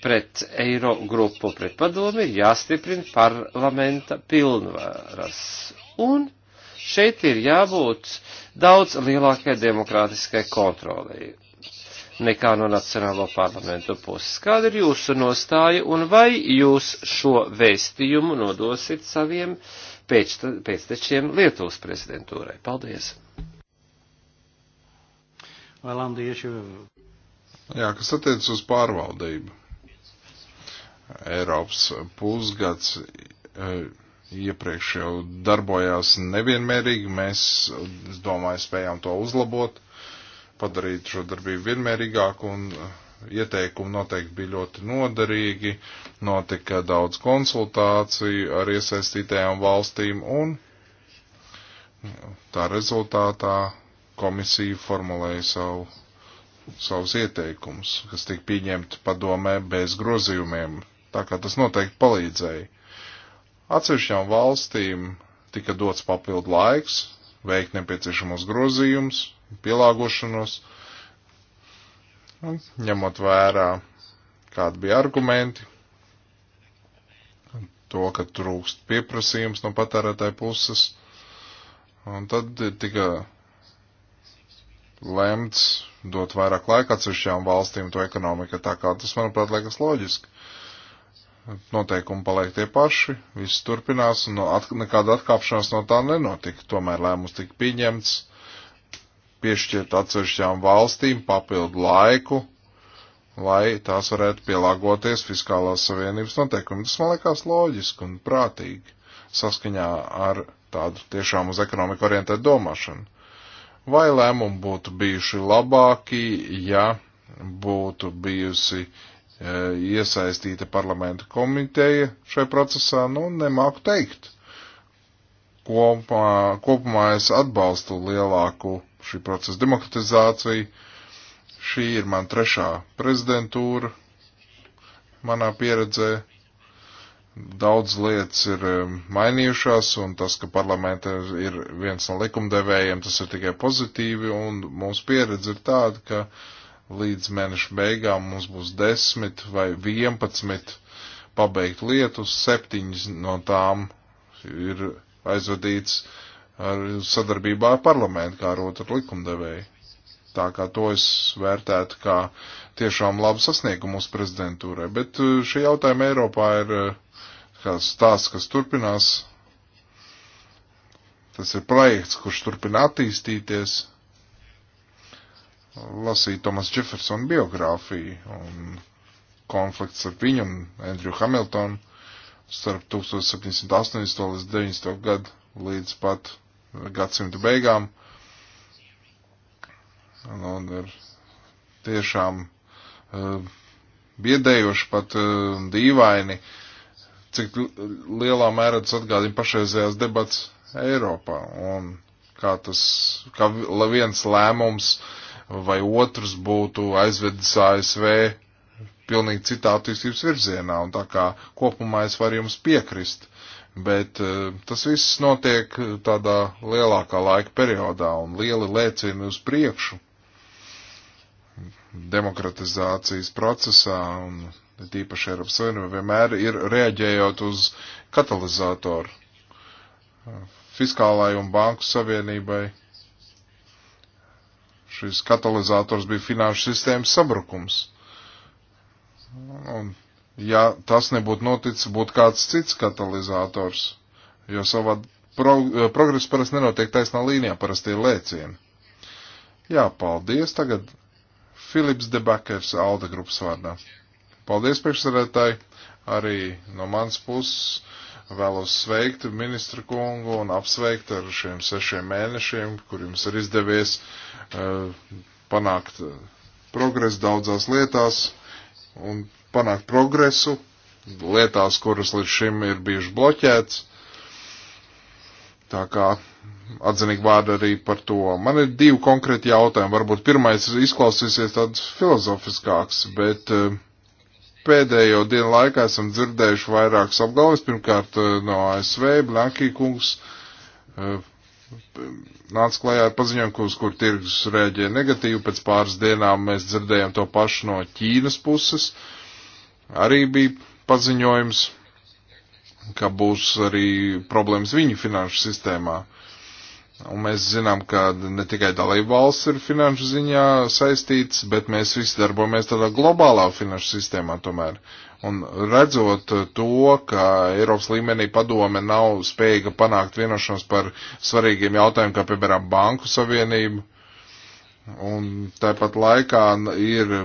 pret eiro grupu, pret padomi ir jāstiprina parlamenta pilnvaras. Un šeit ir jābūt daudz lielākai demokrātiskai kontrolē nekā no Nacionālo parlamentu puses. Kāda ir jūsu nostāja un vai jūs šo vēstījumu nodosit saviem pēctečiem Lietuvas prezidentūrai? Paldies! Well, Jā, kas attiec uz pārvaldību. Eiropas pusgads e, iepriekš jau darbojās nevienmērīgi, mēs, es domāju, spējām to uzlabot padarīt šo darbību vienmērīgāku un uh, ieteikumi noteikti bija ļoti noderīgi, notika daudz konsultāciju ar iesaistītajām valstīm un uh, tā rezultātā komisija formulēja savu, savus ieteikumus, kas tika pieņemti padomē bez grozījumiem, tā kā tas noteikti palīdzēja. Atsevišķām valstīm tika dots papildu laiks, veikt nepieciešamos grozījumus, pielāgošanos, un ņemot vērā, kādi bija argumenti, to, ka trūkst pieprasījums no patērētāja puses, un tad tika lemts dot vairāk laika atsevišķām valstīm to ekonomika, tā kā tas, manuprāt, liekas loģiski noteikumi paliek tie paši, viss turpinās, un no at, nekāda atkāpšanās no tā nenotika. Tomēr lēmums tika pieņemts piešķirt atsevišķām valstīm papildu laiku, lai tās varētu pielāgoties fiskālās savienības noteikumiem. Tas man liekas loģiski un prātīgi saskaņā ar tādu tiešām uz ekonomiku orientētu domāšanu. Vai lēmumi būtu bijuši labāki, ja būtu bijusi e, iesaistīta parlamenta komiteja šai procesā, nu, nemāku teikt. Kopumā, kopumā es atbalstu lielāku šī procesa demokratizāciju. Šī ir man trešā prezidentūra manā pieredzē. Daudz lietas ir um, mainījušās, un tas, ka parlamenta ir viens no likumdevējiem, tas ir tikai pozitīvi, un mūsu pieredze ir tāda, ka līdz mēneša beigām mums būs 10 vai 11 pabeigt lietus, 7 no tām ir aizvadīts uh, ar sadarbībā ar parlamentu, kā ar otru likumdevēju. Tā kā to es vērtētu kā tiešām labu sasniegumu mūsu prezidentūrai. Bet eh, šie jautājumi Eiropā ir eh, kāds stāsts, kas turpinās. Tas ir projekts, kurš turpina attīstīties. Lasīju Tomas Jeffersona biogrāfiju un konflikts ar viņu un Andrew Hamiltonu starp 1780. līdz 90. gadu līdz pat gadsimta beigām. Un, nu, un ir tiešām uh, biedējoši, pat uh, dīvaini, cik lielā mērā tas atgādina pašreizējās debats Eiropā. Un kā tas, kā viens lēmums vai otrs būtu aizvedis ASV pilnīgi citā attīstības virzienā. Un tā kā kopumā es varu jums piekrist Bet eh, tas viss notiek eh, tādā lielākā laika periodā un lieli lēcieni uz priekšu demokratizācijas procesā un tīpaši Eiropas Savienībā vienmēr ir reaģējot uz katalizatoru eh, fiskālai un banku savienībai. Šis katalizators bija finanšu sistēmas sabrukums. Un ja tas nebūtu noticis, būtu kāds cits katalizators, jo savādi pro, eh, progress parasti nenotiek taisnā līnijā, parasti ir lēcieni. Jā, paldies tagad Filips Debakers Alda grupas vārdā. Paldies priekšsarētāji, arī no mans puses vēlos sveikt ministru kungu un apsveikt ar šiem sešiem mēnešiem, kur jums ir izdevies uh, panākt uh, progresu daudzās lietās. Un panākt progresu lietās, kuras līdz šim ir bijušas bloķētas. Tā kā atzinīgi vārdi arī par to. Man ir divi konkrēti jautājumi. Varbūt pirmais izklausīsies tāds filozofiskāks, bet eh, pēdējo dienu laikā esam dzirdējuši vairākas apgalvis. Pirmkārt eh, no ASV, Blankī kungs eh, nāca klajā ar paziņojumu, uz kur tirgus rēģēja negatīvi. Pēc pāris dienām mēs dzirdējām to pašu no Ķīnas puses. Uh, arī bija paziņojums, ka būs arī problēmas viņu finanšu sistēmā. Un mēs zinām, ka ne tikai dalība valsts ir finanšu ziņā saistīts, bet mēs visi darbojamies tādā globālā finanšu sistēmā tomēr. Un redzot to, ka Eiropas līmenī padome nav spējīga panākt vienošanos par svarīgiem jautājumiem, kā piemēram banku savienību, un tāpat laikā ir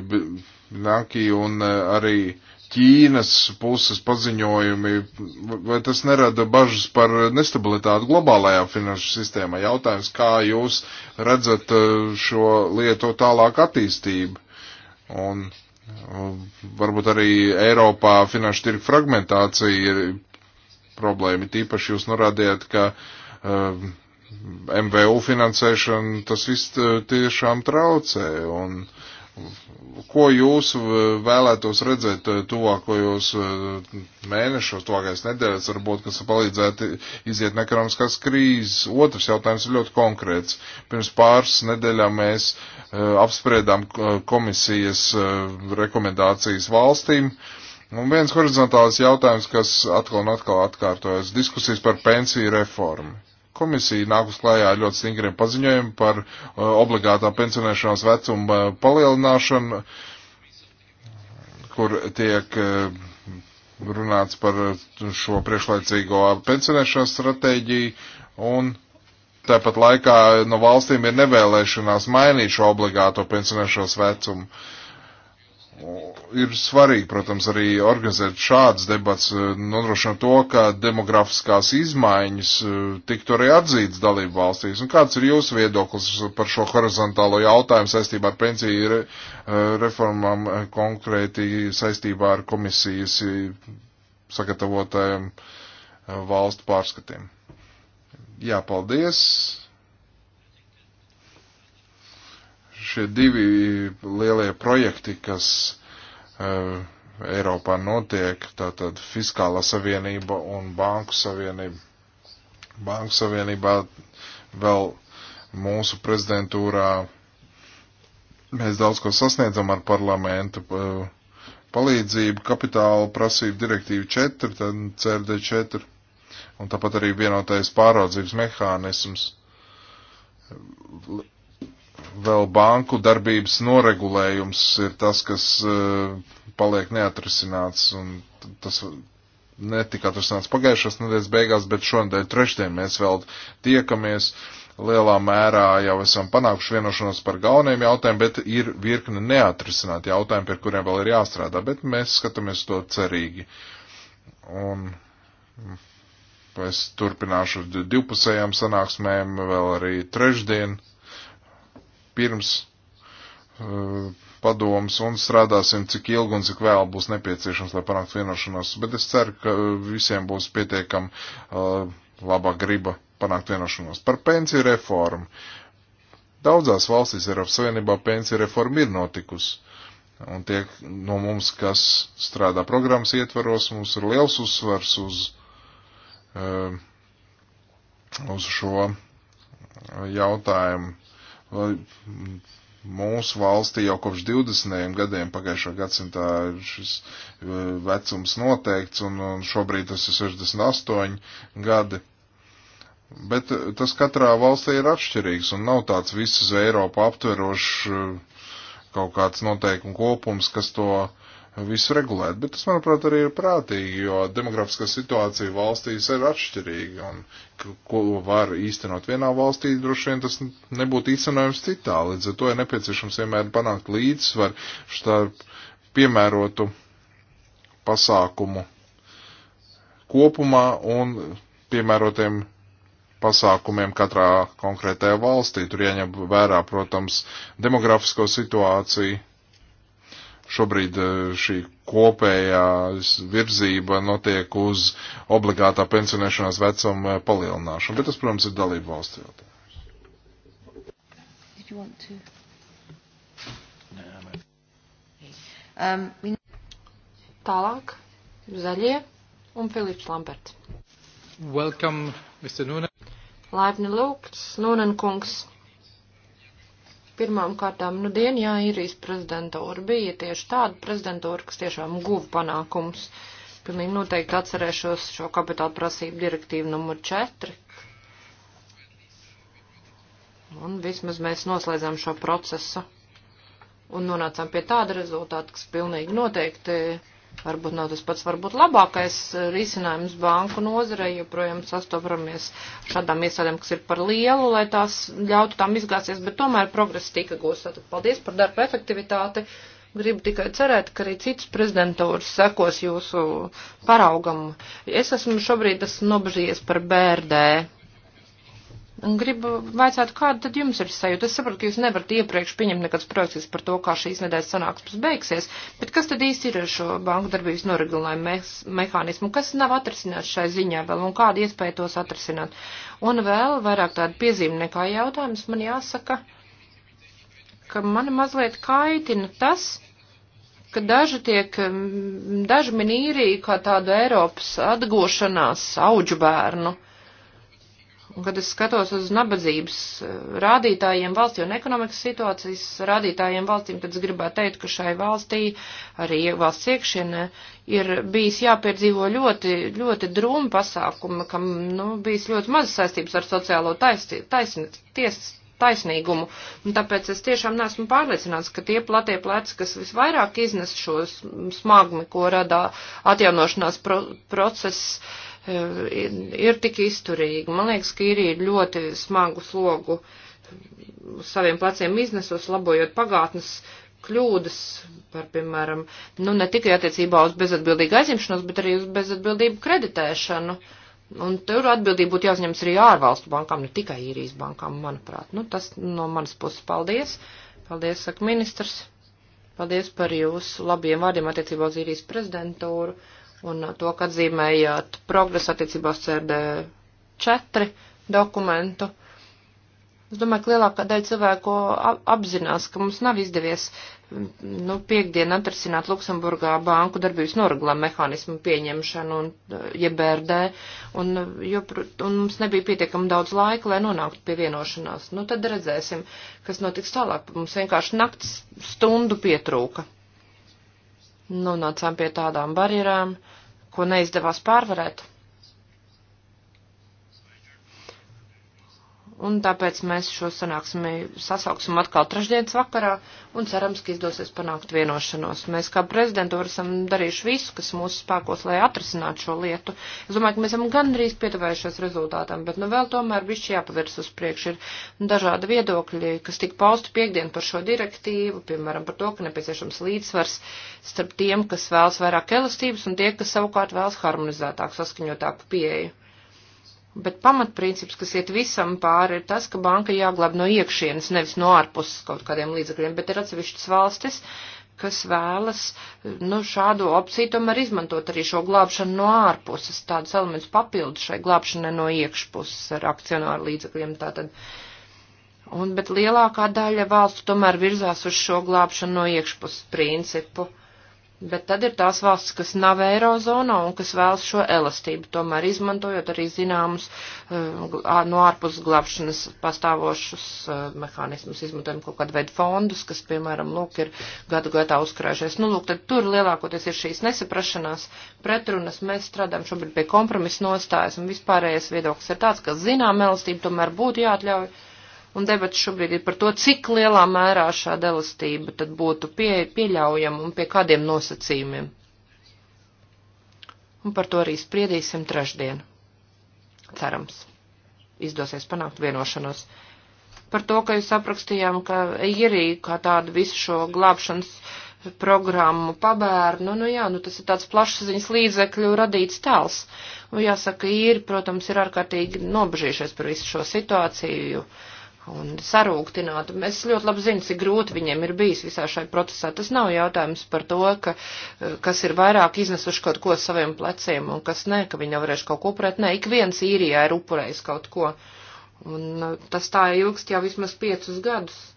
Naki un eh, arī uh, Ķīnas puses paziņojumi, vai tas nerada bažas par nestabilitāti globālajā finanšu sistēmā? Jautājums, kā jūs redzat eh, šo lietu tālāk attīstību? Un eh, varbūt arī Eiropā finanšu tirgu fragmentācija ir problēma. Tīpaši jūs norādījāt, ka uh, eh, MVU finansēšana tas viss tiešām traucē. Un, uh, Ko jūs uh, vēlētos redzēt uh, tuvākajos uh, mēnešos, tuvākajās nedēļas, varbūt, kas palīdzētu iziet nekaramiskās krīzes? Otrs jautājums ir ļoti konkrēts. Pirms pāris nedēļām mēs apspriedām komisijas rekomendācijas valstīm. Un viens horizontāls jautājums, kas atkal un atkal atkārtojas, diskusijas par pensiju reformu Komisija nākus klājā ar ļoti stingriem paziņojumiem par uh, obligātā pensionēšanās vecuma palielināšanu, kur tiek uh, runāts par uh, šo priekšlaicīgo pensionēšanās stratēģiju, un tāpat laikā no valstīm ir nevēlēšanās mainīt šo obligāto pensionēšanās vecumu. Uh, ir svarīgi, protams, arī organizēt šādas debats, eh, nodrošinot to, ka demografiskās izmaiņas eh, tiktu arī atzītas dalību valstīs. Un kāds ir jūsu viedoklis par šo horizontālo jautājumu saistībā ar pensiju re, eh, reformām, konkrēti saistībā ar komisijas sagatavotajiem valstu pārskatiem? Jā, paldies! Šie divi lielie projekti, kas uh, Eiropā notiek, tātad fiskālā savienība un banku savienība. Banku savienībā vēl mūsu prezidentūrā mēs daudz ko sasniedzam ar parlamentu e, palīdzību, kapitāla prasību direktīvu 4, tad CRD 4, un tāpat arī vienotais pāraudzības mehānisms vēl banku darbības noregulējums ir tas, kas e, paliek neatrisināts, un tas netika atrisināts pagājušās nedēļas beigās, bet šonadēļ trešdien mēs vēl tiekamies. Lielā mērā jau esam panākuši vienošanos par galvenajiem jautājumiem, bet ir virkni neatrisināti jautājumi, pie kuriem vēl ir jāstrādā, bet mēs skatāmies to cerīgi. Un es turpināšu divpusējām sanāksmēm vēl arī trešdien pirms uh, padomas un strādāsim, cik ilgi un cik vēl būs nepieciešams, lai panāktu vienošanos. Bet es ceru, ka visiem būs pietiekam uh, labā griba panākt vienošanos. Par pensiju reformu. Daudzās valstīs Eiropas Savienībā pensiju reforma ir notikusi. Un tie no mums, kas strādā programmas ietvaros, mums ir liels uzsvars uz, uh, uz šo jautājumu Mūsu valstī jau kopš 20. gadiem pagājušā gadsimtā ir šis e, vecums noteikts, un, un šobrīd tas ir 68 gadi. Bet e, tas katrā valstī ir atšķirīgs, un nav tāds visas Eiropa aptverošs e, kaut kāds noteikumu kopums, kas to uh, visu regulēt, bet tas, manuprāt, arī ir prātīgi, jo demografiskā situācija valstīs ir atšķirīga, un ko var īstenot vienā valstī, droši vien tas nebūtu īstenojams citā, līdz ar to ir nepieciešams vienmēr panākt līdzsvaru starp piemērotu pasākumu kopumā un piemērotiem pasākumiem katrā konkrētajā valstī. Tur jāņem vērā, protams, demografisko situāciju šobrīd eh, šī kopējā virzība notiek uz obligātā pensionēšanās vecuma eh, palielināšanu. Bet tas, protams, ir dalību valsts jautājums. Um, min... Tālāk, zaļie un Filips Lamberts. Welcome, Mr. Nunan. Laipni lūgts, Nunan kungs. Pirmām kārtām, nu dien, jā, īrijas prezidentūra bija tieši tāda prezidentūra, kas tiešām guva panākums. Pilnīgi noteikti atcerēšos šo kapitāla prasību direktīvu numur 4. Un vismaz mēs noslēdzām šo procesu un nonācām pie tāda rezultāta, kas pilnīgi noteikti varbūt nav tas pats, varbūt labākais eh, risinājums banku nozarei, joprojām sastopramies šādām iestādēm, kas ir par lielu, lai tās ļautu tām izgāsties, bet tomēr progress tika gūs. Tātad paldies par darba efektivitāti. Gribu tikai cerēt, ka arī citas prezidentūras sekos jūsu paraugam. Es esmu šobrīd esmu nobežījies par BRD. Un gribu vaicāt, kāda tad jums ir sajūta? Es saprotu, ka jūs nevarat iepriekš pieņemt nekādas projekcijas par to, kā šīs nedēļas sanāksmes beigsies, bet kas tad īsti ir ar šo banku darbības noregulējumu me mehānismu? Kas nav atrisināts šai ziņā vēl un kāda iespēja tos atrisināt? Un vēl vairāk tāda piezīme nekā jautājums man jāsaka, ka mani mazliet kaitina tas, ka daži tiek, daži min īrī kā tādu Eiropas atgošanās auģu bērnu Un, kad es skatos uz nabadzības eh, rādītājiem valstī un ekonomikas situācijas rādītājiem valstīm, tad es gribētu teikt, ka šai valstī, arī valsts iekšienē, ir bijis jāpiedzīvo ļoti, ļoti drūmi pasākumi, kam, nu, bijis ļoti maz saistības ar sociālo taisni, taisni, ties, taisnīgumu. Un tāpēc es tiešām neesmu pārliecināts, ka tie platie pleci, kas visvairāk iznes šo smagmi, ko rada atjaunošanās pro process, ir tik izturīgi. Man liekas, ka ir ļoti smagu slogu saviem pleciem iznesus, labojot pagātnes kļūdas par, piemēram, nu ne tikai attiecībā uz bezatbildīgu aizņemšanos, bet arī uz bezatbildību kreditēšanu. Un tur atbildība būtu jāuzņemas arī ārvalstu bankām, ne tikai īrijas bankām, manuprāt. Nu, tas no manas puses paldies. Paldies, saka ministrs. Paldies par jūsu labiem vārdiem attiecībā uz īrijas prezidentūru un uh, to, ka atzīmējāt progresu attiecībās CRD 4 dokumentu. Es domāju, ka lielākā daļa cilvēku apzinās, ka mums nav izdevies nu, piekdien atrasināt Luksemburgā banku darbības noregulā mehānismu pieņemšanu un uh, jebērd, un, uh, jo, un mums nebija pietiekami daudz laika, lai nonāktu pie vienošanās. Nu, tad redzēsim, kas notiks tālāk. Mums vienkārši naktas stundu pietrūka nonācām pie tādām barjerām, ko neizdevās pārvarēt. Un tāpēc mēs šo sanāksmi sasauksim atkal trešdienas vakarā un cerams, ka izdosies panākt vienošanos. Mēs kā prezidentu esam darījuši visu, kas mūsu spēkos, lai atrisinātu šo lietu. Es domāju, ka mēs esam gandrīz pietuvējušies rezultātam, bet nu vēl tomēr višķi jāpavirs uz priekšu. Ir dažādi viedokļi, kas tika pausti piekdien par šo direktīvu, piemēram, par to, ka nepieciešams līdzsvars starp tiem, kas vēlas vairāk elastības un tie, kas savukārt vēlas harmonizētāku, saskaņotāku pieeju Bet pamatprincips, kas iet visam pāri, ir tas, ka banka jāglāb no iekšienes, nevis no ārpuses kaut kādiem līdzekļiem, bet ir atsevišķas valstis, kas vēlas nu, šādu opciju tomēr izmantot arī šo glābšanu no ārpuses, tādus elementus papildus šai glābšanai no iekšpuses ar akcionāru līdzekļiem. Tātad. Un, bet lielākā daļa valstu tomēr virzās uz šo glābšanu no iekšpuses principu. Uh, Bet tad ir tās valsts, kas nav eirozonā un kas vēlas šo elastību, tomēr izmantojot arī zināmus eh, no ārpus glābšanas pastāvošus eh, mehānismus, izmantojam kaut kādu veidu fondus, kas, piemēram, lūk, ir gadu gaitā uzkrājušies. Nu, lūk, tad tur lielākoties ir šīs nesaprašanās, pretrunas, mēs strādājam šobrīd pie kompromisa nostājas un vispārējais viedoklis ir tāds, ka zinām elastību tomēr būtu jāatļauj un debats šobrīd ir par to, cik lielā mērā šāda elastība tad būtu pie, pieļaujama un pie kādiem nosacījumiem. Un par to arī spriedīsim trešdien. Cerams, izdosies panākt vienošanos. Par to, ka jūs aprakstījām, ka īrija kā tādu visu šo glābšanas programmu pabērnu, nu, nu jā, nu tas ir tāds plašsaziņas līdzekļu radīts tēls. Un jāsaka, īri, protams, ir ārkārtīgi nobežījušies par visu šo situāciju. Jo un sarūktināti. Es ļoti labi zinu, cik grūti viņiem ir bijis visā šai procesā. Tas nav jautājums par to, ka, eh, kas ir vairāk iznesuši kaut ko saviem pleciem un kas nē, ka viņi nevarēs kaut ko upurēt. Nē, ik viens īrijā ir upurējis kaut ko. Un eh, tas tā ilgst jau vismaz piecus gadus.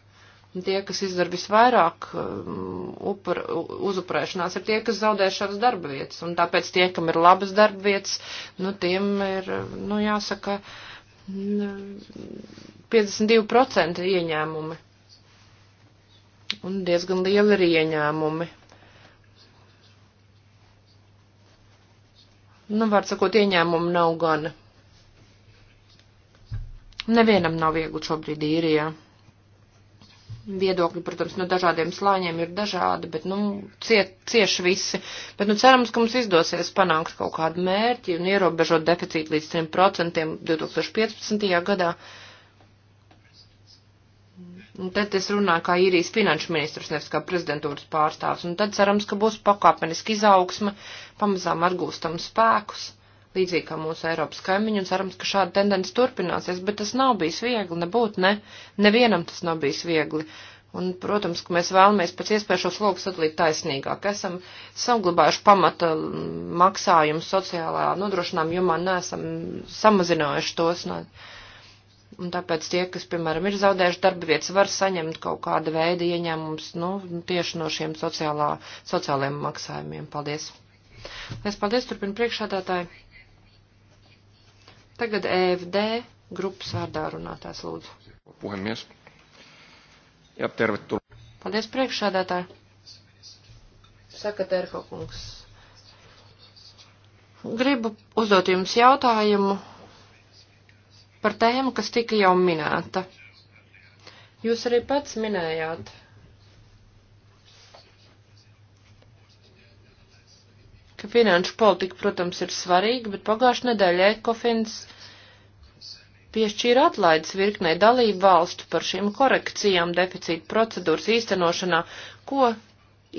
Un tie, kas izdara visvairāk eh, upur, uzupurēšanās, ir tie, kas zaudē šādas darba vietas. Un tāpēc tie, kam ir labas darba vietas, nu, tiem ir, nu, jāsaka, uh, 52% ieņēmumi. Un diezgan lieli ir ieņēmumi. Nu, var sakot, ieņēmumu nav gana. Nevienam nav viegli šobrīd īrijā. Ja. Viedokļi, protams, no dažādiem slāņiem ir dažādi, bet, nu, ciet, cieši visi. Bet, nu, cerams, ka mums izdosies panākt kaut kādu mērķi un ierobežot deficītu līdz 3% 2015. gadā. Un tad es runāju kā īrijas finanšu ministrs, nevis kā prezidentūras pārstāvs. Un tad cerams, ka būs pakāpeniski izaugsme, pamazām atgūstam spēkus līdzīgi kā mūsu Eiropas kaimiņi, un cerams, ka šāda tendence turpināsies, bet tas nav bijis viegli, nebūt, ne, nevienam tas nav bijis viegli. Un, protams, ka mēs vēlamies pēc iespējas šo slogu sadalīt taisnīgāk. Esam saglabājuši pamata mm, maksājumu sociālā nodrošinājuma jomā, neesam samazinājuši tos. Ne. Un tāpēc tie, kas, piemēram, ir zaudējuši darba vietas, var saņemt kaut kāda veida ieņēmums, nu, tieši no šiem sociālā, sociālajiem maksājumiem. Paldies! Es paldies, turpin priekšādātāji! Tagad EFD grupas vārdā runātājs lūdzu. Puhemies. Jā, tervetuloa. Paldies priekšsādātāji. Saka Terho kungs. Gribu uzdot jums jautājumu par tēmu, kas tika jau minēta. Jūs arī pats minējāt ka finanšu politika, protams, ir svarīga, bet pagājušajā nedēļā Ekofins piešķīra atlaides virknei dalību valstu par šīm korekcijām deficīta procedūras īstenošanā, ko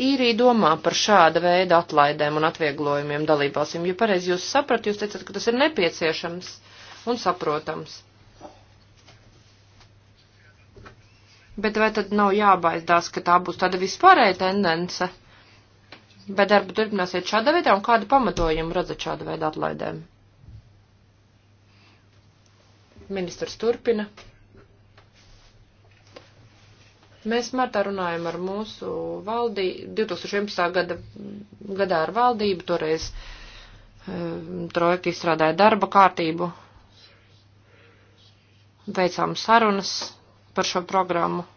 īrija domā par šāda veida atlaidēm un atvieglojumiem dalību valstīm. Ja pareizi jūs saprat, jūs teicat, ka tas ir nepieciešams un saprotams. Bet vai tad nav jābaidās, ka tā būs tāda vispārēja tendence? Vai darbu turpināsiet šādā veidā un kādu pamatojumu redzat šāda veida atlaidēm? Ministrs turpina. Mēs martā runājam ar mūsu valdību, 2011. Gada, gadā ar valdību, toreiz um, trojka izstrādāja darba kārtību, veicām sarunas par šo programmu.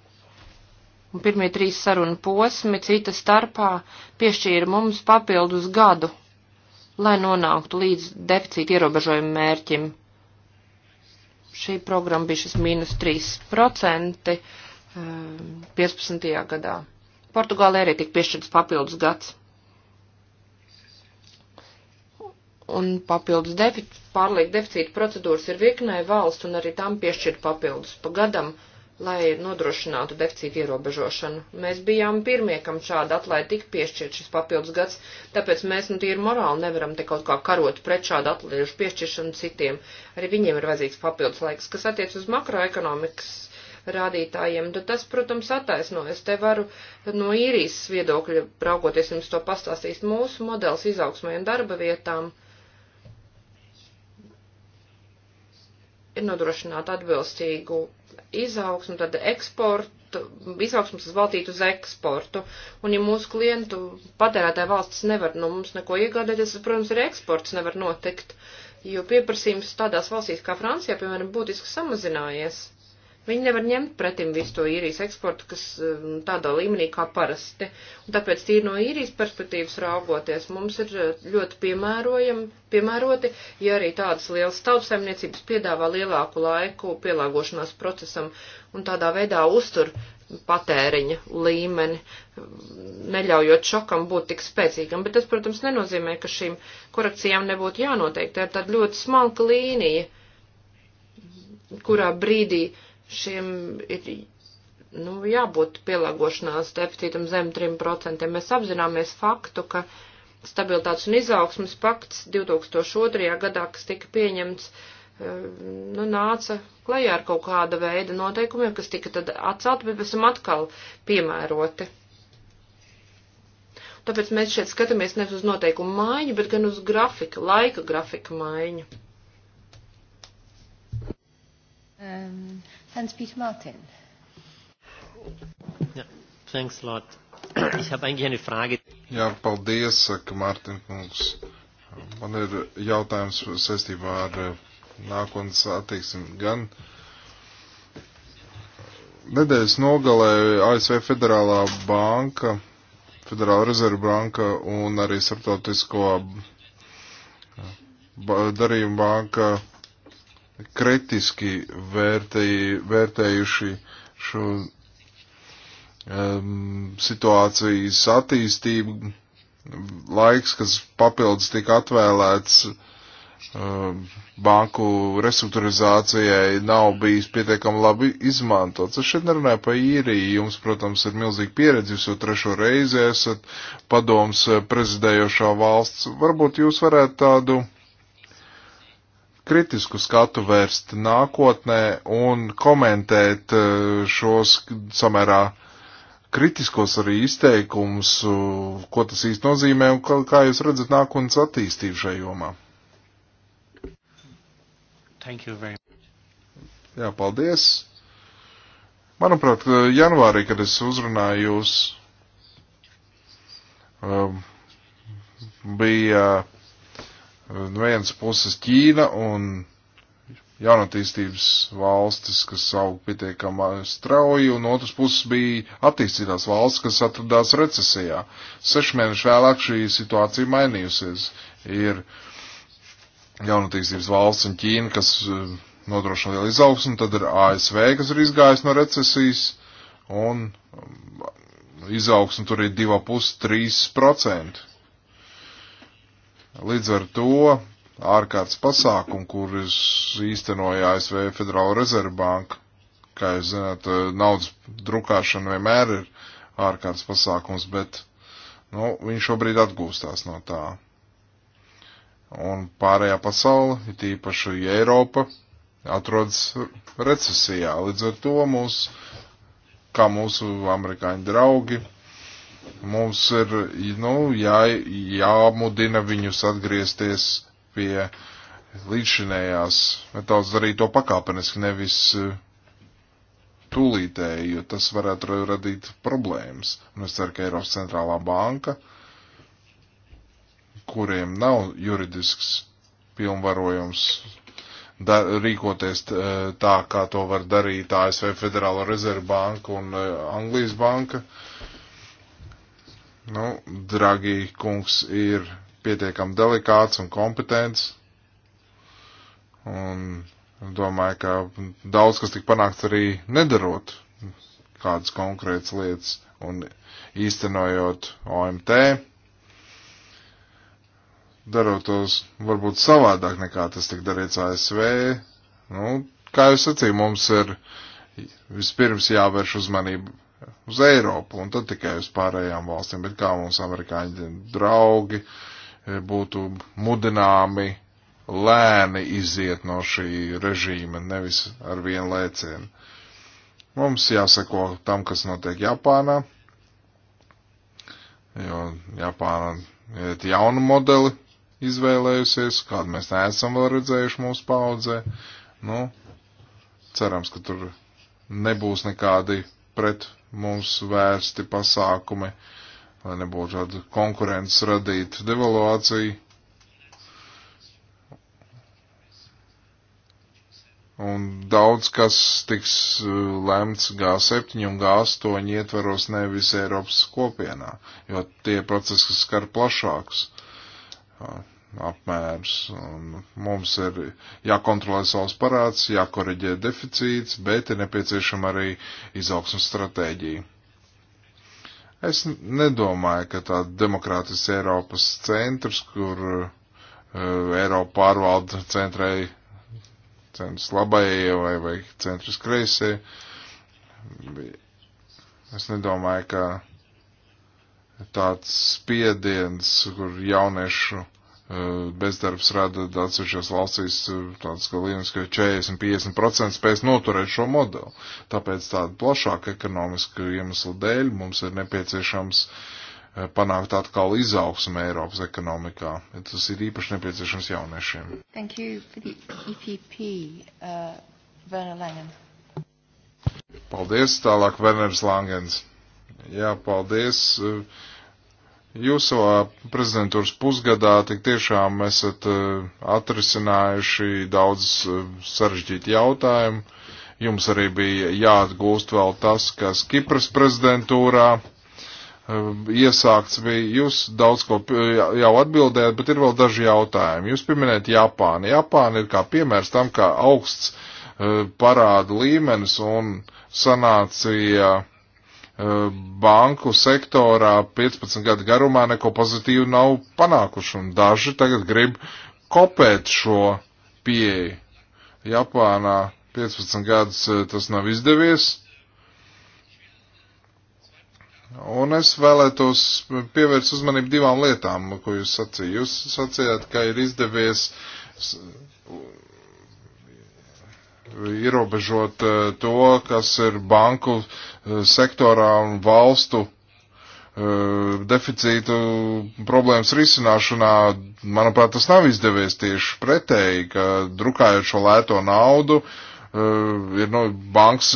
Un pirmie trīs saruna posmi cita starpā piešķīra mums papildus gadu, lai nonāktu līdz deficīta ierobežojumu mērķim. Šī programma bija šis mīnus 3% 15. Ehm, gadā. Portugālē arī tika piešķirts papildus gads. un papildus defic, pārliek deficīta procedūras ir virknē valsts un arī tam piešķir papildus pa gadam lai nodrošinātu deficīta ierobežošanu. Mēs bijām pirmie, kam šāda atlaida tika piešķirt šis papildus gads, tāpēc mēs nu tīri morāli nevaram te kaut kā karot pret šādu atlaižu piešķiršanu citiem. Arī viņiem ir vajadzīgs papildus laiks, kas attiec uz makroekonomikas rādītājiem, tad tas, protams, attaisnojas. Te varu no īrijas viedokļa, raugoties jums to pastāstīt, mūsu modelis izaugsmē un darba vietām. ir nodrošināt atbilstīgu izaugsmu, tad eksportu, izaugsmas uz valstītu uz eksportu. Un ja mūsu klientu patērētāja valstis nevar no nu, mums neko iegādāties, tad, protams, arī eksports nevar notikt, jo pieprasījums tādās valstīs kā Francijā, piemēram, būtiski samazinājies. Viņi nevar ņemt pretim visu to īrijas eksportu, kas eh, tādā līmenī kā parasti. Un tāpēc tīri no īrijas perspektīvas raugoties, mums ir eh, ļoti piemēroti, ja arī tādas lielas tautsaimniecības piedāvā lielāku laiku pielāgošanās procesam un tādā veidā uztur patēriņa līmeni, neļaujot šokam būt tik spēcīgam. Bet tas, protams, nenozīmē, ka šīm korekcijām nebūtu jānotiek. Tā ir tāda ļoti smalka līnija, kurā brīdī uh, šiem ir nu, jābūt pielāgošanās deficītam zem 3%. Mēs apzināmies faktu, ka stabilitātes un izaugsmas pakts 2002. gadā, kas tika pieņemts, eh, nu, nāca klajā ar kaut kāda veida noteikumiem, kas tika tad atcelti, bet pēc tam atkal piemēroti. Tāpēc mēs šeit skatāmies nevis uz noteikumu maiņu, bet gan uz grafika, laika grafika maiņu. Um. Hans-Peter Martin. Ja, thanks a lot. Ich habe eigentlich eine Frage. Jā, paldies, saka Mārtiņ kungs. Man ir jautājums saistībā ar eh, nākotnes attieksmi gan. Nedēļas nogalē ASV Federālā banka, Federāla rezerva banka un arī Startautisko eh, darījuma banka kritiski vērtēji, vērtējuši šo um, situācijas attīstību. Laiks, kas papildus tika atvēlēts um, banku restruktūrizācijai, nav bijis pietiekami labi izmantots. Es šeit nerunāju par īriju. Jums, protams, ir milzīgi pieredzi, jūs jau trešo reizi esat padoms eh, prezidējošā valsts. Varbūt jūs varētu tādu kritisku skatu vērst nākotnē un komentēt e, šos samērā kritiskos arī izteikumus, e, ko tas īsti nozīmē un kā jūs redzat nākotnes attīstību šajā jomā. Jā, paldies. Manuprāt, e, janvārī, kad es uzrunāju jūs, um, bija Uh, no vienas puses Ķīna un jaunatīstības valstis, kas aug pietiekamā strauji, un otrs puses bija attīstītās valsts, kas atradās recesijā. Sešu mēnešu vēlāk šī situācija mainījusies. Ir jaunatīstības valsts un Ķīna, kas uh, nodrošina lielu izaugsmu, tad ir ASV, kas ir izgājis no recesijas, un um, izaugsmu tur ir 2,5-3%. Līdz ar to ārkārtas pasākumu, kurus īstenoja ASV Federāla rezervbanka, kā jūs zināt, eh, naudas drukāšana vienmēr ir ārkārtas pasākums, bet nu, viņš šobrīd atgūstās no tā. Un pārējā pasaule, it īpaši Eiropa, atrodas recesijā. Līdz ar to mūs, kā mūsu amerikāņu draugi, Mums ir nu, jā, jāmudina viņus atgriezties pie līdzšinējās metodas darīt to pakāpeniski, nevis eh, tūlītēji, jo tas varētu radīt problēmas. Un es ceru, ka Eiropas centrālā banka, kuriem nav juridisks pilnvarojums da, rīkoties eh, tā, kā to var darīt ASV Federālo rezervu banka un eh, Anglijas banka, uh, Nu, Dragi kungs ir pietiekami delikāts un kompetents. Un domāju, ka daudz kas tika panākts arī nedarot kādas konkrētas lietas un īstenojot OMT, darot tos varbūt savādāk nekā tas tika darīts ASV. Nu, kā jūs sacījāt, mums ir vispirms jāvērš uzmanība uz Eiropu un tad tikai uz pārējām valstīm, bet kā mums amerikāņi draugi e, būtu mudināmi lēni iziet no šī režīma, nevis ar vienu lēcienu. Mums jāseko tam, kas notiek Japānā, jo Japāna ir jaunu modeli izvēlējusies, kādu mēs neesam vēl redzējuši mūsu paudzē. Nu, cerams, ka tur nebūs nekādi pret mums vērsti pasākumi, lai nebūtu tāda konkurences radīta devaluācija. Un daudz kas tiks uh, lemts G7 un G8 ietvaros nevis Eiropas kopienā, jo tie procesi, kas skar plašāks uh, apmērs. Un mums ir jākontrolē savs parāds, jākoriģē deficīts, bet ir nepieciešama arī izaugsmas stratēģija. Es nedomāju, ka tā demokrātis Eiropas centrs, kur uh, Eiropa pārvalda centrai, centrs labajai vai, vai centrs kreisē, es nedomāju, ka tāds spiediens, kur jauniešu Eh, bezdarbs rada atsevišķos valstīs eh, tāds, ka līmenis, ka 40-50% spēs noturēt šo modeli. Tāpēc tādu plašāku ekonomisku iemeslu dēļ mums ir nepieciešams eh, panākt atkal izaugsmu Eiropas ekonomikā. Tas ir īpaši nepieciešams jauniešiem. Thank you for the EPP, uh, Werner Langen. Paldies, tālāk Werners Langens. Jā, paldies. Uh, Jūs savā prezidentūras pusgadā tik tiešām esat e, atrisinājuši daudz e, sarežģītu jautājumu. Jums arī bija jāatgūst vēl tas, kas Kipras prezidentūrā e, iesākts bija. Jūs daudz ko jau atbildējat, bet ir vēl daži jautājumi. Jūs pieminējat Japānu. Japāna ir kā piemērs tam, kā augsts parāda līmenis un sanācija Eh, banku sektorā 15 gadu garumā neko pozitīvu nav panākuši, un daži tagad grib kopēt šo pieeju. Japānā 15 gadus eh, tas nav izdevies. Un es vēlētos pievērst uzmanību divām lietām, ko jūs sacījāt. Jūs sacījāt, ka ir izdevies ierobežot eh, to, kas ir banku eh, sektorā un valstu eh, deficītu problēmas risināšanā, manuprāt, tas nav izdevies tieši pretēji, ka drukājot šo lēto naudu, ir nu, banks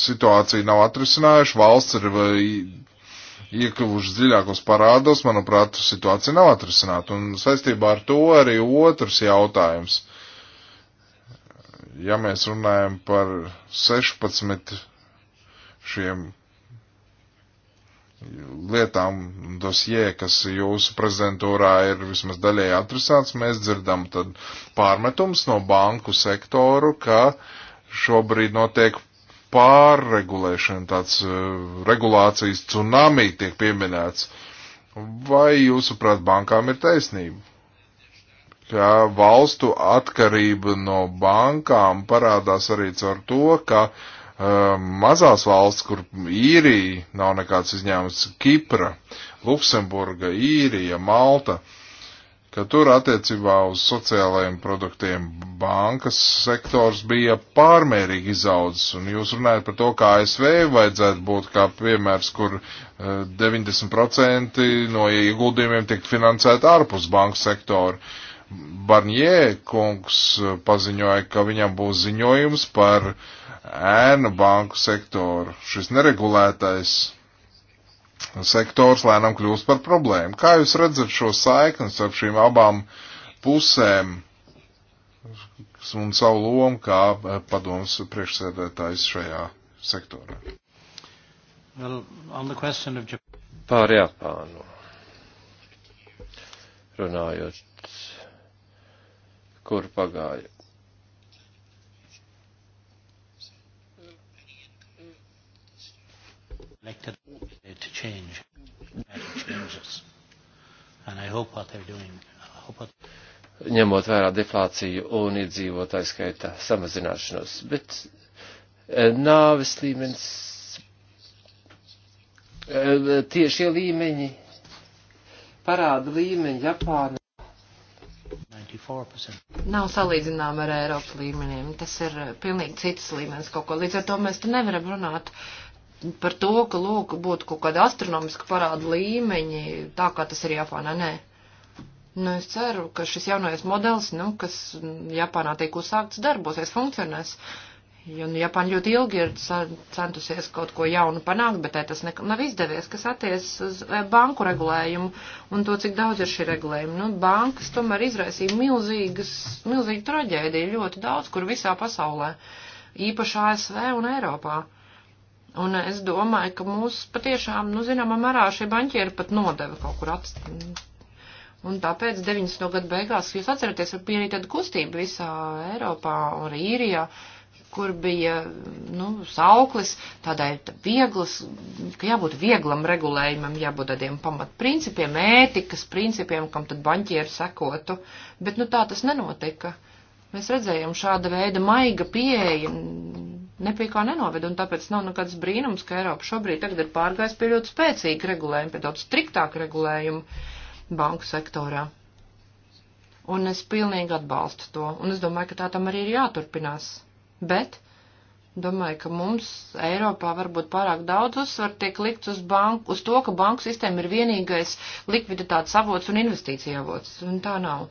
situāciju nav atrisinājuši, valsts ir iekļuvuši dziļākos parādos, manuprāt, situācija nav atrisināta. Un saistībā ar to arī otrs jautājums ja mēs runājam par 16 šiem lietām dosjē, kas jūsu prezidentūrā ir vismaz daļēji atrisāts, mēs dzirdam tad pārmetums no banku sektoru, ka šobrīd notiek pārregulēšana, tāds uh, regulācijas tsunami tiek pieminēts. Vai jūsuprāt bankām ir taisnība? ka valstu atkarība no bankām parādās arī caur to, ka uh, mazās valsts, kur īrija nav nekāds izņēmums, Kipra, Luksemburga, īrija, Malta, ka tur attiecībā uz sociālajiem produktiem bankas sektors bija pārmērīgi izaudzis. Un jūs runājat par to, kā ASV vajadzētu būt kā piemērs, kur uh, eh, 90% no ieguldījumiem tiek finansēta ārpus banku sektora. Uh, Barņē kungs paziņoja, ka viņam būs ziņojums par ēnu banku sektoru. Šis neregulētais sektors lēnām kļūst par problēmu. Kā jūs redzat šo saikni starp šīm abām pusēm un savu lomu kā padoms priekšsēdētājs šajā sektorā? Well, of... Pār Japānu runājot kur pagāja. elected to change changes. And I hope what they're doing. I hope what ņemot vērā deflāciju un iedzīvotāju skaita samazināšanos. Bet e, nāves līmenis, e, e, tiešie līmeņi, parāda līmeņi Japāna. Nav salīdzināma ar Eiropas līmeniem. Tas ir pilnīgi cits līmenis kaut ko. Līdz ar to mēs te nevaram runāt par to, ka, lūk, būtu kaut kāda astronomiska parāda līmeņi, tā kā tas ir Japānā. Nē. Nu, es ceru, ka šis jaunais modelis, nu, kas Japānā tiek uzsākts, darbosies, funkcionēs. Uh, Un Japāna ļoti ilgi ir centusies kaut ko jaunu panākt, bet tas ne, nav izdevies, kas attiecas uz eh, banku regulējumu un to, cik daudz ir šī regulējuma. Nu, bankas tomēr izraisīja milzīgas, milzīgu traģēdiju ļoti daudz, kur visā pasaulē, īpaši ASV un Eiropā. Un es domāju, ka mūs patiešām, nu, zināmā mērā šie banķieri pat nodeva kaut kur atstāt. Un tāpēc 90. gadu beigās, jūs atceraties, bija arī tāda kustība visā Eiropā un arī Īrijā. Ja kur bija, nu, sauklis tādai vieglas, ka jābūt vieglam regulējumam, jābūt tādiem pamatprincipiem, ētikas principiem, kam tad baņķieri sekotu, bet, nu, tā tas nenotika. Mēs redzējām šāda veida maiga pieeja, nepie kā nenoved, un tāpēc nav nekāds brīnums, ka Eiropa šobrīd tagad ir pārgājis pie ļoti spēcīga regulējuma, pie daudz striktāka regulējuma banku sektorā. Un es pilnīgi atbalstu to, un es domāju, ka tā tam arī ir jāturpinās bet domāju, ka mums Eiropā varbūt pārāk daudz uzsvar tiek likts uz, banku, uz to, ka banku sistēma ir vienīgais likviditātes avots un investīcija avots, un tā nav.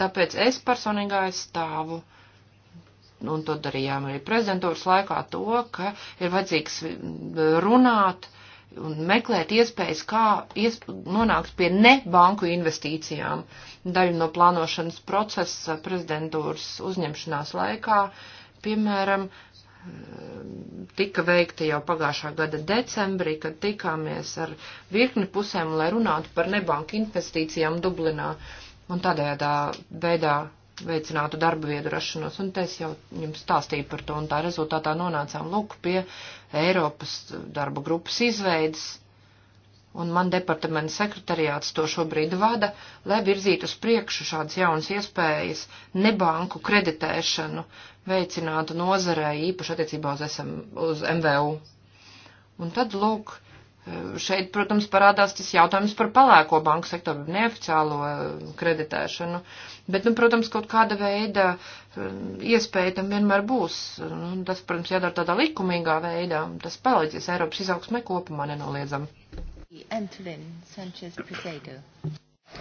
Tāpēc es personīgi aizstāvu, un to darījām arī prezidentūras laikā, to, ka ir vajadzīgs runāt un meklēt iespējas, kā iesp nonākt pie ne banku investīcijām. Daļu no plānošanas procesa prezidentūras uzņemšanās laikā uh, Piemēram, tika veikta jau pagājušā gada decembrī, kad tikāmies ar virkni pusēm, lai runātu par nebanku investīcijām Dublinā un tādējādā veidā veicinātu darba vietu rašanos. Un es jau jums stāstīju par to, un tā rezultātā nonācām lūk pie Eiropas darba grupas izveidas un man departamenta sekretariāts to šobrīd vada, lai virzītu uz priekšu šādas jaunas iespējas, nebanku kreditēšanu, veicinātu nozarē īpaši attiecībā uz, SM, uz MVU. Un tad, lūk, šeit, protams, parādās tas jautājums par palēko banku sektoru, neoficiālo eh, kreditēšanu, bet, nu, protams, kaut kāda veida eh, iespēja tam vienmēr būs. Un tas, protams, jādara tādā likumīgā veidā, tas palīdzēs Eiropas izaugsmē kopumā nenoliedzami.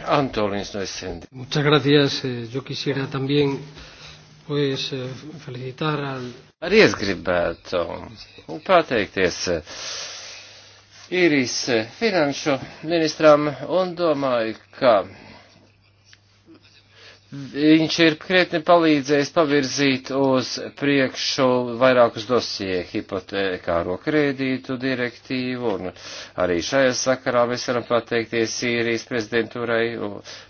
Antolins no Escendi. Muchas gracias. Eh, yo quisiera también pues, eh, felicitar al. Arī es gribētu pateikties īrijas eh, finanšu ministram un domāju, ka viņš ir krietni palīdzējis pavirzīt uz priekšu vairākus dosie hipotekāro kredītu direktīvu, un arī šajā sakarā mēs varam pateikties Sīrijas prezidentūrai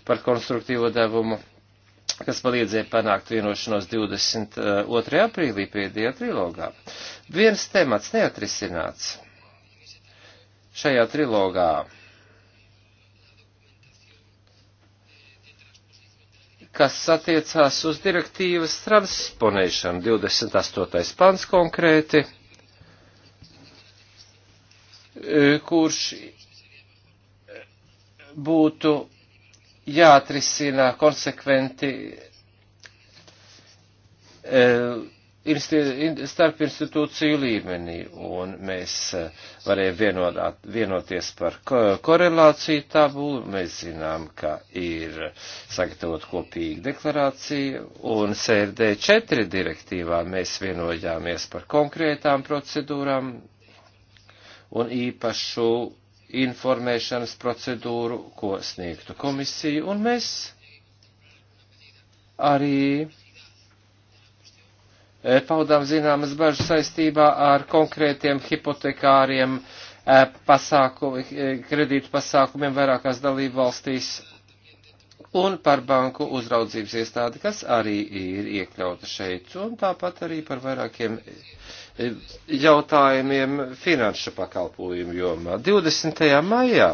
par konstruktīvo devumu, kas palīdzēja panākt vienošanos 22. Uh, aprīlī pēdējā trilogā. Viens temats neatrisināts šajā trilogā kas attiecās uz direktīvas transponēšanu, 28. pants konkrēti, e, kurš būtu jāatrisina konsekventi e, starp institūciju līmenī, un mēs eh, varējām vienodāt, vienoties par ko, korelāciju tabulu. Mēs zinām, ka ir sagatavot kopīga deklarācija, un CRD 4 direktīvā mēs vienojāmies par konkrētām procedūrām un īpašu informēšanas procedūru, ko sniegtu komisija, un mēs arī Eh, paudām zināmas bažas saistībā ar konkrētiem hipotekāriem eh, pasāku, eh, kredītu pasākumiem vairākās dalību valstīs un par banku uzraudzības iestādi, kas arī ir iekļauta šeit, un tāpat arī par vairākiem jautājumiem finanšu pakalpojumu jomā. 20. maijā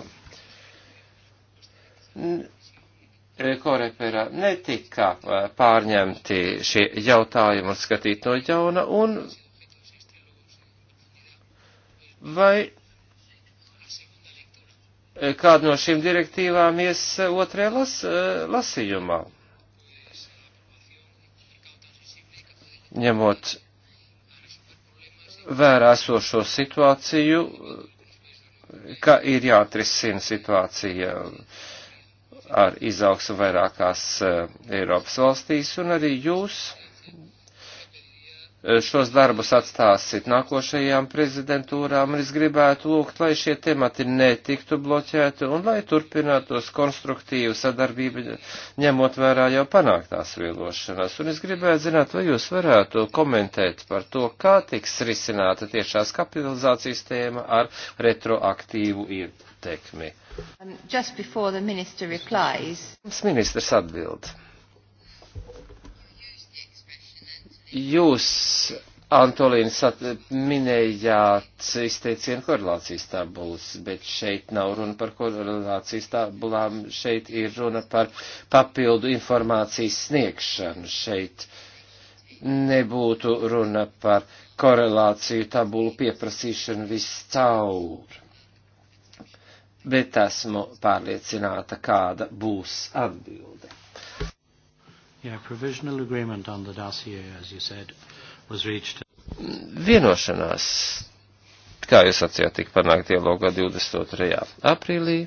koreperā netika eh, pārņemti šie jautājumi un skatīt no jauna, un vai eh, kādu no šīm direktīvām ies eh, otrajā las, lasījumā. Ņemot vērā esošo situāciju, ka ir jāatrisina situācija uh, ar izaugsmu vairākās eh, Eiropas valstīs, un arī jūs Eh, šos darbus atstāsit nākošajām prezidentūrām, un es gribētu lūgt, lai šie temati netiktu bloķēti un lai turpinātos konstruktīva sadarbība, ņemot vērā jau panāktās vielošanas. Un es gribētu zināt, vai jūs varētu komentēt par to, kā tiks risināta tiešās kapitalizācijas tēma ar retroaktīvu ietekmi. Um, ministrs atbild. Jūs, Antolīns, minējāt izteicienu korelācijas tabulas, bet šeit nav runa par korelācijas tabulām, šeit ir runa par papildu informācijas sniegšanu. Šeit nebūtu runa par korelāciju tabulu pieprasīšanu viscaur. Bet esmu pārliecināta, kāda būs atbilde. Yeah, provisional agreement on the dossier, as you said, was reached. Vienošanās, kā jūs sacījāt, tika panākt dialogā 22. aprīlī.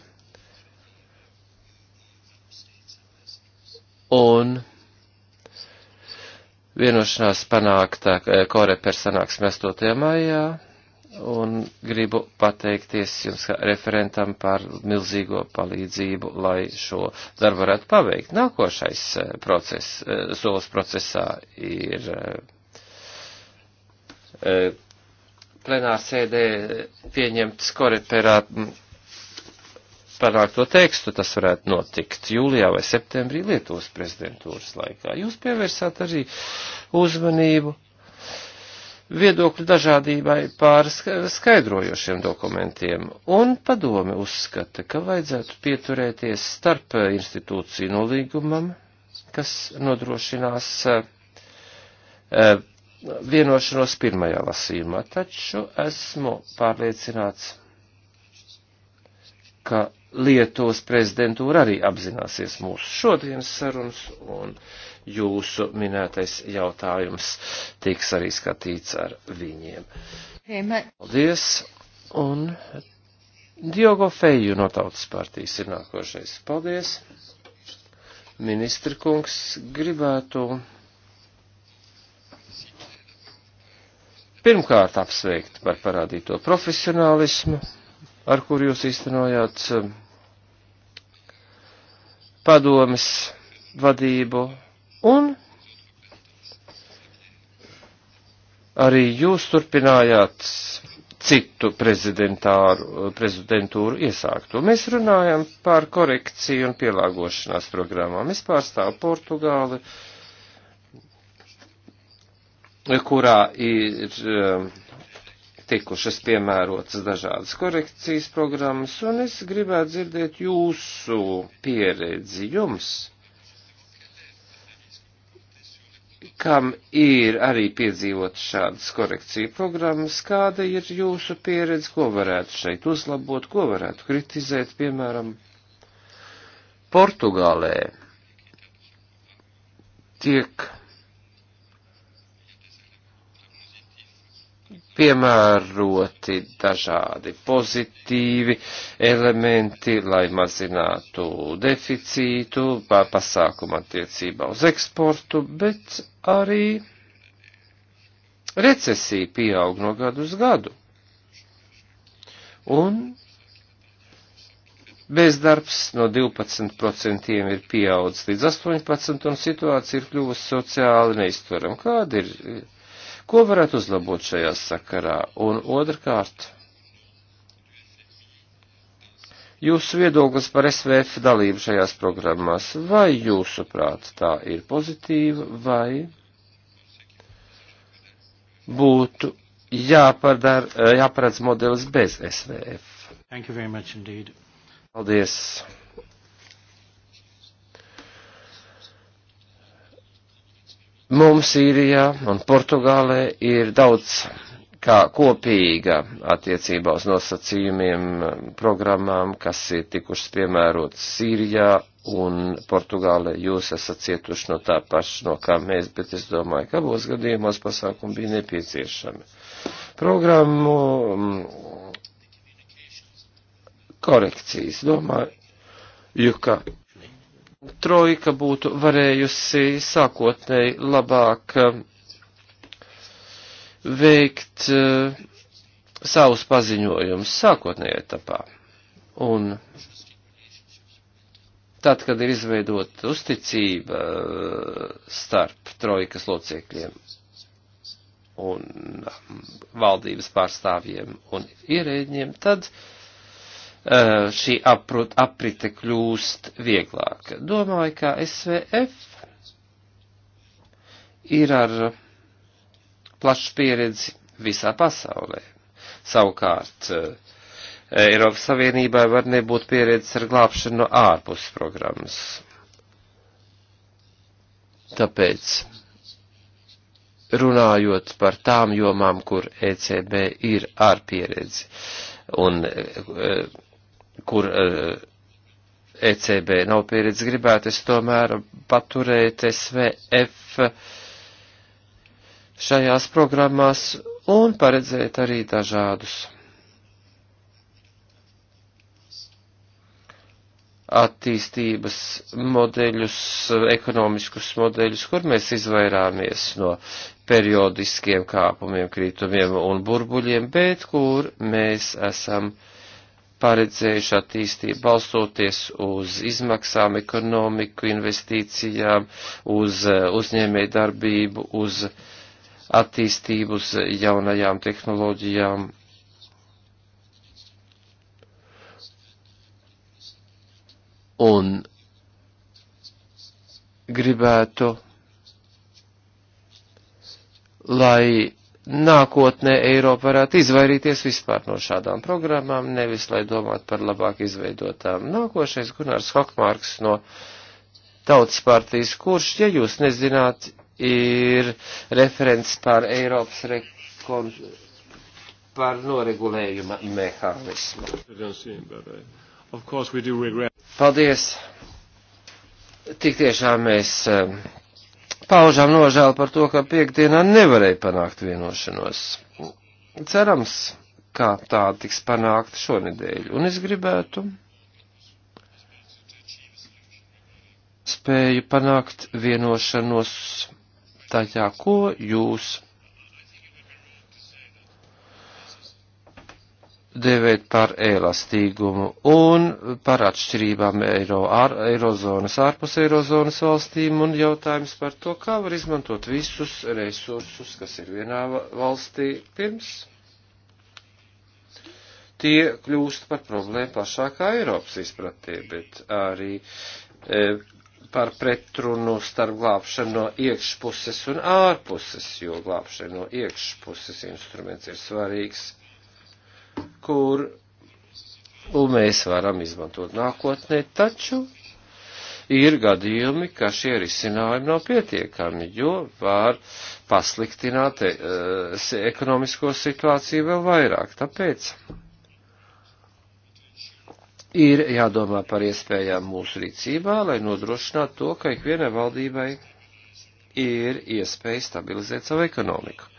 Un vienošanās panākta eh, Koreper sanāksmē 8. maijā un gribu pateikties jums referentam par milzīgo palīdzību, lai šo darbu varētu paveikt. Nākošais eh, process, eh, solis procesā ir eh, plenārsēdē pieņemts koreperā mm, panākto tekstu, tas varētu notikt jūlijā vai septembrī Lietuvas prezidentūras laikā. Jūs pievērsāt arī uzmanību viedokļu dažādībai pār skaidrojošiem dokumentiem, un padome uzskata, ka vajadzētu pieturēties starp institūciju nolīgumam, kas nodrošinās eh, eh, vienošanos pirmajā lasījumā, taču esmu pārliecināts, ka Lietuvas prezidentūra arī apzināsies mūsu šodienas sarunas un uh, jūsu minētais jautājums tiks arī skatīts ar viņiem. Paldies! Un Diogo Feju no Tautas partijas ir nākošais. Paldies! Ministri kungs gribētu pirmkārt apsveikt par parādīto profesionālismu, ar kur jūs īstenojāt um, padomes vadību Un arī jūs turpinājāt citu prezidentūru iesākto. Mēs runājam par korekciju un pielāgošanās programmām. Es pārstāvu Portugāli, kurā ir um, tikušas piemērotas dažādas korekcijas programmas, un es gribētu dzirdēt jūsu pieredzi jums kam ir arī piedzīvot šādas korekciju programmas, kāda ir jūsu pieredze, ko varētu šeit uzlabot, ko varētu kritizēt, piemēram, Portugālē tiek piemēroti dažādi pozitīvi elementi, lai mazinātu deficītu, pasākumu attiecībā uz eksportu, bet arī recesija pieaug no gadu uz gadu. Un bezdarbs no 12% ir pieaudzis līdz 18%, un situācija ir kļuvusi sociāli neizturam. Kāda ir? Ko varētu uzlabot šajā sakarā? Un otrkārt, jūsu viedoklis par SVF dalību šajās programmās, vai jūsuprāt tā ir pozitīva, vai būtu jāpadar, jāparedz modelis bez SVF? Paldies! Mums Īrijā un Portugālē ir daudz kā kopīga attiecībā uz nosacījumiem, programmām, kas ir tikušas piemērotas Sīrijā un Portugālē. Jūs esat cietuši no tā paša, no kā mēs, bet es domāju, ka abos gadījumos pasākumi bija nepieciešami. Programmu mm, korekcijas, domāju, jo ka Trojka būtu varējusi sākotnēji labāk um, veikt uh, savus paziņojumus sākotnējā etapā. Un tad, kad ir izveidota uzticība uh, starp trojkas locekļiem un um, valdības pārstāvjiem un ierēģiem, tad uh, Eh, šī aprut, aprite kļūst vieglāka. Domāju, ka SVF ir ar plašu pieredzi visā pasaulē. Savukārt, eh, Eiropas Savienībā var nebūt pieredzes ar glābšanu no ārpus programmas. Tāpēc, runājot par tām jomām, kur ECB ir ar pieredzi, un eh, kur ECB eh, e nav pieredze, gribētu es tomēr paturēt SVF šajās programmās un paredzēt arī dažādus attīstības modeļus, ekonomiskus modeļus, kur mēs izvairāmies no periodiskiem kāpumiem, krītumiem un burbuļiem, bet kur mēs esam uh, paredzējuši attīstību balstoties uz izmaksām, ekonomiku, investīcijām, uz eh, uzņēmēju darbību, uz attīstību, uz jaunajām tehnoloģijām. Un gribētu, lai nākotnē Eiropa varētu izvairīties vispār no šādām programmām, nevis lai domātu par labāk izveidotām. Nākošais Gunārs Hokmārks no Tautas partijas, kurš, ja jūs nezināt, ir referents par Eiropas rekon... par noregulējuma mehānismu. Paldies! Tik tiešām mēs um, paužam nožēlu par to, ka piekdienā nevarēja panākt vienošanos. Cerams, kā tā tiks panākta šonedēļ, un es gribētu spēju panākt vienošanos tajā, ko jūs dēvēt par elastīgumu un par atšķirībām eiro, ar, eirozonas ārpus eirozonas valstīm un jautājums par to, kā var izmantot visus resursus, kas ir vienā valstī pirms tie kļūst par problēmu plašākā Eiropas izpratē, bet arī e, par pretrunu starp glābšanu no iekšpuses un ārpuses, jo glābšana no iekšpuses instruments ir svarīgs kur mēs varam izmantot nākotnē, taču ir gadījumi, ka šie risinājumi nav pietiekami, jo var pasliktināt e, ekonomisko situāciju vēl vairāk. Tāpēc ir jādomā par iespējām mūsu rīcībā, lai nodrošinātu to, ka ikvienai valdībai ir iespēja stabilizēt savu ekonomiku.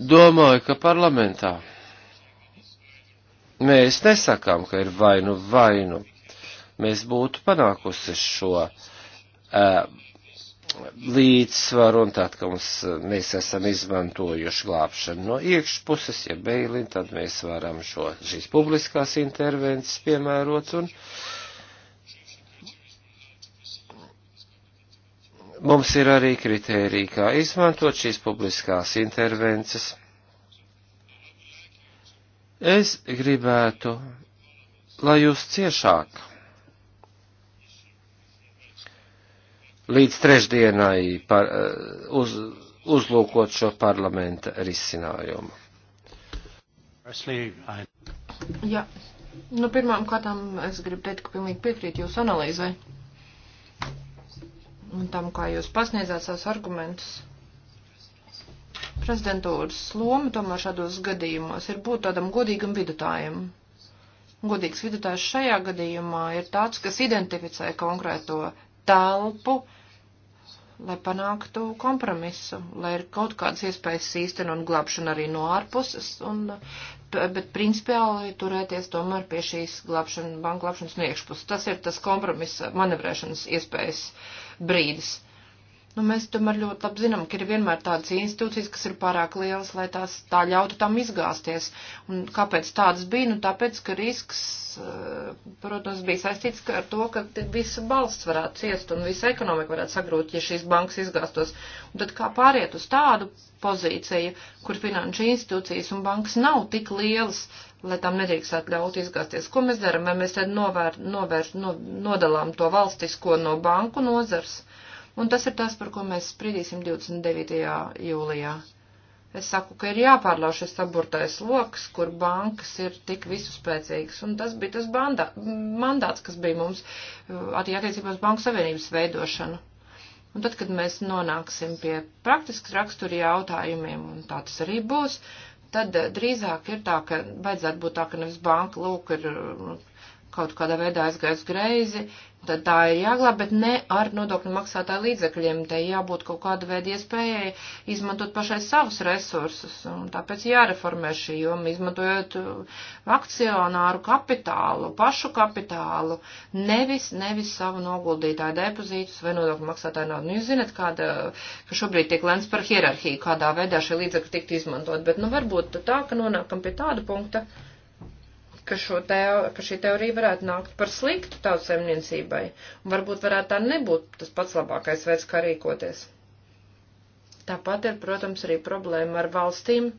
Domāju, ka parlamentā mēs nesakām, ka ir vainu vainu. Mēs būtu panākusi šo uh, līdzsvaru un tad, ka mums, mēs esam izmantojuši glābšanu no iekšpuses, ja beilin, tad mēs varam šo, šīs publiskās intervences piemērot un uh, Mums ir arī kritērija, kā izmantot šīs publiskās intervences. Es gribētu, lai jūs ciešāk līdz trešdienai par, eh, uz, uzlūkot šo parlamenta risinājumu. Jā, nu pirmām kārtām es gribu teikt, ka pilnīgi piekrīt jūsu analīzai un tam, kā jūs pasniedzāt savus argumentus. Prezidentūras loma tomēr šādos gadījumos ir būt tādam godīgam vidutājam. Godīgs vidutājs šajā gadījumā ir tāds, kas identificē konkrēto telpu, lai panāktu kompromisu, lai ir kaut kādas iespējas īstenot glābšanu arī no ārpuses, un, bet principiāli turēties tomēr pie šīs glābšana, banka glābšanas no iekšpuses. Tas ir tas kompromiss manevrēšanas iespējas. Uh, brīdis. Nu, mēs tomēr ļoti labi zinām, ka ir vienmēr tādas institūcijas, kas ir pārāk lielas, lai tās tā ļautu tam izgāzties. Un kāpēc tādas bija? Nu, tāpēc, ka risks, eh, protams, bija saistīts ar to, ka visa valsts varētu ciest un visa ekonomika varētu sagrūt, ja šīs bankas izgāztos. Un tad kā pāriet uz tādu pozīciju, kur finanšu institūcijas un bankas nav tik lielas, uh, lai tam nedrīkst atļaut izgāzties. Ko mēs darām? Vai mēs tad novēr, novēr, no, nodalām to valstisko no banku nozars? Un tas ir tas, par ko mēs spridīsim 29. jūlijā. Es saku, ka ir jāpārlauž šis saburtais loks, kur bankas ir tik visuspēcīgas, un tas bija tas bandā, mandāts, kas bija mums uh, arī attiecībās Banku Savienības veidošanu. Un tad, kad mēs nonāksim pie praktiskas rakstura jautājumiem, un tā tas arī būs, uh, tad drīzāk ir tā, ka vajadzētu būt tā, ka nevis banka lūk ir kaut kādā veidā aizgājis greizi, tad tā ir jāglāb, bet ne ar nodokļu maksātāju līdzekļiem. Te jābūt kaut kāda veida iespējai izmantot pašai savus resursus, un tāpēc jāreformē šī joma, izmantojot uh, akcionāru kapitālu, pašu kapitālu, nevis, nevis savu noguldītāju depozītus vai nodokļu maksātāju naudu. Nu, jūs zinat, kāda, ka šobrīd tiek lēns par hierarhiju, kādā veidā šie līdzekļi tiktu izmantot, bet, nu, varbūt tā, ka nonākam pie tāda punkta ka, teo, ka šī teorija varētu nākt par sliktu tautsemniecībai, un varbūt varētu tā nebūt tas pats labākais veids, kā rīkoties. Tāpat ir, protams, arī problēma ar valstīm,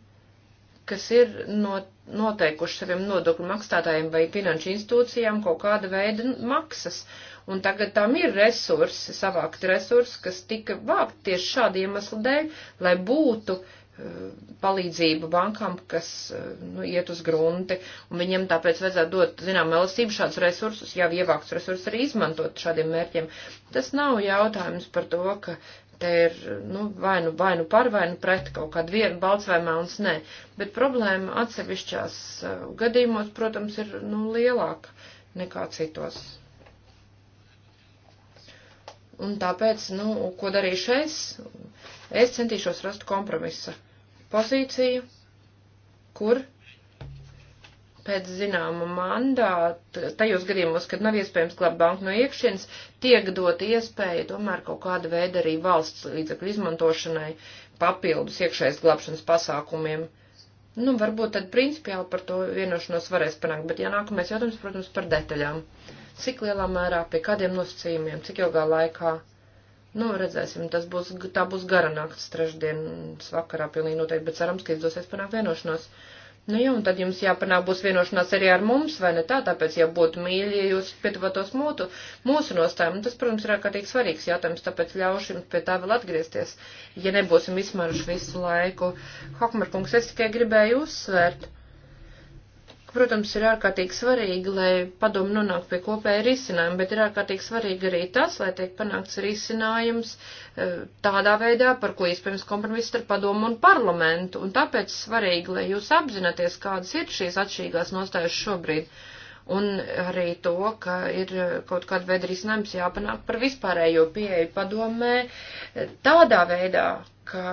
kas ir noteikuši saviem nodokļu maksātājiem vai finanšu institūcijām kaut kāda veida maksas. Un tagad tam ir resursi, savākt resursi, kas tika vākt tieši šādu iemeslu dēļ, lai būtu uh, palīdzību bankām, kas eh, nu, iet uz grunti, un viņiem tāpēc vajadzētu dot, zinām, elastību šādus resursus, jau ievākts resursus arī izmantot šādiem mērķiem. Tas nav jautājums par to, ka te ir nu, vai nu, vai nu par, vai nu pret kaut kādu vienu balts vai melns, nē, bet problēma atsevišķās eh, gadījumos, protams, ir nu, lielāka nekā citos. Un tāpēc, nu, ko darīšu es? Es centīšos rast kompromisa pozīciju, kur pēc zināma mandāta, tajos gadījumos, kad nav iespējams glābt banku no iekšienes, tiek dot iespēja tomēr kaut kāda veida arī valsts līdzekļu izmantošanai papildus iekšējas glābšanas pasākumiem. Nu, varbūt tad principiāli par to vienošanos varēs panākt, bet ja nākamais jautājums, protams, par detaļām. Cik lielā mērā, pie kādiem nosacījumiem, cik ilgā laikā Nu, redzēsim, tas būs, tā būs gara nakts trešdienas vakarā pilnīgi noteikti, bet cerams, ka izdosies panākt vienošanos. Nu jā, un tad jums jāpanāk būs vienošanās arī ar mums, vai ne tā, tāpēc, ja būtu mīļi, ja jūs pietuvotos mūtu, mūsu nostājumu, tas, protams, ir ārkārtīgi svarīgs jautājums, tāpēc ļaušu jums pie tā vēl atgriezties, ja nebūsim izmaruši visu laiku. Hokmarkungs, es tikai gribēju uzsvērt Protams, ir ārkārtīgi svarīgi, lai padomu nonāk pie kopēja risinājuma, bet ir ārkārtīgi svarīgi arī tas, lai tiek panākts risinājums eh, tādā veidā, par ko iespējams kompromiss ar padomu un parlamentu. Un tāpēc svarīgi, lai jūs apzināties, kādas ir šīs atšķirīgās nostājas šobrīd un arī to, ka ir kaut kāda veida risinājums jāpanāk par vispārējo pieeju padomē tādā veidā, ka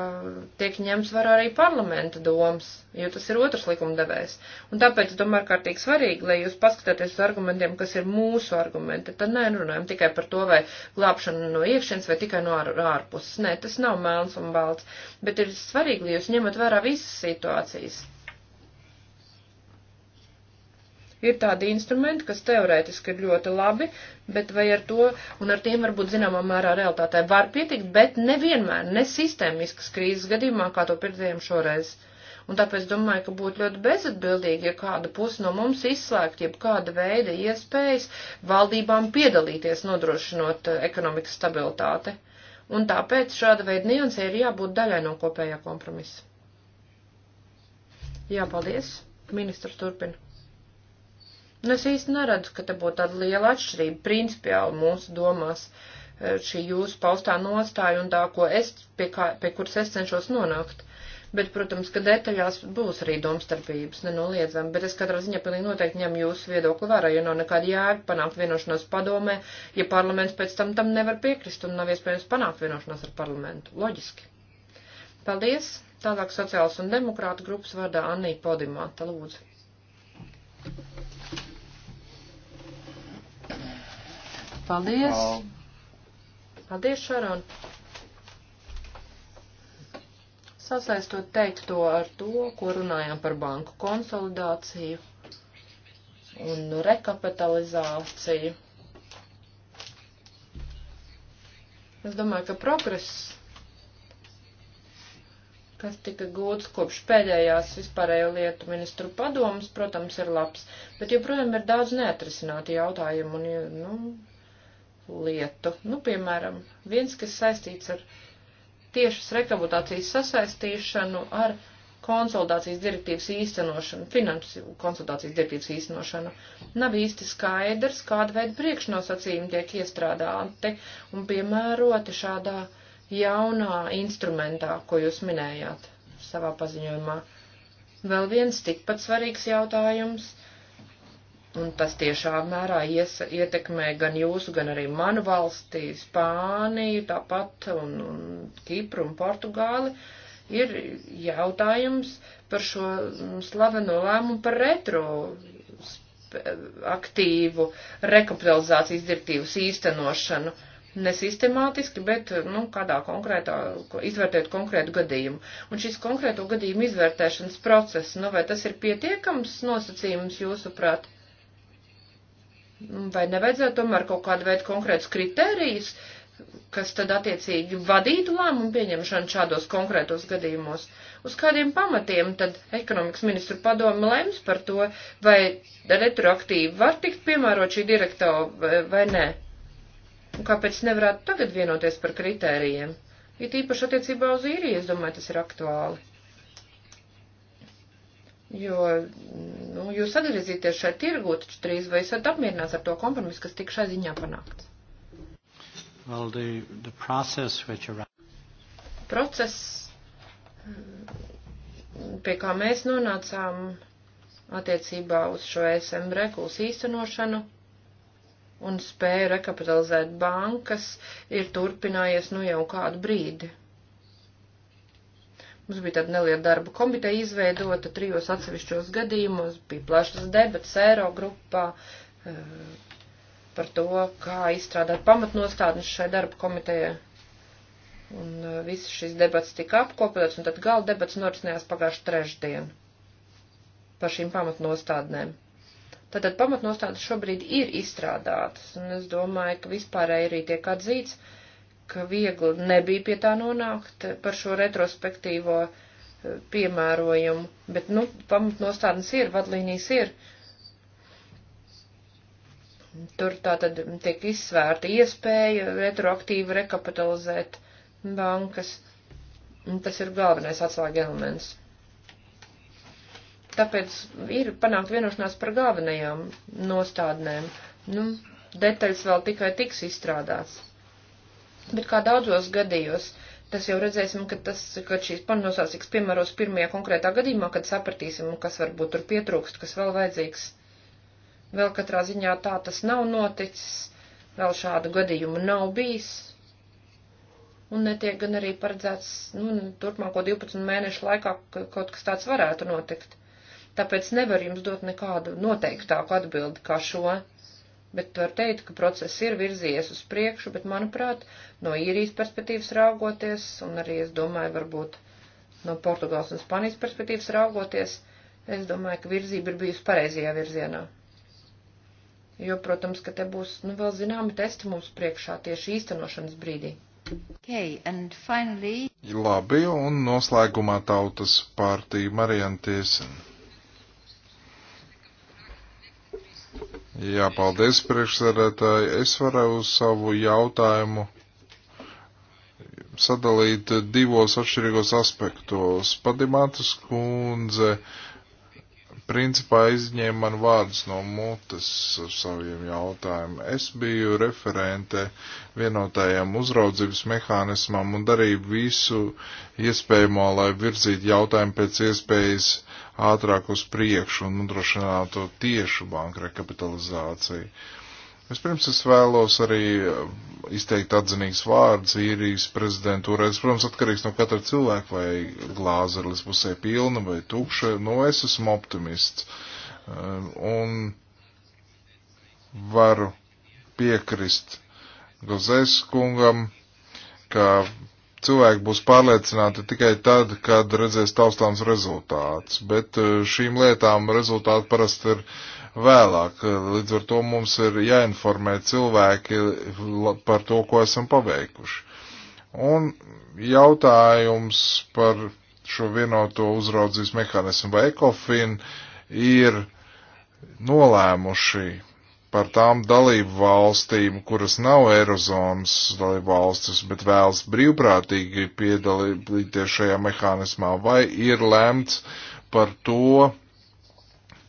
tiek ņems var arī parlamenta domas, jo tas ir otrs likumdevējs. Un tāpēc, domāju, kārtīgi svarīgi, lai jūs paskatāties uz argumentiem, kas ir mūsu argumenti, tad nerunājam nu, tikai par to, vai glābšana no iekšienes vai tikai no ārpuses. Nē, tas nav melns un balts, bet ir svarīgi, lai jūs ņemat vērā visas situācijas. Ir tādi instrumenti, kas teorētiski ir ļoti labi, bet vai ar to, un ar tiem varbūt zināmā mērā realitātē var pietikt, bet nevienmēr, ne sistēmiskas krīzes gadījumā, kā to pieredzējām šoreiz. Un tāpēc domāju, ka būtu ļoti bezatbildīgi, ja kāda puse no mums izslēgt jeb kāda veida iespējas valdībām piedalīties nodrošinot eh, ekonomikas stabilitāti. Un tāpēc šāda veida niansē ir jābūt daļai no kopējā kompromisa. Jā, paldies. Ministrs turpina. Un nu, es īsti neredzu, ka te būtu tāda liela atšķirība principiāli mūsu domās eh, šī jūsu paustā nostāja un tā, ko es, pie, kā, pie kuras es cenšos nonākt. Bet, protams, ka detaļās būs arī domstarpības, nenoliedzami, bet es katrā ziņā pilnīgi noteikti ņem jūsu viedokli vērā, jo nav nekāda jēga panākt vienošanos padomē, ja parlaments pēc tam tam nevar piekrist un nav iespējams panākt vienošanos ar parlamentu. Loģiski. Paldies! Tālāk sociāls un demokrāta grupas vārdā Annī Podimāta, lūdzu. Paldies! Paldies, Šaron! Sasaistot teikto ar to, ko runājām par banku konsolidāciju un rekapitalizāciju. Es domāju, ka progress, kas tika gūts kopš pēdējās vispārējo lietu ministru padomas, protams, ir labs, bet joprojām ir daudz neatrisināti jautājumi un, nu, lietu. Nu, piemēram, viens, kas saistīts ar tiešas rekomentācijas sasaistīšanu ar konsolidācijas direktīvas īstenošanu, finansu konsolidācijas direktīvas īstenošanu. Nav īsti skaidrs, kāda veida priekšnosacījumi tiek iestrādāti un piemēroti šādā jaunā instrumentā, ko jūs minējāt savā paziņojumā. Vēl viens tikpat svarīgs jautājums Un tas tiešā mērā iesa, ietekmē gan jūsu, gan arī manu valstī, Spāniju, tāpat un, un Kipru un Portugāli. Ir jautājums par šo slaveno lēmumu par retro aktīvu rekapitalizācijas direktīvas īstenošanu. Ne sistemātiski, bet, nu, kādā konkrētā, izvērtēt konkrētu gadījumu. Un šis konkrēto gadījumu izvērtēšanas process, nu, vai tas ir pietiekams nosacījums jūsuprāt? Nu, vai nevajadzētu tomēr kaut kādu veidu konkrētus kritērijus, kas tad attiecīgi vadītu lēmumu pieņemšanu šādos konkrētos gadījumos? Uz kādiem pamatiem tad ekonomikas ministru padoma lems par to, vai retroaktīvi var tikt piemērot šī direktīva vai nē? Un kāpēc nevarētu tagad vienoties par kritērijiem? Ir ja tīpaši attiecībā uz īriju, es domāju, tas ir aktuāli. Jo, nu, jūs atgriezīties šai tirgū, taču trīs vai esat apmierināts ar to kompromisu, kas tik šai ziņā panākts. Well, the, the process which around... Process, mm, pie kā mēs nonācām attiecībā uz šo SM rekuls īstenošanu un spēju rekapitalizēt bankas, ir turpinājies nu jau kādu brīdi. Mums bija tāda neliela darba komiteja izveidota trijos atsevišķos gadījumos, bija plašas debats Eiro grupā eh, par to, kā izstrādāt pamatnostādnes šai darba komitejai. Un eh, visas šīs debats tika apkopotas, un tad gala debats norisinājās pagājuši trešdien par šīm pamatnostādnēm. Tātad pamatnostādes šobrīd ir izstrādātas, un es domāju, ka vispārēji arī tiek atzīts, uh, ka viegli nebija pie tā nonākt par šo retrospektīvo eh, piemērojumu, bet, nu, pamatnostādnes ir, vadlīnijas ir. Tur tā tad tiek izsvērta iespēja retroaktīvi rekapitalizēt bankas. Tas ir galvenais atslēga elements. Tāpēc ir panākt vienošanās par galvenajām nostādnēm. Nu, detaļas vēl tikai tiks izstrādāts. Bet kā daudzos gadījos, tas jau redzēsim, ka, tas, ka šīs panosāsīgs piemēros pirmajā konkrētā gadījumā, kad sapratīsim, kas varbūt tur pietrūkst, kas vēl vajadzīgs. Vēl katrā ziņā tā tas nav noticis, vēl šādu gadījumu nav bijis. Un netiek gan arī paredzēts, nu, turpmāko 12 mēnešu laikā kaut kas tāds varētu notikt. Tāpēc nevar jums dot nekādu noteiktāku atbildi kā šo bet var teikt, ka process ir virzies uz priekšu, bet, manuprāt, no īrijas perspektīvas raugoties, un arī, es domāju, varbūt no Portugāles un Spanijas perspektīvas raugoties, es domāju, ka virzība ir bijusi pareizajā virzienā. Jo, protams, ka te būs, nu, vēl zināmi testi mums priekšā tieši īstenošanas brīdī. Okay, and finally... Labi, un noslēgumā tautas partija Mariantiesina. Jā, paldies priekšsēdētāji. Es varu savu jautājumu sadalīt divos atšķirīgos aspektos. Padimātas kundze principā izņēma man vārdus no mutes ar saviem jautājumiem. Es biju referente vienotājiem uzraudzības mehānismam un darīju visu iespējamo, lai virzītu jautājumu pēc iespējas ātrāk uz priekšu un nodrošinātu tiešu banku rekapitalizāciju. Vispirms es vēlos arī izteikt atzinīgs vārds īrijas prezidentūrai. Es, protams, atkarīgs no katra cilvēka, vai glāzeris pusē pilna vai tukša. Nu, es esmu optimists. Um, un varu piekrist Gozēs kungam, ka cilvēki būs pārliecināti tikai tad, kad redzēs taustāms rezultāts, bet eh, šīm lietām rezultāti parasti ir vēlāk. Līdz ar to mums ir jāinformē cilvēki par to, ko esam paveikuši. Un jautājums par šo vienoto uzraudzības mehānismu vai ekofin ir nolēmuši par tām dalību valstīm, kuras nav Eirozonas dalību valstis, bet vēlas brīvprātīgi piedalīties šajā mehānismā, vai ir lemts par to,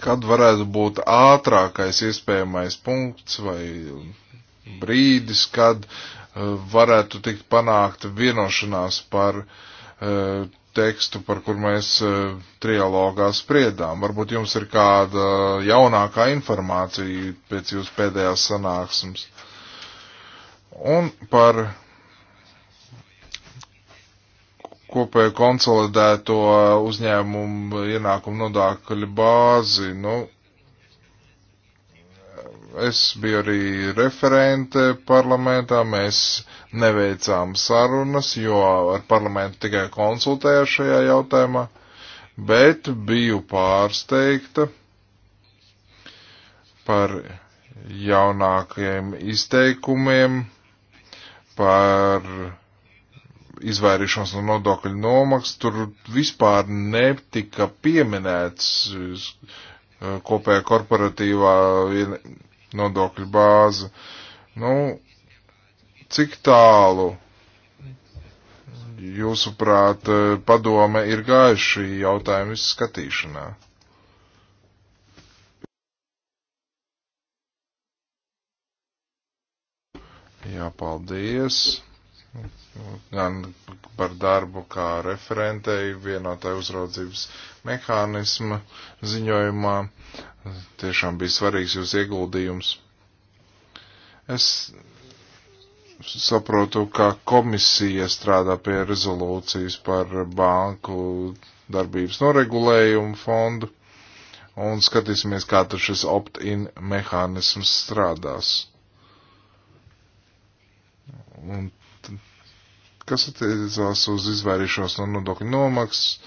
kad varētu būt ātrākais iespējamais punkts vai brīdis, kad eh, varētu tikt panākta vienošanās par uh, E, tekstu, par kur mēs e, trialogā spriedām. Varbūt jums ir kāda jaunākā informācija pēc jūsu pēdējās sanāksmes. Un par kopēju konsolidēto uzņēmumu ienākumu nodākļu bāzi. Nu, Es biju arī referente parlamentā, mēs neveicām sarunas, jo ar parlamentu tikai konsultēju šajā jautājumā, bet biju pārsteigta par jaunākajiem izteikumiem, par izvairīšanos no nodokļu nomaksas, tur vispār netika pieminēts uh, kopējā korporatīvā nodokļu bāzu. Nu, cik tālu jūsuprāt padome ir gājuši jautājumu izskatīšanā? Jā, paldies gan par darbu kā referentei vienotai uzraudzības mehānisma ziņojumā. Tiešām bija svarīgs jūs ieguldījums. Es saprotu, ka komisija strādā pie rezolūcijas par banku darbības noregulējumu fondu un skatīsimies, kā tur šis opt-in mehānisms strādās. Un kas attiecās uz izvairīšanos no nodokļu nomaksas.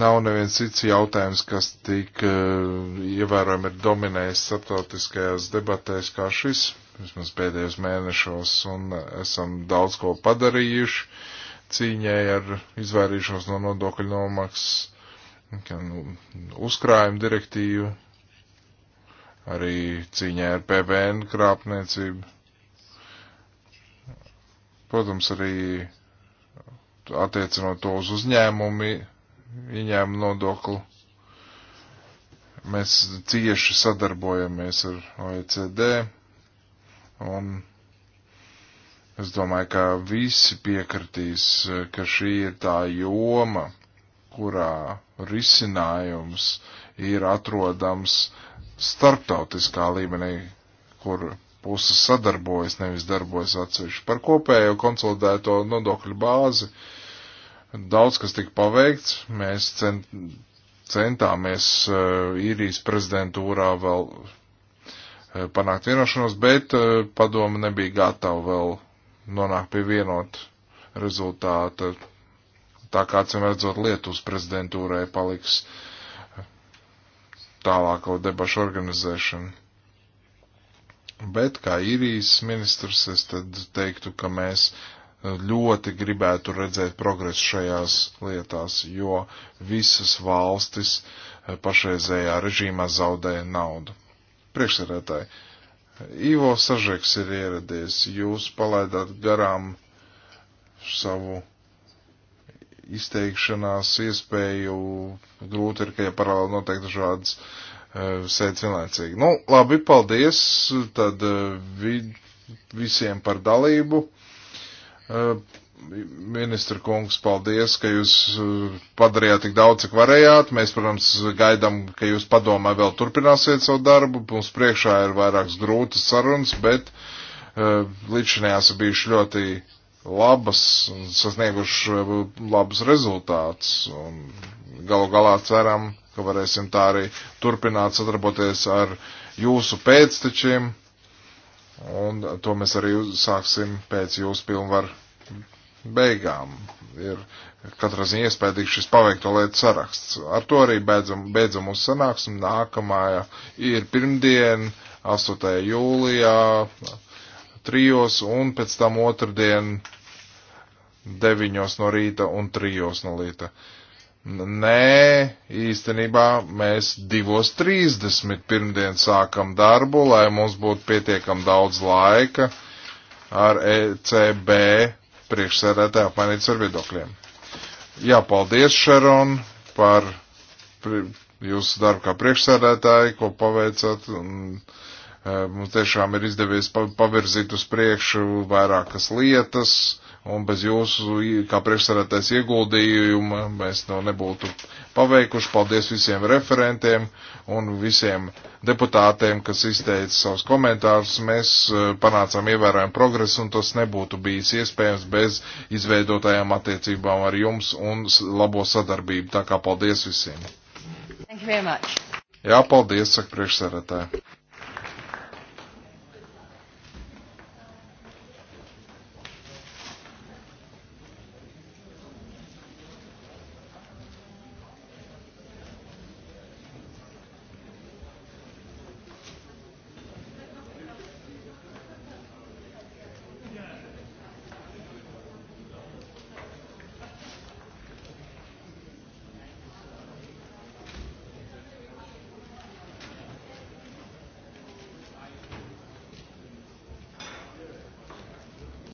Nav neviens cits jautājums, kas tik eh, ievērojami ir dominējis starptautiskajās debatēs kā šis, vismaz pēdējos mēnešos, un esam daudz ko padarījuši cīņai ar izvairīšanos no nodokļu nomaksas, nu, uzkrājuma direktīvu, arī cīņai ar PVN krāpniecību Protams, arī attiecinot to uz uzņēmumi, ieņēmumu nodokli. Mēs cieši sadarbojamies ar OECD un es domāju, ka visi piekritīs, ka šī ir tā joma, kurā risinājums ir atrodams starptautiskā līmenī, kur puses sadarbojas, nevis darbojas atsevišķi. Par kopējo konsolidēto nodokļu bāzi daudz kas tika paveikts. Mēs cent, centāmies uh, īrijas prezidentūrā vēl uh, panākt vienošanos, bet uh, eh, padoma nebija gatava vēl nonākt pie vienot rezultāta. Tā kā, cim redzot, Lietuvas prezidentūrai paliks tālāko debašu organizēšanu. Bet, kā īrijas ministrs, es tad teiktu, ka mēs ļoti gribētu redzēt progresu šajās lietās, jo visas valstis pašreizējā režīmā zaudē naudu. Priekšsēdētāji, Ivo Sažeks ir ieradies, jūs palaidāt garām savu izteikšanās iespēju, grūti ir, ka ja paralēli noteikti šādas uh, sēd eh, vienlaicīgi. Nu, labi, paldies tad eh, vi, visiem par dalību. Eh, ministra kungs, paldies, ka jūs padarījāt tik daudz, cik varējāt. Mēs, protams, gaidām, ka jūs padomē vēl turpināsiet savu darbu. Mums priekšā ir vairākas grūtas sarunas, bet līdz šinējās ir bijuši ļoti labas un sasnieguši labus rezultātus. Un galu galā ceram, ka varēsim tā arī turpināt sadarboties ar jūsu pēctečiem. Un to mēs arī sāksim pēc jūsu pilnvaru beigām. Ir katrā ziņā iespējams šis paveikto lietu saraksts. Ar to arī beidzam, beidzam uz sanāksim. Nākamā ir pirmdien, 8. jūlijā, trijos, un pēc tam otrdien, deviņos no rīta un trijos no rīta. Nē, īstenībā mēs 2.30 pirmdien sākam darbu, lai mums būtu pietiekam daudz laika ar ECB priekšsēdētāju apmainīties ar viedokļiem. Jā, paldies, Šeron, par jūsu darbu kā priekšsēdētāji, ko paveicat. Un, e, mums tiešām ir izdevies pavirzīt uz priekšu vairākas lietas un bez jūsu, kā priekšsarētais ieguldījuma, mēs to nebūtu paveikuši. Paldies visiem referentiem un visiem deputātiem, kas izteica savus komentārus. Mēs e, panācām ievērojumu progresu, un tas nebūtu bijis iespējams bez izveidotajām attiecībām ar jums un labo sadarbību. Tā kā paldies visiem! Jā, paldies, saka priekšsarētāji.